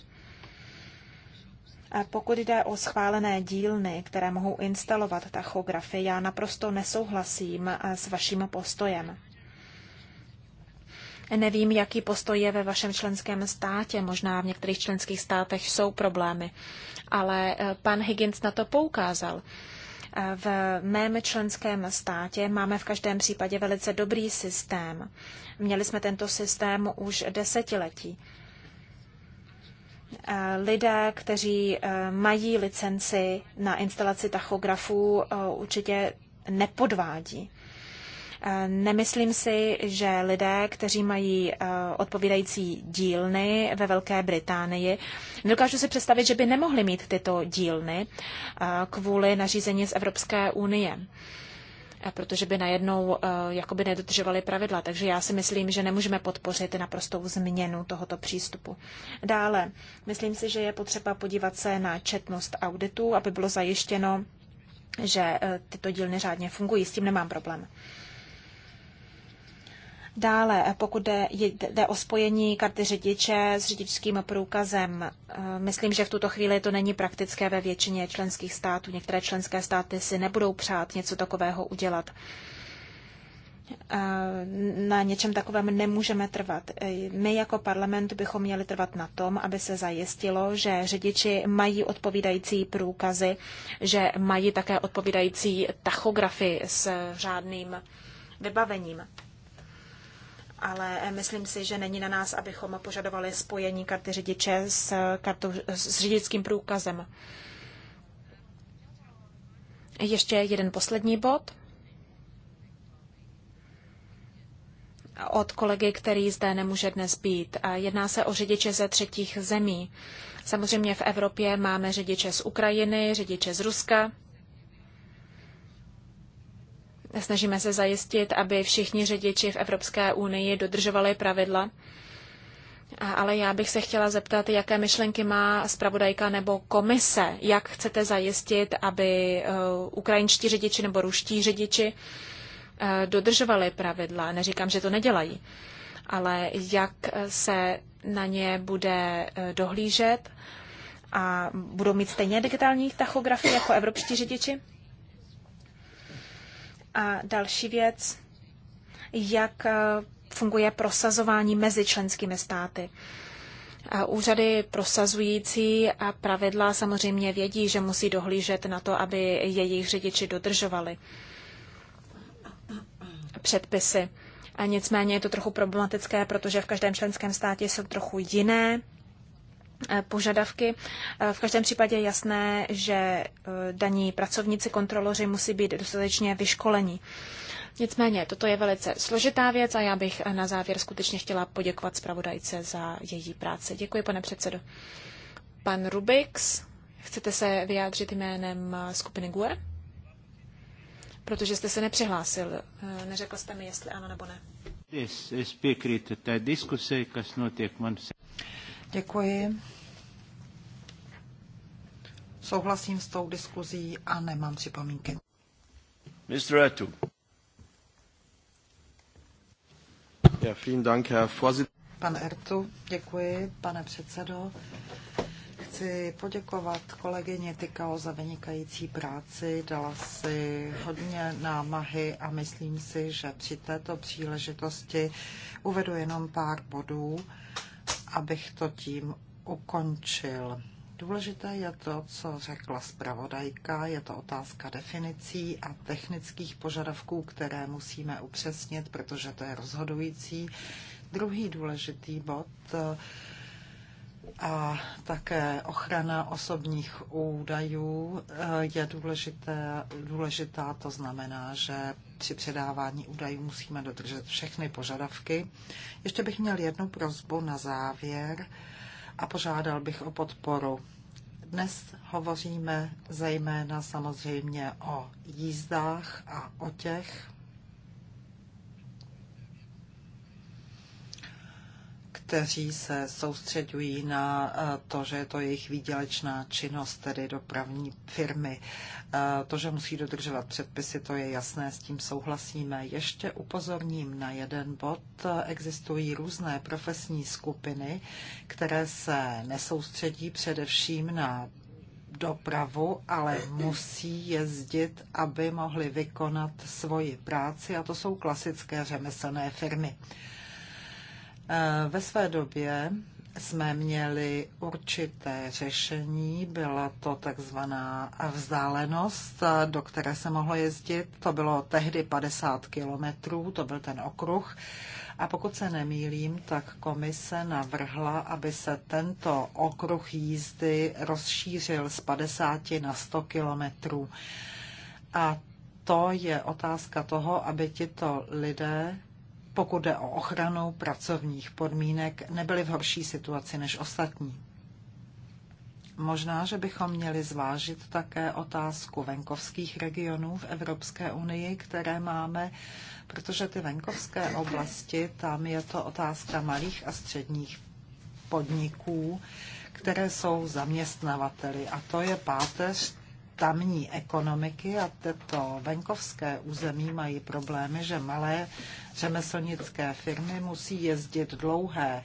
Pokud jde o schválené dílny, které mohou instalovat tachografy, já naprosto nesouhlasím eh, s vaším postojem. Nevím, jaký postoj je ve vašem členském státě, možná v některých členských státech jsou problémy, ale eh, pan Higgins na to poukázal. Eh, v mém členském státě máme v každém případě velice dobrý systém. Měli jsme tento systém už desetiletí lidé, kteří eh, mají licenci na instalaci tachografů, eh, určitě nepodvádí. Eh, nemyslím si, že lidé, kteří mají odpovídající dílny ve Velké Británii, nedokážu si představit, že by nemohli mít tyto dílny kvůli nařízení z Evropské unie protože by najednou eh, jakoby nedodržovali pravidla. Takže já si myslím, že nemůžeme podpořit naprostou změnu tohoto přístupu. Dále, myslím si, že je potřeba podívat se na četnost auditů, aby bylo zajištěno, že eh, tyto dílny řádně fungují. S tím nemám problém. Dále, eh, pokud jde, jde o spojení karty řidiče s řidičským průkazem, eh, myslím, že v tuto chvíli to není praktické ve většině členských států. Některé členské státy si nebudou přát něco takového udělat. Eh, na něčem takovém nemůžeme trvat. My jako parlament bychom měli trvat na tom, aby se zajistilo, že řidiči mají odpovídající průkazy, že mají také odpovídající tachografy s řádným vybavením ale eh, myslím si, že není na nás, abychom požadovali spojení karty řidiče s, kartu, s řidičským průkazem. Ještě jeden poslední bod. od kolegy, který zde nemůže dnes být. Jedná se o řidiče ze třetích zemí. Samozřejmě v Evropě máme řidiče z Ukrajiny, řidiče z Ruska, Snažíme se zajistit, aby všichni řidiči v Evropské unii dodržovali pravidla. Ale já bych se chtěla zeptat, jaké myšlenky má zpravodajka nebo komise, jak chcete zajistit, aby eh, ukrajinští řidiči nebo ruští řidiči eh, dodržovali pravidla. Neříkám, že to nedělají, ale jak se na ně bude eh, dohlížet a budou mít stejně digitální tachografy jako evropští řidiči? A další věc, jak eh, funguje prosazování mezi členskými státy. Úřady prosazující a pravidla samozřejmě vědí, že musí dohlížet na to, aby jejich řidiči dodržovali předpisy. A nicméně je to trochu problematické, protože v každém členském státě jsou trochu jiné Eh, požadavky. Eh, v každém případě je jasné, že eh, daní pracovníci, kontroloři musí být dostatečně vyškolení. Nicméně, toto je velice složitá věc a já bych na závěr skutečně chtěla poděkovat zpravodajce za její práci. Děkuji, pane předsedo. Pan Rubix, chcete se vyjádřit jménem skupiny GUE? Protože jste se nepřihlásil. Neřekl jste mi, jestli ano nebo ne. Děkuji. Souhlasím s tou diskuzí a nemám připomínky. Mr. Etu. Ja, vielen Dank, Herr Vorsitz. Pan Ertu, děkuji, pane předsedo. Chci poděkovat kolegyně Tykao za vynikající práci, dala si hodně námahy a myslím si, že při této příležitosti uvedu jenom pár bodů abych to tím ukončil. Důležité je to, co řekla zpravodajka, je to otázka definicí a technických požadavků, které musíme upřesnit, protože to je rozhodující. Druhý důležitý bod a také ochrana osobních údajů eh, je důležité, důležitá. To znamená, že při předávání údajů musíme dodržet všechny požadavky. Ještě bych měl jednu prozbu na závěr a požádal bych o podporu. Dnes hovoříme zejména samozřejmě o jízdách a o těch, kteří se soustředují na eh, to, že je to jejich výdělečná činnost, tedy dopravní firmy. Eh, to, že musí dodržovat předpisy, to je jasné, s tím souhlasíme. Ještě upozorním na jeden bod. Eh, existují různé profesní skupiny, které se nesoustředí především na dopravu, ale musí jezdit, aby mohli vykonat svoji práci a to jsou klasické řemeslné firmy. Eh, ve své době jsme měli určité řešení, byla to takzvaná vzdálenost, eh, do které se mohlo jezdit. To bylo tehdy 50 kilometrů, to byl ten okruh. A pokud se nemýlím, tak komise navrhla, aby se tento okruh jízdy rozšířil z 50 na 100 kilometrů. A to je otázka toho, aby tito lidé pokud jde o ochranu pracovních podmínek, nebyli v horší situaci než ostatní. Možná, že bychom měli zvážit také otázku venkovských regionů v Evropské unii, které máme, protože ty venkovské oblasti, tam je to otázka malých a středních podniků, které jsou zaměstnavateli. A to je páteř tamní ekonomiky a tyto venkovské území mají problémy, že malé řemeslnické firmy musí jezdit dlouhé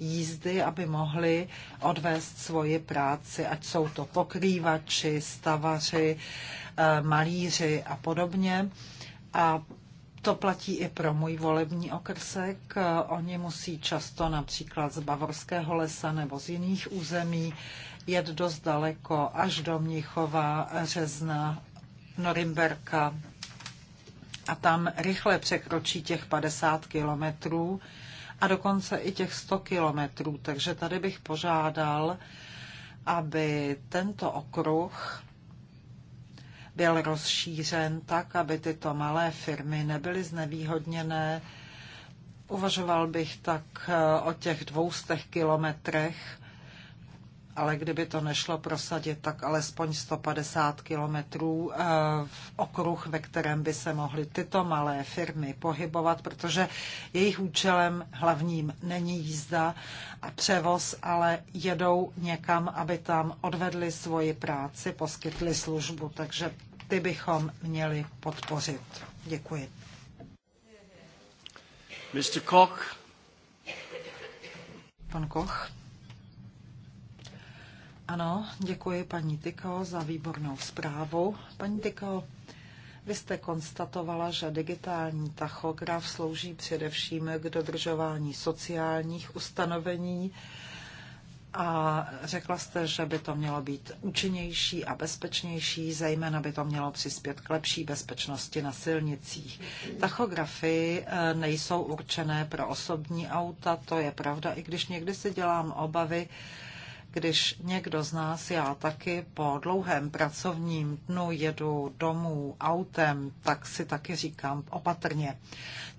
jízdy, aby mohly odvést svoji práci, ať jsou to pokrývači, stavaři, eh, malíři a podobně. A to platí i pro můj volební okrsek. Oni musí často například z Bavorského lesa nebo z jiných území jet dost daleko, až do Mnichova, Řezna, Norimberka a tam rychle překročí těch 50 kilometrů a dokonce i těch 100 kilometrů. Takže tady bych požádal, aby tento okruh byl rozšířen tak, aby tyto malé firmy nebyly znevýhodněné. Uvažoval bych tak o těch 200 kilometrech ale kdyby to nešlo prosadit, tak alespoň 150 kilometrů eh, v okruh, ve kterém by se mohly tyto malé firmy pohybovat, protože jejich účelem hlavním není jízda a převoz, ale jedou někam, aby tam odvedli svoji práci, poskytli službu, takže ty bychom měli podpořit. Děkuji. Mr. Koch. Pan Koch. Ano, děkuji paní Tyko za výbornou zprávu. Paní Tyko, vy jste konstatovala, že digitální tachograf slouží především k dodržování sociálních ustanovení a řekla jste, že by to mělo být účinnější a bezpečnější, zejména by to mělo přispět k lepší bezpečnosti na silnicích. Tachografy eh, nejsou určené pro osobní auta, to je pravda, i když někdy si dělám obavy, když někdo z nás, já taky, po dlouhém pracovním dnu jedu domů autem, tak si taky říkám opatrně.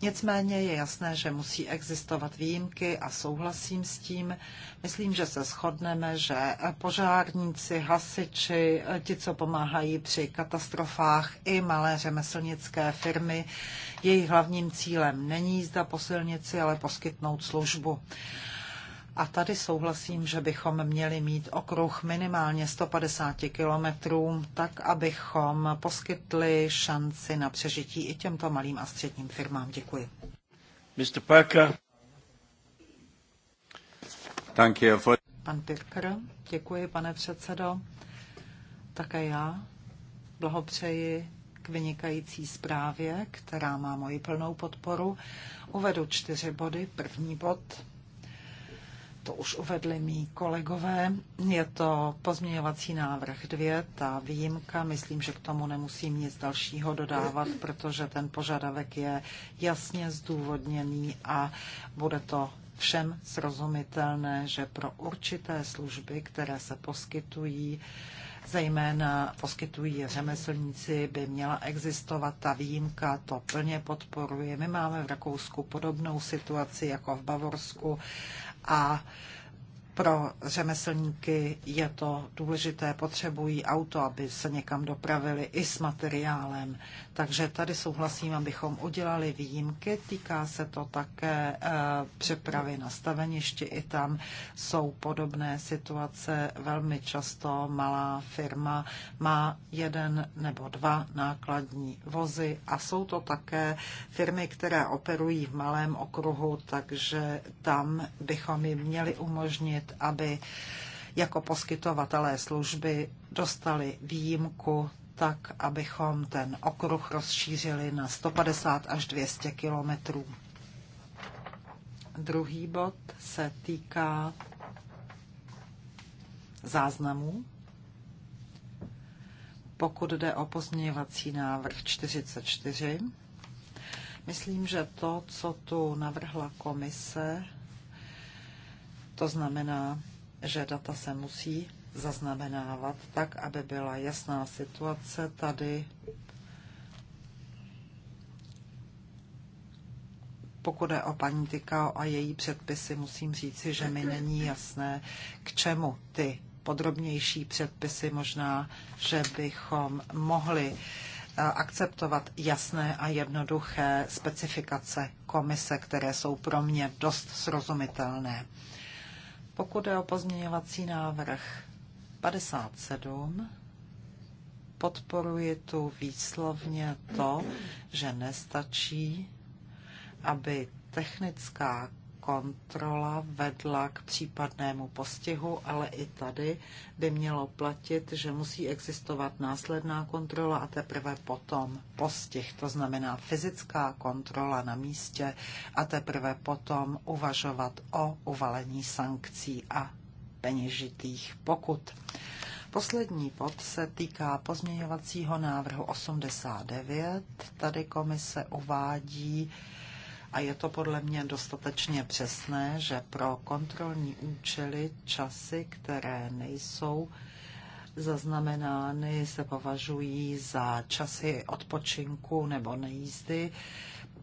Nicméně je jasné, že musí existovat výjimky a souhlasím s tím. Myslím, že se shodneme, že požárníci, hasiči, ti, co pomáhají při katastrofách, i malé řemeslnické firmy, jejich hlavním cílem není jízda po silnici, ale poskytnout službu. A tady souhlasím, že bychom měli mít okruh minimálně 150 kilometrů, tak abychom poskytli šanci na přežití i těmto malým a středním firmám. Děkuji. Mr. Parker. Thank you for... Pan Pirker, děkuji, pane předsedo. Také já blahopřeji k vynikající zprávě, která má moji plnou podporu. Uvedu čtyři body. První bod to už uvedli mý kolegové. Je to pozměňovací návrh dvě ta výjimka. Myslím, že k tomu nemusím nic dalšího dodávat, protože ten požadavek je jasně zdůvodněný a bude to všem srozumitelné, že pro určité služby, které se poskytují, zejména poskytují řemeslníci, by měla existovat ta výjimka, to plně podporuje. My máme v Rakousku podobnou situaci jako v Bavorsku a pro řemeslníky je to důležité, potřebují auto, aby se někam dopravili i s materiálem. Takže tady souhlasím, abychom udělali výjimky. Týká se to také eh, přepravy na staveništi. I tam jsou podobné situace. Velmi často malá firma má jeden nebo dva nákladní vozy a jsou to také firmy, které operují v malém okruhu, takže tam bychom jim měli umožnit, aby jako poskytovatelé služby dostali výjimku tak abychom ten okruh rozšířili na 150 až 200 kilometrů. Druhý bod se týká záznamů. Pokud jde o pozměňovací návrh 44, myslím, že to, co tu navrhla komise, to znamená, že data se musí zaznamenávat, tak, aby byla jasná situace tady. Pokud je o paní Tykao a její předpisy, musím říci, že mi není jasné, k čemu ty podrobnější předpisy možná, že bychom mohli eh, akceptovat jasné a jednoduché specifikace komise, které jsou pro mě dost srozumitelné. Pokud je o pozměňovací návrh 57 podporuji tu výslovně to, že nestačí, aby technická kontrola vedla k případnému postihu, ale i tady by mělo platit, že musí existovat následná kontrola a teprve potom postih, to znamená fyzická kontrola na místě a teprve potom uvažovat o uvalení sankcí a peněžitých pokut. Poslední bod se týká pozměňovacího návrhu 89. Tady komise uvádí, a je to podle mě dostatečně přesné, že pro kontrolní účely časy, které nejsou zaznamenány, se považují za časy odpočinku nebo nejízdy.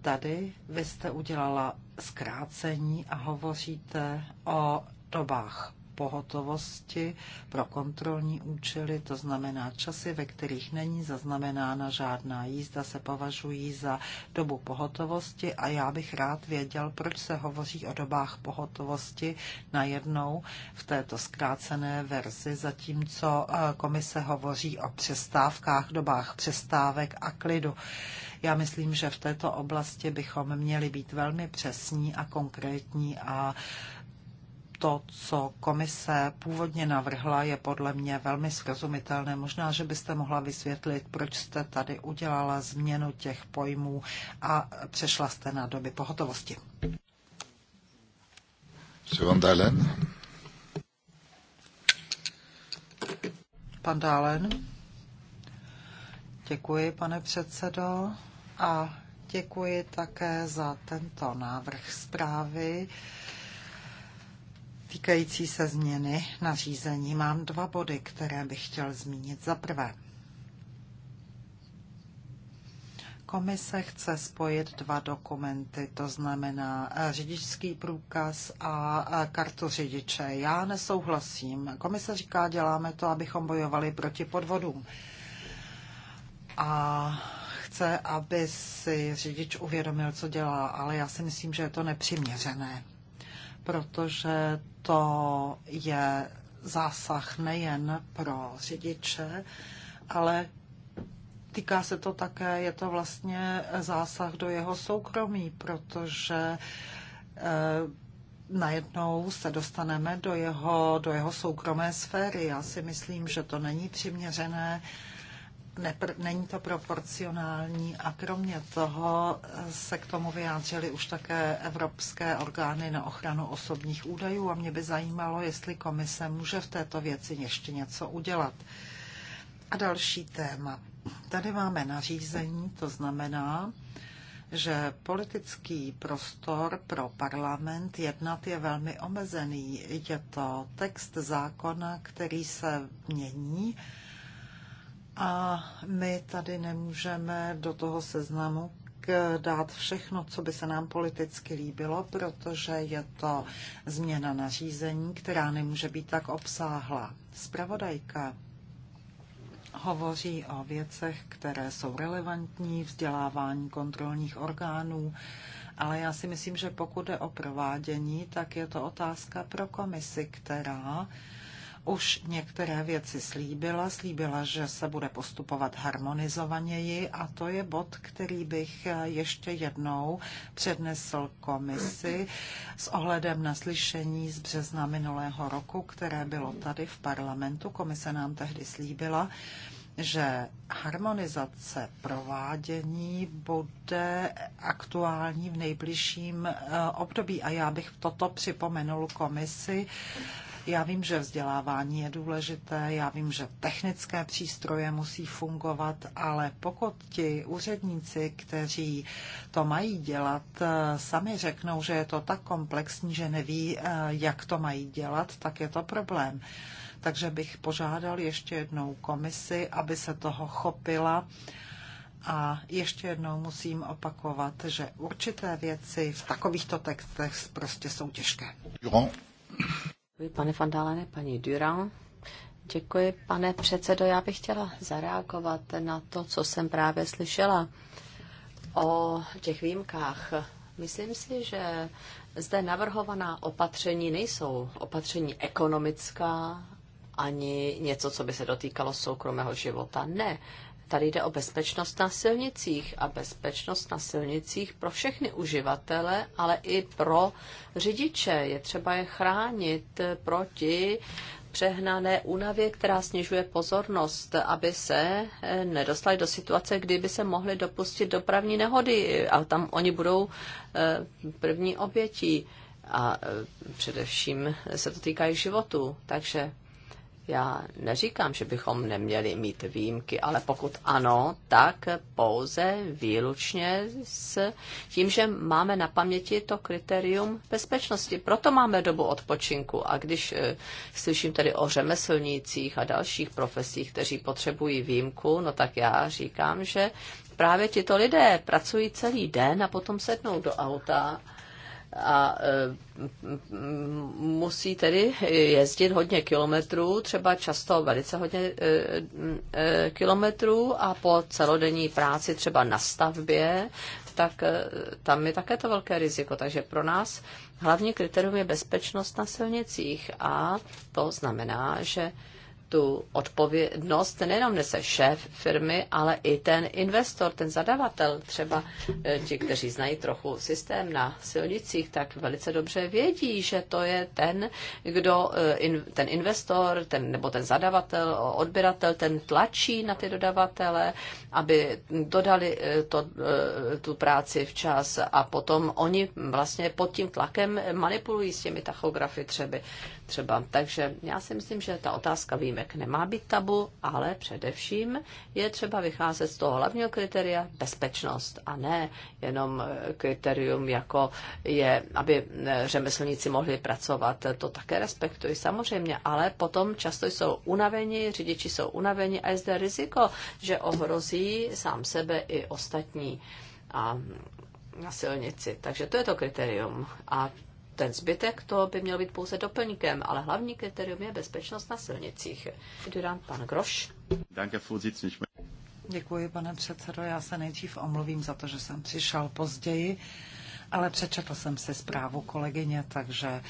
Tady vy jste udělala zkrácení a hovoříte o dobách pohotovosti pro kontrolní účely, to znamená časy, ve kterých není zaznamenána žádná jízda, se považují za dobu pohotovosti a já bych rád věděl, proč se hovoří o dobách pohotovosti najednou v této zkrácené verzi, zatímco eh, komise hovoří o přestávkách, dobách přestávek a klidu. Já myslím, že v této oblasti bychom měli být velmi přesní a konkrétní a uh, to, co komise původně navrhla, je podle mě velmi srozumitelné. Možná, že byste mohla vysvětlit, proč jste tady udělala změnu těch pojmů a přešla jste na doby pohotovosti. Pan Dálen. Pan Dálen. Děkuji, pane předsedo, a děkuji také za tento návrh zprávy týkající se změny nařízení, mám dva body, které bych chtěl zmínit. Za prvé, komise chce spojit dva dokumenty, to znamená eh, řidičský průkaz a eh, kartu řidiče. Já nesouhlasím. Komise říká, děláme to, abychom bojovali proti podvodům. A chce, aby si řidič uvědomil, co dělá, ale já si myslím, že je to nepřiměřené protože to je zásah nejen pro řidiče, ale týká se to také, je to vlastně zásah do jeho soukromí, protože eh, najednou se dostaneme do jeho, do jeho soukromé sféry. Já si myslím, že to není přiměřené nepr- není to proporcionální a kromě toho eh, se k tomu vyjádřily už také evropské orgány na ochranu osobních údajů a mě by zajímalo, jestli komise může v této věci ještě něco udělat. A další téma. Tady máme nařízení, to znamená, že politický prostor pro parlament jednat je velmi omezený. Je to text zákona, který se mění a my tady nemůžeme do toho seznamu dát všechno, co by se nám politicky líbilo, protože je to změna nařízení, která nemůže být tak obsáhlá. Spravodajka hovoří o věcech, které jsou relevantní, vzdělávání kontrolních orgánů, ale já si myslím, že pokud je o provádění, tak je to otázka pro komisi, která už některé věci slíbila. Slíbila, že se bude postupovat harmonizovaněji a to je bod, který bych eh, ještě jednou přednesl komisi s ohledem na slyšení z března minulého roku, které bylo tady v parlamentu. Komise nám tehdy slíbila, že harmonizace provádění bude aktuální v nejbližším eh, období. A já bych toto připomenul komisi já vím, že vzdělávání je důležité, já vím, že technické přístroje musí fungovat, ale pokud ti úředníci, kteří to mají dělat, eh, sami řeknou, že je to tak komplexní, že neví, eh, jak to mají dělat, tak je to problém. Takže bych požádal ještě jednou komisi, aby se toho chopila. A ještě jednou musím opakovat, že určité věci v takovýchto textech prostě jsou těžké. Jo. Vy, pane Fandálene, paní Durand. Děkuji, pane předsedo. Já bych chtěla zareagovat na to, co jsem právě slyšela o těch výjimkách. Myslím si, že zde navrhovaná opatření nejsou opatření ekonomická ani něco, co by se dotýkalo soukromého života. Ne, Tady jde o bezpečnost na silnicích a bezpečnost na silnicích pro všechny uživatele, ale i pro řidiče. Je třeba je chránit proti přehnané únavě, která snižuje pozornost, aby se eh, nedostali do situace, kdyby se mohli dopustit dopravní nehody a tam oni budou eh, první obětí a eh, především se to týká i životu. Takže já neříkám, že bychom neměli mít výjimky, ale pokud ano, tak pouze výlučně s tím, že máme na paměti to kritérium bezpečnosti. Proto máme dobu odpočinku. A když e, slyším tedy o řemeslnících a dalších profesích, kteří potřebují výjimku, no tak já říkám, že právě tito lidé pracují celý den a potom sednou do auta a e, musí tedy jezdit hodně kilometrů, třeba často velice hodně e, e, kilometrů a po celodenní práci třeba na stavbě, tak tam je také to velké riziko. Takže pro nás hlavní kritérium je bezpečnost na silnicích a to znamená, že tu odpovědnost nejenom nese šéf firmy, ale i ten investor, ten zadavatel. Třeba eh, ti, kteří znají trochu systém na silnicích, tak velice dobře vědí, že to je ten, kdo, eh, ten investor ten, nebo ten zadavatel, odběratel, ten tlačí na ty dodavatele, aby dodali eh, to, tu práci včas a potom oni vlastně pod tím tlakem manipulují s těmi tachografy třeba. třeba. Takže já si myslím, že ta otázka vím výjimek nemá být tabu, ale především je třeba vycházet z toho hlavního kritéria bezpečnost a ne jenom eh, kritérium, jako je, aby eh, řemeslníci mohli pracovat. To také respektuji samozřejmě, ale potom často jsou unaveni, řidiči jsou unaveni a je zde riziko, že ohrozí sám sebe i ostatní. A na silnici. Takže to je to kritérium. A ten zbytek to by měl být pouze doplníkem, ale hlavní kritérium je bezpečnost na silnicích. Durant pan Groš. Děkuji, pane předsedo. Já se nejdřív omluvím za to, že jsem přišel později, ale přečetl jsem si zprávu kolegyně, takže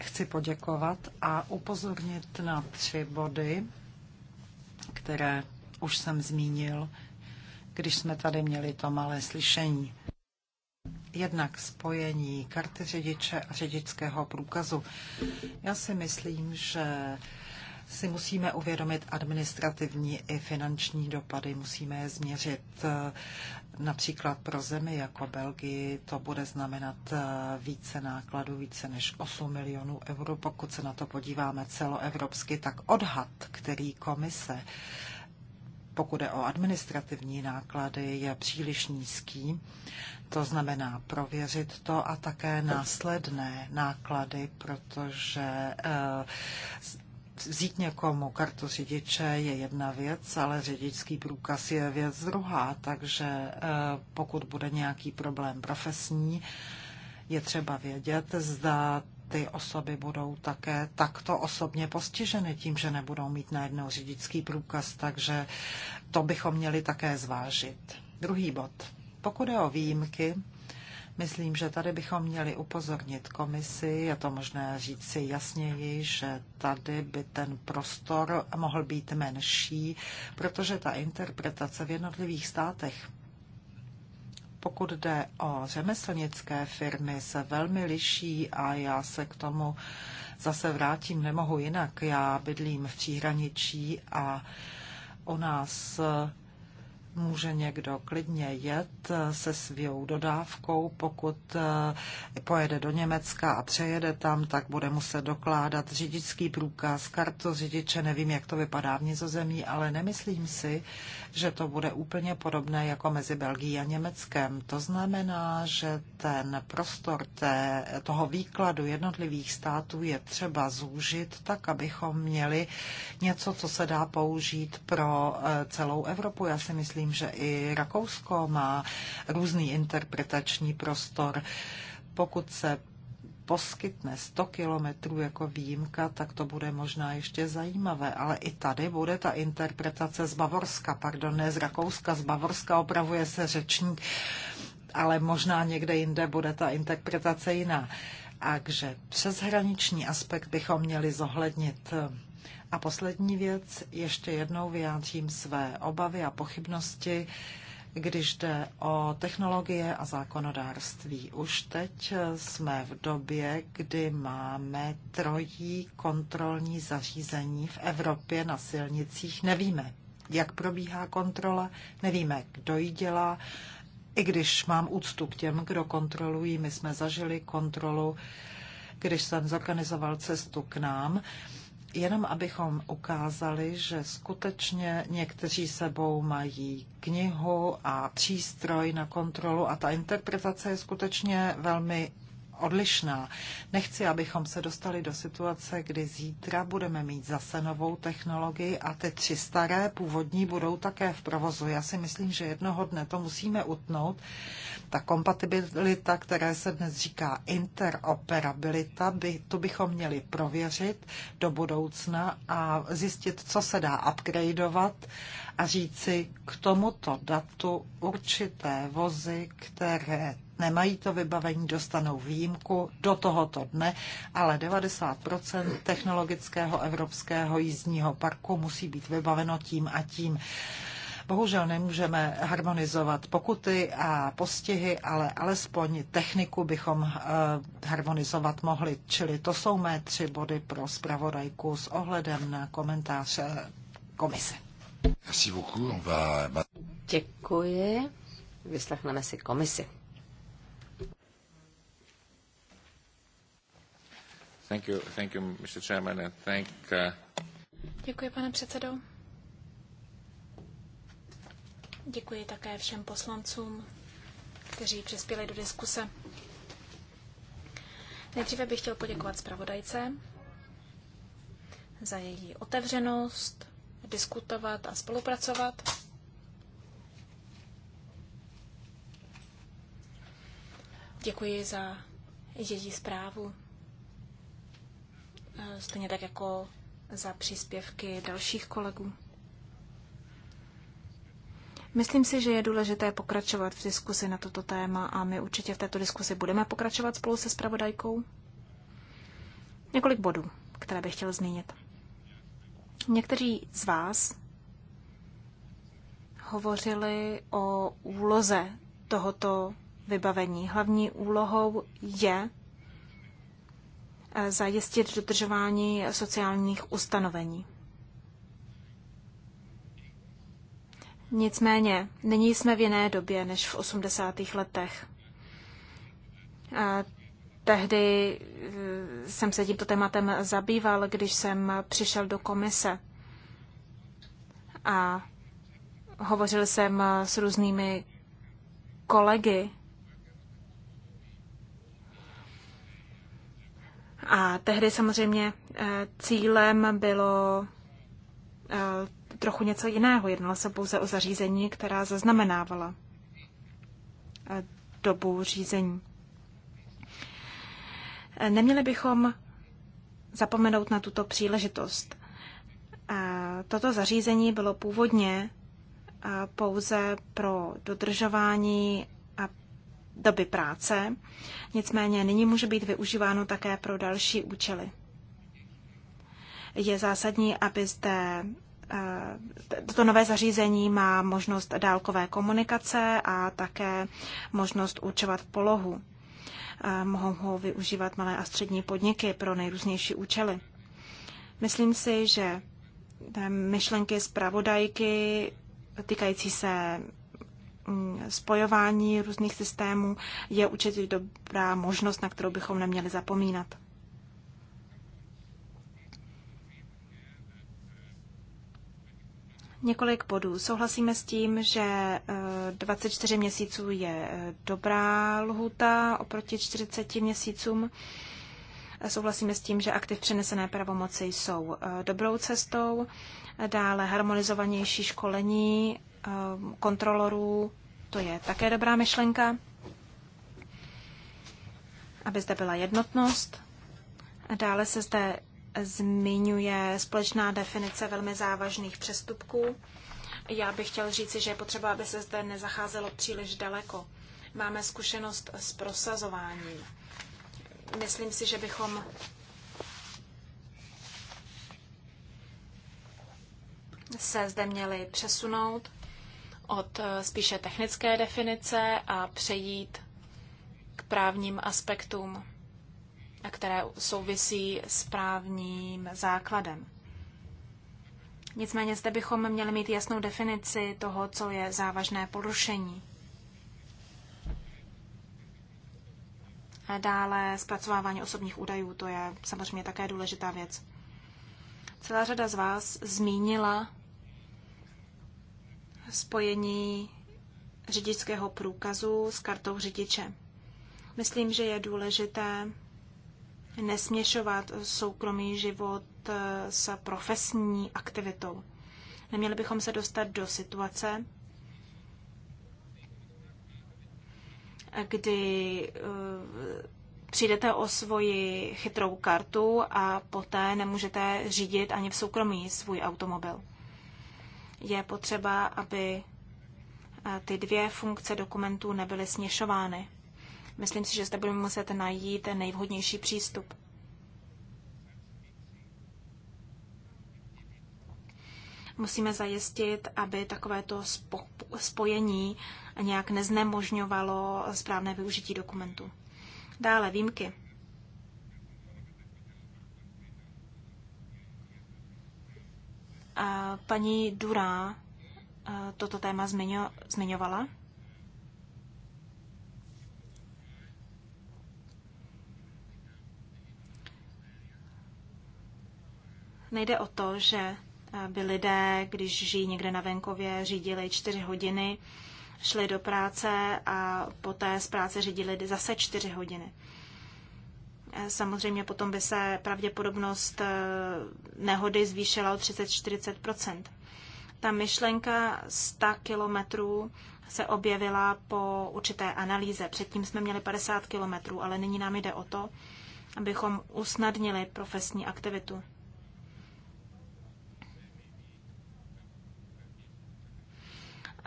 chci poděkovat a upozornit na tři body, které už jsem zmínil, když jsme tady měli to malé slyšení jednak spojení karty řidiče a řidičského průkazu. Já si myslím, že si musíme uvědomit administrativní i finanční dopady, musíme je změřit. Například pro zemi jako Belgii to bude znamenat eh, více nákladů, více než 8 milionů euro. Pokud se na to podíváme celoevropsky, tak odhad, který komise pokud je o administrativní náklady, je příliš nízký. To znamená prověřit to a také následné náklady, protože eh, vzít někomu kartu řidiče je jedna věc, ale řidičský průkaz je věc druhá, takže eh, pokud bude nějaký problém profesní, je třeba vědět, zda ty osoby budou také takto osobně postiženy tím, že nebudou mít najednou řidičský průkaz, takže to bychom měli také zvážit. Druhý bod. Pokud je o výjimky, Myslím, že tady bychom měli upozornit komisi, je to možné říct si jasněji, že tady by ten prostor mohl být menší, protože ta interpretace v jednotlivých státech pokud jde o řemeslnické firmy, se velmi liší a já se k tomu zase vrátím, nemohu jinak. Já bydlím v příhraničí a u nás může někdo klidně jet se svou dodávkou, pokud eh, pojede do Německa a přejede tam, tak bude muset dokládat řidičský průkaz, kartu řidiče, nevím, jak to vypadá v Nizozemí, ale nemyslím si, že to bude úplně podobné jako mezi Belgií a Německem. To znamená, že ten prostor té, toho výkladu jednotlivých států je třeba zúžit tak, abychom měli něco, co se dá použít pro eh, celou Evropu. Já si myslím, myslím, že i Rakousko má různý interpretační prostor. Pokud se poskytne 100 kilometrů jako výjimka, tak to bude možná ještě zajímavé. Ale i tady bude ta interpretace z Bavorska, pardon, ne z Rakouska, z Bavorska opravuje se řečník, ale možná někde jinde bude ta interpretace jiná. Takže přeshraniční aspekt bychom měli zohlednit a poslední věc, ještě jednou vyjádřím své obavy a pochybnosti, když jde o technologie a zákonodárství. Už teď jsme v době, kdy máme trojí kontrolní zařízení v Evropě na silnicích. Nevíme, jak probíhá kontrola, nevíme, kdo ji dělá. I když mám úctu k těm, kdo kontrolují, my jsme zažili kontrolu, když jsem zorganizoval cestu k nám jenom abychom ukázali, že skutečně někteří sebou mají knihu a přístroj na kontrolu a ta interpretace je skutečně velmi odlišná. Nechci, abychom se dostali do situace, kdy zítra budeme mít zase novou technologii a ty tři staré původní budou také v provozu. Já si myslím, že jednoho dne to musíme utnout. Ta kompatibilita, které se dnes říká interoperabilita, by, to bychom měli prověřit do budoucna a zjistit, co se dá upgradeovat a říci k tomuto datu určité vozy, které nemají to vybavení, dostanou výjimku do tohoto dne, ale 90 technologického evropského jízdního parku musí být vybaveno tím a tím. Bohužel nemůžeme harmonizovat pokuty a postihy, ale alespoň techniku bychom eh, harmonizovat mohli. Čili to jsou mé tři body pro zpravodajku s ohledem na komentář eh, komise. Děkuji. Vyslechneme si komisi. Uh, Děkuji, pane předsedo. Děkuji také všem poslancům, kteří přispěli do diskuse. Nejdříve bych chtěl poděkovat zpravodajce za její otevřenost, diskutovat a spolupracovat. Děkuji za její zprávu. Eh, stejně tak jako za příspěvky dalších kolegů. Myslím si, že je důležité pokračovat v diskusi na toto téma a my určitě v této diskusi budeme pokračovat spolu se spravodajkou. Několik bodů, které bych chtěl zmínit. Někteří z vás hovořili o úloze tohoto vybavení. Hlavní úlohou je Eh, zajistit dodržování sociálních ustanovení. Nicméně, nyní jsme v jiné době než v 80. letech. A eh, tehdy eh, jsem se tímto tématem zabýval, když jsem přišel do komise. A hovořil jsem s různými kolegy A tehdy samozřejmě eh, cílem bylo eh, trochu něco jiného. Jednalo se pouze o zařízení, která zaznamenávala eh, dobu řízení. Neměli bychom zapomenout na tuto příležitost. Toto zařízení bylo původně pouze pro dodržování doby práce, nicméně nyní může být využíváno také pro další účely. Je zásadní, aby zde eh, Toto nové zařízení má možnost dálkové komunikace a také možnost určovat polohu. Eh, mohou ho využívat malé a střední podniky pro nejrůznější účely. Myslím si, že eh, myšlenky zpravodajky týkající se Mm, spojování různých systémů je určitě dobrá možnost, na kterou bychom neměli zapomínat. Několik bodů. Souhlasíme s tím, že 24 eh, měsíců je eh, dobrá lhuta oproti 40 měsícům. Souhlasíme s tím, že aktiv přenesené pravomoci jsou eh, dobrou cestou. Dále harmonizovanější školení kontrolorů to je také dobrá myšlenka, aby zde byla jednotnost. A dále se zde zmiňuje společná definice velmi závažných přestupků. Já bych chtěl říci, že je potřeba, aby se zde nezacházelo příliš daleko. Máme zkušenost s prosazováním. Myslím si, že bychom se zde měli přesunout od eh, spíše technické definice a přejít k právním aspektům, které souvisí s právním základem. Nicméně zde bychom měli mít jasnou definici toho, co je závažné porušení. A dále zpracovávání osobních údajů, to je samozřejmě také důležitá věc. Celá řada z vás zmínila spojení řidičského průkazu s kartou řidiče. Myslím, že je důležité nesměšovat soukromý život eh, s profesní aktivitou. Neměli bychom se dostat do situace, kdy eh, přijdete o svoji chytrou kartu a poté nemůžete řídit ani v soukromí svůj automobil je potřeba, aby eh, ty dvě funkce dokumentů nebyly směšovány. Myslím si, že zde budeme muset najít nejvhodnější přístup. Musíme zajistit, aby takovéto spojení nějak neznemožňovalo správné využití dokumentu. Dále výjimky. Paní Durá eh, toto téma zmiňovala. Nejde o to, že eh, by lidé, když žijí někde na venkově, řídili čtyři hodiny, šli do práce a poté z práce řídili zase čtyři hodiny. Eh, samozřejmě potom by se pravděpodobnost eh, nehody zvýšila o 30-40 Ta myšlenka 100 kilometrů se objevila po určité analýze. Předtím jsme měli 50 kilometrů, ale nyní nám jde o to, abychom usnadnili profesní aktivitu.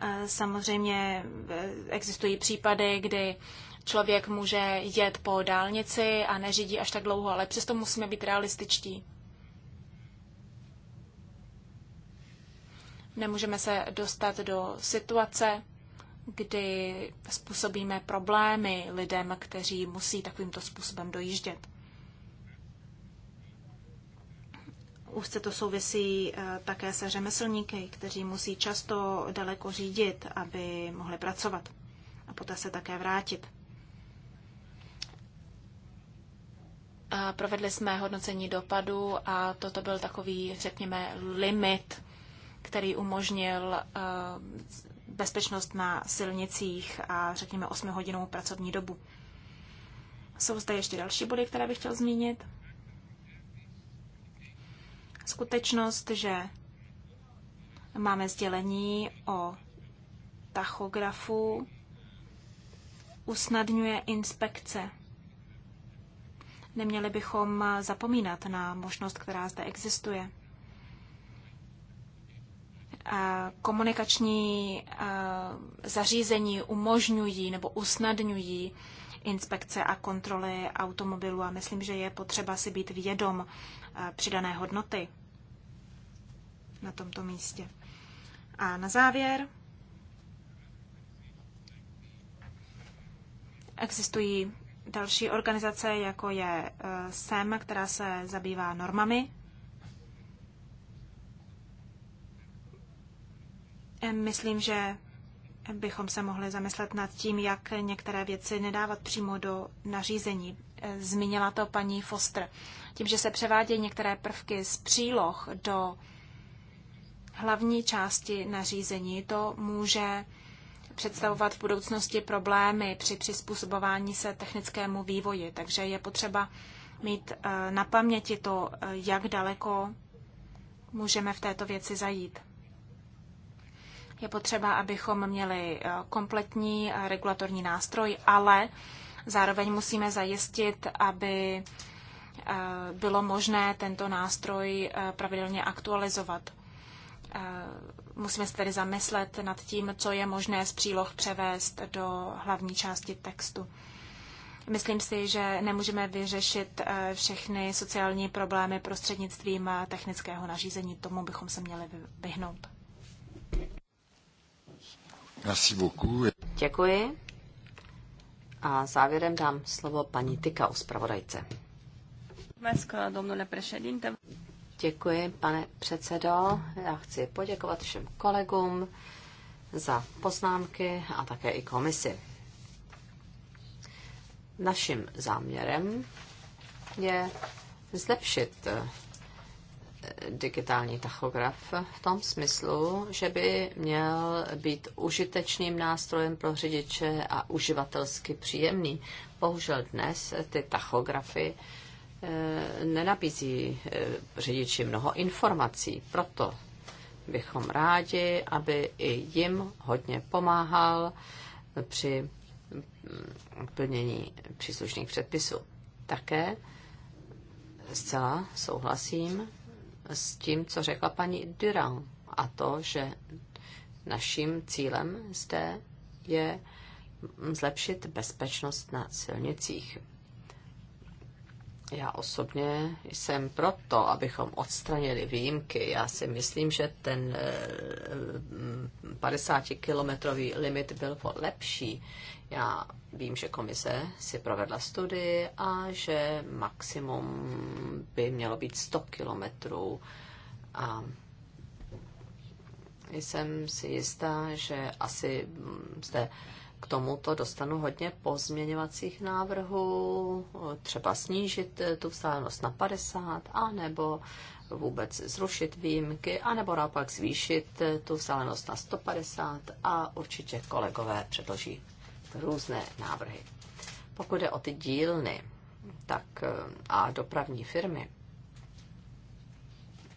Eh, samozřejmě existují případy, kdy Člověk může jet po dálnici a neřídí až tak dlouho, ale přesto musíme být realističtí. Nemůžeme se dostat do situace, kdy způsobíme problémy lidem, kteří musí takovýmto způsobem dojíždět. Úzce to souvisí eh, také se řemeslníky, kteří musí často daleko řídit, aby mohli pracovat a poté se také vrátit. Provedli jsme hodnocení dopadu a toto byl takový, řekněme, limit, který umožnil eh, bezpečnost na silnicích a řekněme 8 hodinovou pracovní dobu. Jsou zde ještě další body, které bych chtěl zmínit. Skutečnost, že máme sdělení o tachografu, usnadňuje inspekce Neměli bychom zapomínat na možnost, která zde existuje. Komunikační zařízení umožňují nebo usnadňují inspekce a kontroly automobilů a myslím, že je potřeba si být vědom přidané hodnoty na tomto místě. A na závěr existují další organizace, jako je eh, SEM, která se zabývá normami. Eh, myslím, že bychom se mohli zamyslet nad tím, jak některé věci nedávat přímo do nařízení. Eh, zmínila to paní Foster. Tím, že se převádějí některé prvky z příloh do hlavní části nařízení, to může představovat v budoucnosti problémy při přizpůsobování se technickému vývoji. Takže je potřeba mít eh, na paměti to, eh, jak daleko můžeme v této věci zajít. Je potřeba, abychom měli eh, kompletní regulatorní nástroj, ale zároveň musíme zajistit, aby bylo možné tento nástroj pravidelně aktualizovat musíme se tedy zamyslet nad tím, co je možné z příloh převést do hlavní části textu. Myslím si, že nemůžeme vyřešit eh, všechny sociální problémy prostřednictvím eh, technického nařízení. Tomu bychom se měli vyhnout. Děkuji. A závěrem dám slovo paní Tykau, zpravodajce. Mulțumesc, Děkuji, pane předsedo. Já chci poděkovat všem kolegům za poznámky a také i komisi. Naším záměrem je zlepšit eh, digitální tachograf v tom smyslu, že by měl být užitečným nástrojem pro řidiče a uživatelsky příjemný. Bohužel dnes ty tachografy Eh, nenabízí eh, řidiči mnoho informací. Proto bychom rádi, aby i jim hodně pomáhal při mm, plnění příslušných předpisů. Také zcela souhlasím s tím, co řekla paní Durand, a to, že naším cílem zde je mm, zlepšit bezpečnost na silnicích. Já osobně jsem proto, abychom odstranili výjimky. Já si myslím, že ten 50-kilometrový eh, limit byl lepší. Já vím, že komise si provedla studii a že maximum by mělo být 100 kilometrů. A jsem si jistá, že asi mm, zde k tomuto dostanu hodně pozměňovacích návrhů, třeba snížit eh, tu vzdálenost na 50, anebo vůbec zrušit výjimky, anebo naopak zvýšit eh, tu vzdálenost na 150 a určitě kolegové předloží různé návrhy. Pokud jde o ty dílny tak, eh, a dopravní firmy,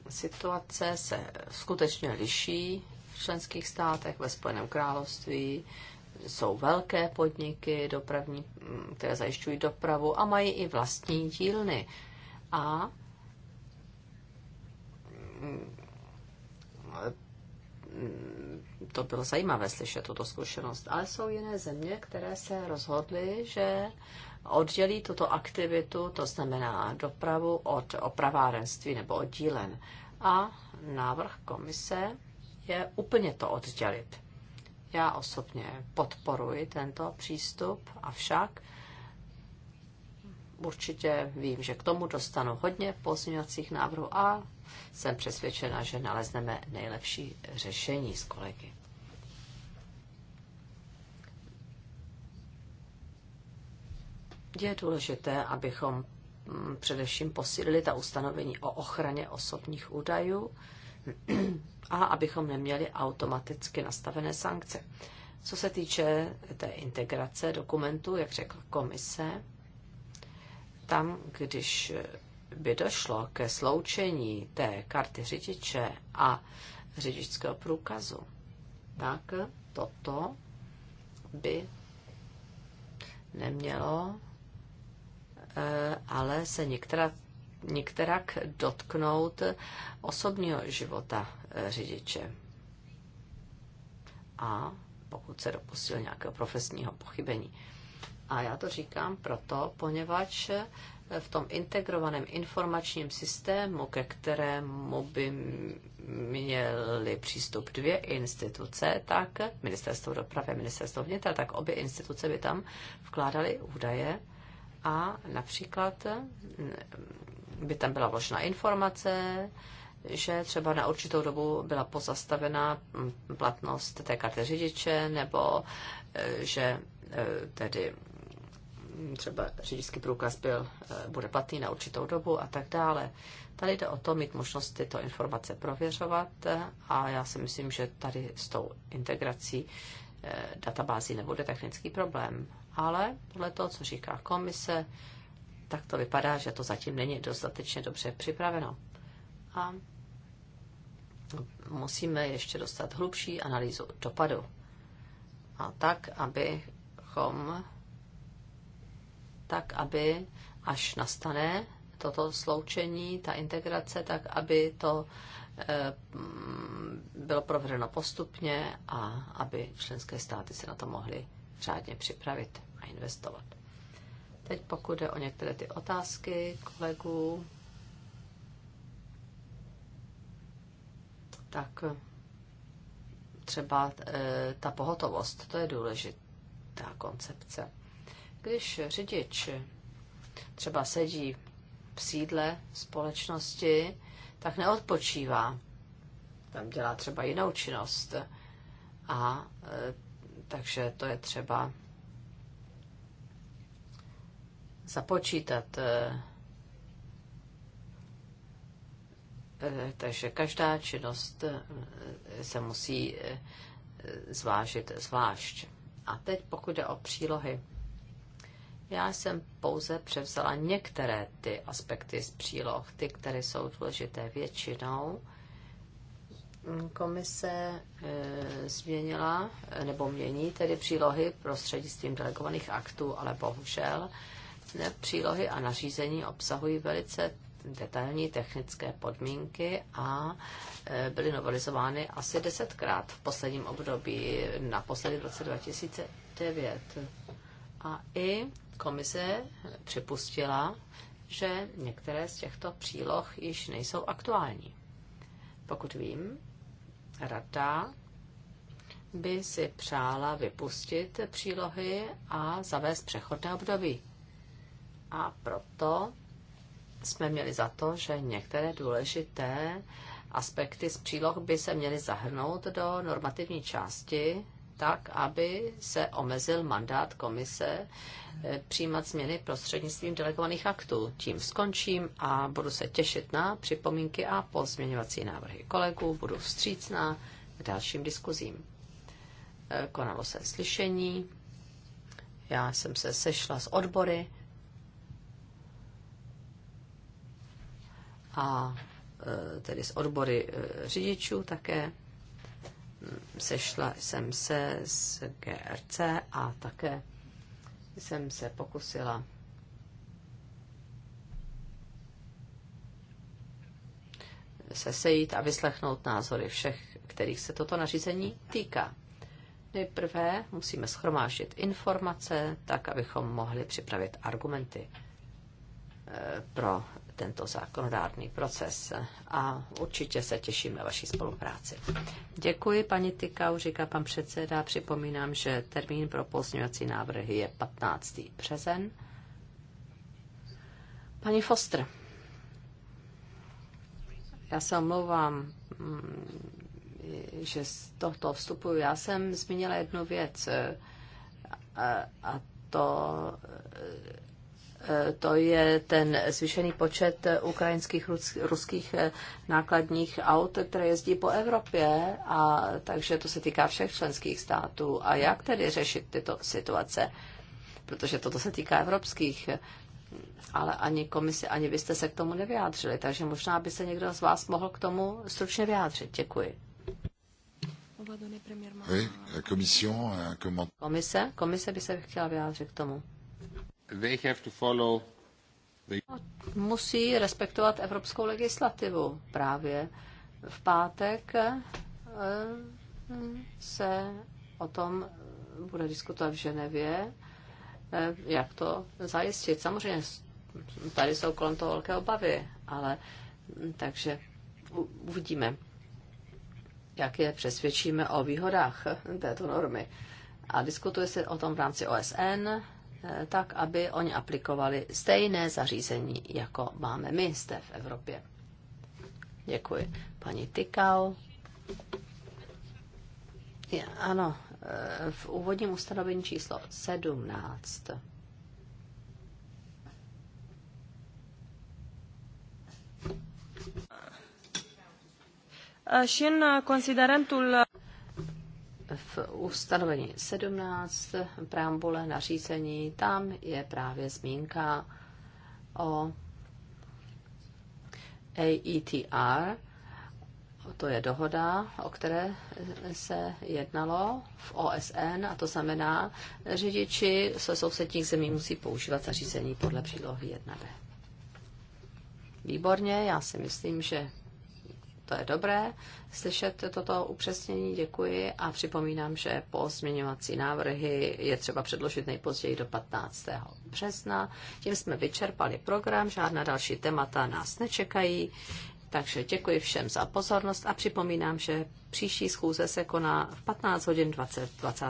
situace se skutečně liší v členských státech, ve Spojeném království, jsou velké podniky, dopravní, mm, které zajišťují dopravu a mají i vlastní dílny. A mm, to bylo zajímavé slyšet tuto zkušenost. Ale jsou jiné země, které se rozhodly, že oddělí tuto aktivitu, to znamená dopravu od opravárenství nebo od dílen. A návrh komise je úplně to oddělit. Já osobně podporuji tento přístup, avšak určitě vím, že k tomu dostanu hodně pozměňovacích návrhů a jsem přesvědčena, že nalezneme nejlepší řešení s kolegy. Je důležité, abychom mm, především posílili ta ustanovení o ochraně osobních údajů a abychom neměli automaticky nastavené sankce. Co se týče té integrace dokumentů, jak řekla komise, tam, když by došlo ke sloučení té karty řidiče a řidičského průkazu, tak toto by nemělo eh, ale se některá některak dotknout osobního života eh, řidiče. A pokud se dopustil nějakého profesního pochybení. A já to říkám proto, poněvadž eh, v tom integrovaném informačním systému, ke kterému by měly přístup dvě instituce, tak ministerstvo dopravy a ministerstvo vnitra, tak obě instituce by tam vkládaly údaje a například by tam byla vložena informace, že třeba na určitou dobu byla pozastavena mm, platnost té karty řidiče, nebo e, že e, tedy mm, třeba řidičský průkaz byl, e, bude platný na určitou dobu a tak dále. Tady jde o to mít možnost tyto informace prověřovat a já si myslím, že tady s tou integrací databází nebude technický problém. Ale podle toho, co říká komise, tak to vypadá, že to zatím není dostatečně dobře připraveno. A musíme ještě dostat hlubší analýzu dopadu. A tak, abychom, tak, aby až nastane toto sloučení, ta integrace, tak aby to eh, bylo provedeno postupně a aby členské státy se na to mohly řádně připravit a investovat. Teď pokud jde o některé ty otázky kolegů, tak třeba eh, ta pohotovost, to je důležitá koncepce. Když řidič třeba sedí v sídle společnosti, tak neodpočívá. Tam dělá třeba jinou činnost. A eh, takže to je třeba započítat. Eh, eh, takže každá činnost eh, se musí zvážit zvlášť. A teď pokud jde o přílohy. Já jsem pouze převzala některé ty aspekty z příloh, ty, které jsou důležité většinou. Hm, komise e, změnila nebo mění tedy přílohy prostřednictvím delegovaných aktů, ale bohužel e, přílohy a nařízení obsahují velice detailní technické podmínky a e, byly novelizovány asi desetkrát v posledním období, naposledy v roce 2009. A i komise připustila, že některé z těchto příloh již nejsou aktuální. Pokud vím, rada by si přála vypustit přílohy a zavést přechodné období a proto jsme měli za to, že některé důležité aspekty z příloh by se měly zahrnout do normativní části, tak, aby se omezil mandát komise eh, přijímat změny prostřednictvím delegovaných aktů. Tím skončím a budu se těšit na připomínky a pozměňovací návrhy kolegů. Budu vstřícná k dalším diskuzím. Eh, konalo se slyšení, já jsem se sešla s odbory, a e, tedy s odbory e, řidičů také. Sešla jsem se s GRC a také jsem se pokusila se sejít a vyslechnout názory všech, kterých se toto nařízení týká. Nejprve musíme schromáždit informace, tak abychom mohli připravit argumenty e, pro tento zákonodárný proces a určitě se těším na vaší spolupráci. Děkuji, paní Tykau, říká pan předseda. Připomínám, že termín pro pozměňovací návrhy je 15. březen. Paní Foster, já se omlouvám, mm, že z tohoto vstupu já jsem zmínila jednu věc a to Eh, to je ten zvýšený počet eh, ukrajinských ruských eh, nákladních aut, které jezdí po Evropě, a takže to se týká všech členských států. A jak tedy řešit tyto situace? Protože toto se týká evropských, ale ani komise ani jste se k tomu nevyjádřili, takže možná by se někdo z vás mohl k tomu stručně vyjádřit. Děkuji. Euh, komise, komise by se chtěla à k tomu. Musí respektovat evropskou legislativu. Právě v pátek eh, se o tom bude diskutovat v Ženevě, eh, jak to zajistit. Samozřejmě tady jsou kolem toho velké obavy, ale mm, takže uvidíme, jak je přesvědčíme o výhodách této normy. A diskutuje se o tom v rámci OSN, Eh, tak, aby oni aplikovali stejné zařízení, jako máme my zde v Evropě. Děkuji. Paní Tykau. Ano, eh, v úvodním ustanovení číslo 17. Eh, și în considerentul v ustanovení 17 prámbole nařízení, tam je právě zmínka o AETR, to je dohoda, o které se jednalo v OSN a to znamená, řidiči se sousedních zemí musí používat zařízení podle přílohy 1b. Výborně, já si myslím, že to je dobré slyšet toto upřesnění, děkuji a připomínám, že po změňovací návrhy je třeba předložit nejpozději do 15. března. Tím jsme vyčerpali program, žádná další témata nás nečekají. Takže děkuji všem za pozornost a připomínám, že příští schůze se koná v 15 hodin 20. 20.